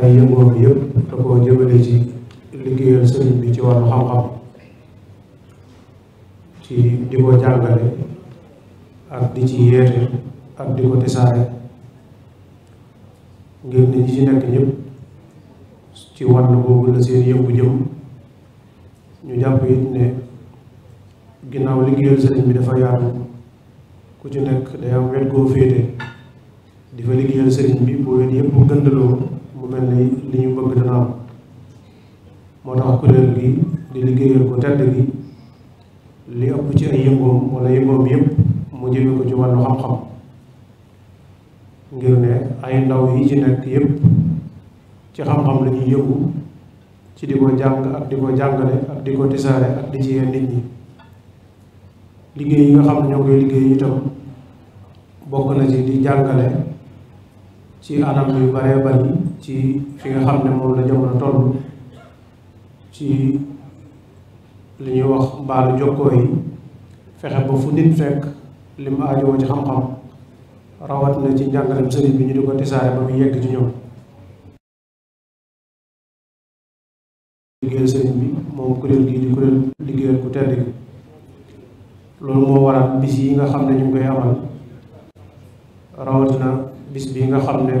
ay yëngoom yëpp da koo ci liggéeyal sëriñ bi ci wàllu xam-xam ci di ko jàngale ak di ci yeete ak di ko tisaare ngir ne ñi ci nekk ñëpp ci wàll boobu la seen yëngu jëm ñu jàpp it ne ginnaaw liggéeyal sëriñ bi dafa yaatu ku ci nekk day am wet goo féete di fa liggéeyal sëriñ bi bu wet yëpp mu gëndaloo mu mel ni li ñu bëgg dana am moo tax kuréel gi di liggéeyal ko tedd gi li ëpp ci ay yëngoom wala yëngoom yëpp mu jëme ko ci wàllu xam-xam ngir ne ay ndaw yi ci nekk yépp ci xam-xam la ñuy ci di ko jàng ak di ko jàngale ak di ko tisaare ak di ci yee nit ñi liggéey yi nga xam ne ñoo koy liggéey itam bokk na ci di jàngale ci anam yu baree bari ci fi nga xam ne moom la jamono toll ci li ñuy wax mbaalu jokkoo yi fexe ba fu nit fekk li mu aajowoo ci xam-xam rawat na ci njàngalem sëriñ bi ñu di ko tisaare ba mu yegg ci ñoom liggéeyal sëriñ bi moom kuréel gii di kuréel liggéeyal ku tedd loolu moo waral bis yi nga xam ne ñu koy amal rawatina bis bi nga xam ne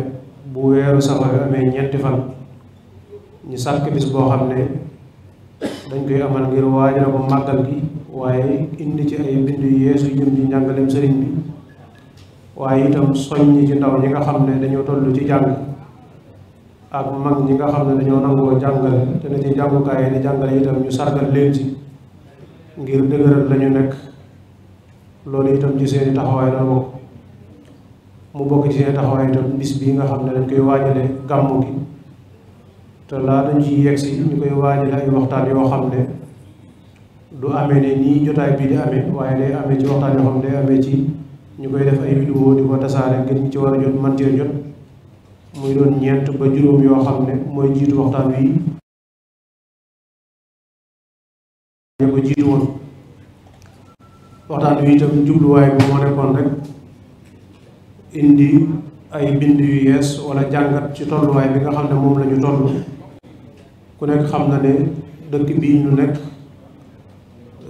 bu weeru safar amee ñetti fan ñu sàkk bis boo xam ne dañ koy amal ngir waajal ko màggal gi waaye indi ci ay bind yu yeesu jëm ci njàngalem sëriñ bi waaye itam soññ ci ndaw ñi nga xam ne dañoo toll ci jàng ak mag ñi nga xam ne dañoo nangoo jàngale te na ci jàngukaay yi di jàngale itam ñu sargal leen ci ngir dëgëral nekk loolu itam ci seeni taxawaay la bokk ci seeni taxawaay itam bis bii nga xam ne dañ koy waajale gàmmu gi te laata ñu ciy yegsi ñu koy waajale ay waxtaan yoo xam ne du amee ne nii jotaay bii di amee waaye day amee ci waxtaan yoo xam ne amee ci ñu koy def ay vidéo di ko tasaare ngir ñi ci war a jot man cee jot muy doon ñeent ba juróom yoo xam ne mooy jiitu waxtaan wi ñu ko jiitu woon waxtaan wi bi moo nekkoon rek indi ay bind yu yees wala jàngat ci tolluwaay bi nga xam ne moom lañu ñu ku nekk xam na ne dëkk bii ñu nekk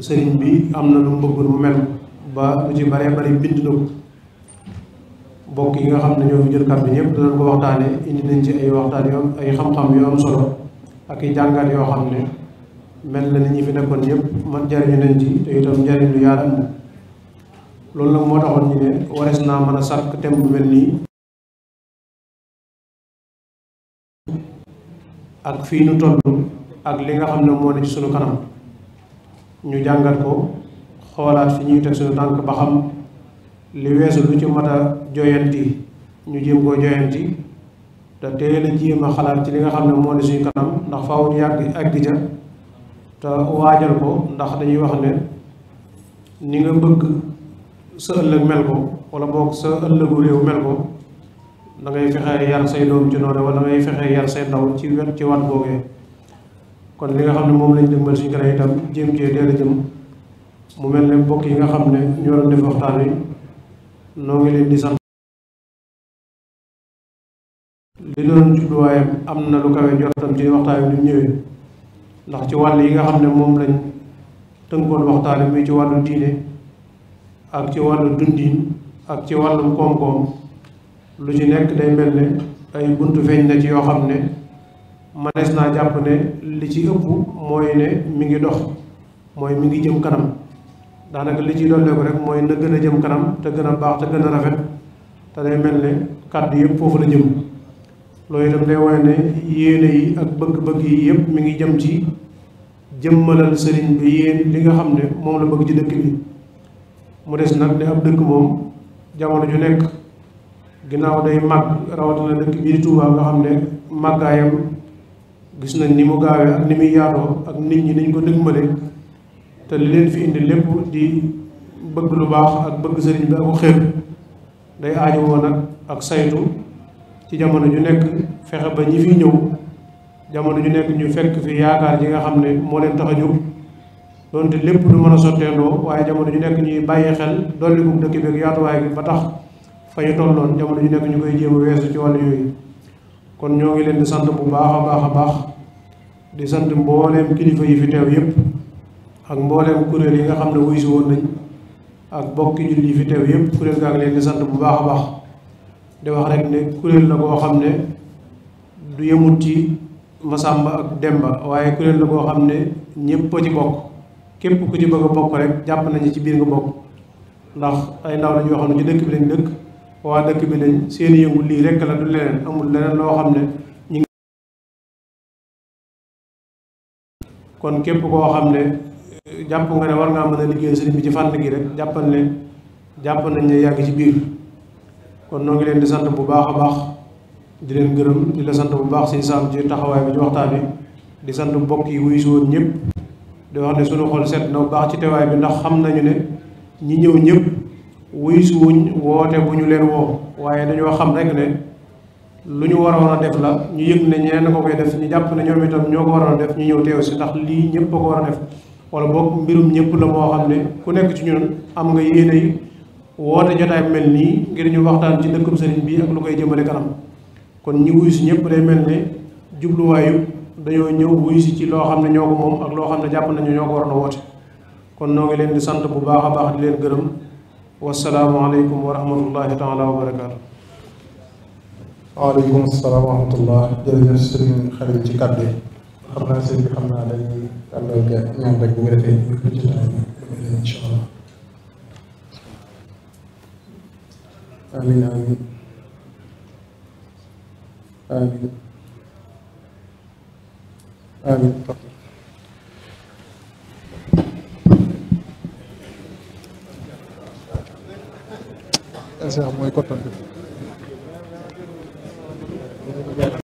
sëriñ bi am na lu mu mu mel ba lu ci bare bari bind na ko mbokk yi nga xam ne ñoo fi jël kàddu yëpp dinañ ko waxtaane indi nañ ci ay waxtaan yoo ay xam-xam yoo am solo ak i yoo xam ne mel ni ñi fi nekkoon yëpp man jariñu nañ ci te itam njariñ lu moo taxoon ñu ne warees naa mën a sàkk thème bu mel nii ak fii nu toll ak li nga xam ne moo ne ci sunu kanam ñu jàngat ko xoolaat fi ñuy teg suñu tànk ba xam li weesu lu ci mat a joyanti ñu jéem koo joyanti te teel a jéem a xalaat ci li nga xam ne moo di suñu kanam ndax faaw yàgg àgg ca te waajal ndax dañuy wax ne ni nga bëgg sa ëllëg mel ko wala boog sa ëllëgu réew mel ko da ngay fexe fexe yar say ci wet kon li nga xam ne moom lañ dëgmal suñu kanam itam jéem cee teel jëm. mu mel ne mbokk yi nga xam ne ñoo doon def waxtaan wi noo ngi leen di sant li doon jubluwaayam am na lu kawe jortam ci waxtaan wi ñu ñëwee ndax ci wàll yi nga xam ne moom lañ tënkoon waxtaan wi muy ci wàllu diine ak ci wàllu dundin ak ci wàllum koom-koom lu ci nekk day mel ne ay buntu feeñ na ci yoo xam ne manees naa jàpp ne li ci ëpp mooy ne mi ngi dox mooy mi ngi jëm kanam daanaka li ciy dolleeku rek mooy na gën a jëm kanam te gën a baax te gën a rafet te day mel ne kàddu yëpp foofu la jëm loolu itam day wane ne yéene yi ak bëgg-bëgg yi yëpp mi ngi jëm ci jëmmalal sëriñ bi yéen li nga xam ne moom la bëgg ci dëkk bi mu des nag ne ab dëkk moom jamono ju nekk ginnaaw day màgg rawatina dëkk bii di Touba nga xam ne màggaayam gis nañ ni mu gaawee ak ni muy yaatoo ak nit ñi niñ ko dëgmale te li leen fi indi lépp di bëgg lu baax ak bëgg sëriñ bi aku xéer day aajo woon nag ak saytu ci jamono ñu nekk fexe ba ñi fi ñëw jamono ñu nekk ñu fekk fi yaakaar ji nga xam ne moo leen tax a jóg doonte lépp du mën a sotteendoo waaye jamono ñu nekk ñuy bàyyi xel dolli ko dëkk beeg yaatuwaay bi ba tax fa ñu tolloon jamono ju nekk ñu koy jéem a weesu ci wàll yooyu kon ñoo ngi leen di sant bu baax a baax a baax di sant mbooleem kilifa yi fi teew ak mbooleem kuréel yi nga xam ne wuy si woon nañ ak bokki jullit yi fi teew yëpp kuréel gaa ngi leen di sant bu baax a baax di wax rek ne kuréel la koo xam ne du yemut ci Masamba ak Demba waaye kuréel la koo xam ne ñëpp a ci bokk képp ku ci bëgg a bokk rek jàpp nañu ci biir nga bokk ndax ay ndaw la ñoo xam ne ci dëkk bi lañ dëkk waa dëkk bi lañ seen yëngu lii rekk la du leneen amul leneen loo xam ne ñu ngi kon képp koo xam ne jàpp nga ne war ngaa mën a liggéey sëriñ bi ci fànn gi rek jàppal ne jàpp nañ ne yàgg ci biir kon noo ngi leen di sant bu baax a baax di leen gërëm di la sant bu baax si saam ci taxawaay bi ci waxtaan wi di sant mbokk yi wuy si woon di wax ne suñu xol set na baax ci teewaay bi ndax xam nañu ne ñi ñëw ñëpp wuy si wuñ woote bu ñu leen woo waaye dañoo xam rek ne lu ñu war a def la ñu yëg ne ñeneen ko koy def ñu jàpp ne ñoom itam ñoo ko waroon a def ñu ñëw teew si ndax lii ñëpp ko war a def wala boog mbirum ñëpp la moo xam ne ku nekk ci ñun am nga yéene yi woote jotaay mel nii ngir ñu waxtaan ci dëkkub sëriñ bi ak lu koy jëmale kanam kon ñi wuyu si ñëpp day mel ne jubluwaayu dañoo ñëw wuyu ci loo xam ne ñoo ko moom ak loo xam ne jàpp nañu ñoo ko war na woote kon noo ngi leen di sant bu baax a baax di leen gërëm wasalaamualeykum wa rahmatullahi taala wa barakaatu. waaleykum salaam wa rahmatullah jërëjëf sëriñ xarit ci kàddu yi xam naa sëñ bi xam naa dañuy àndal ga ñoom rek bu ko defee ñu ci taay bi incha allah amin amin amin amin mooy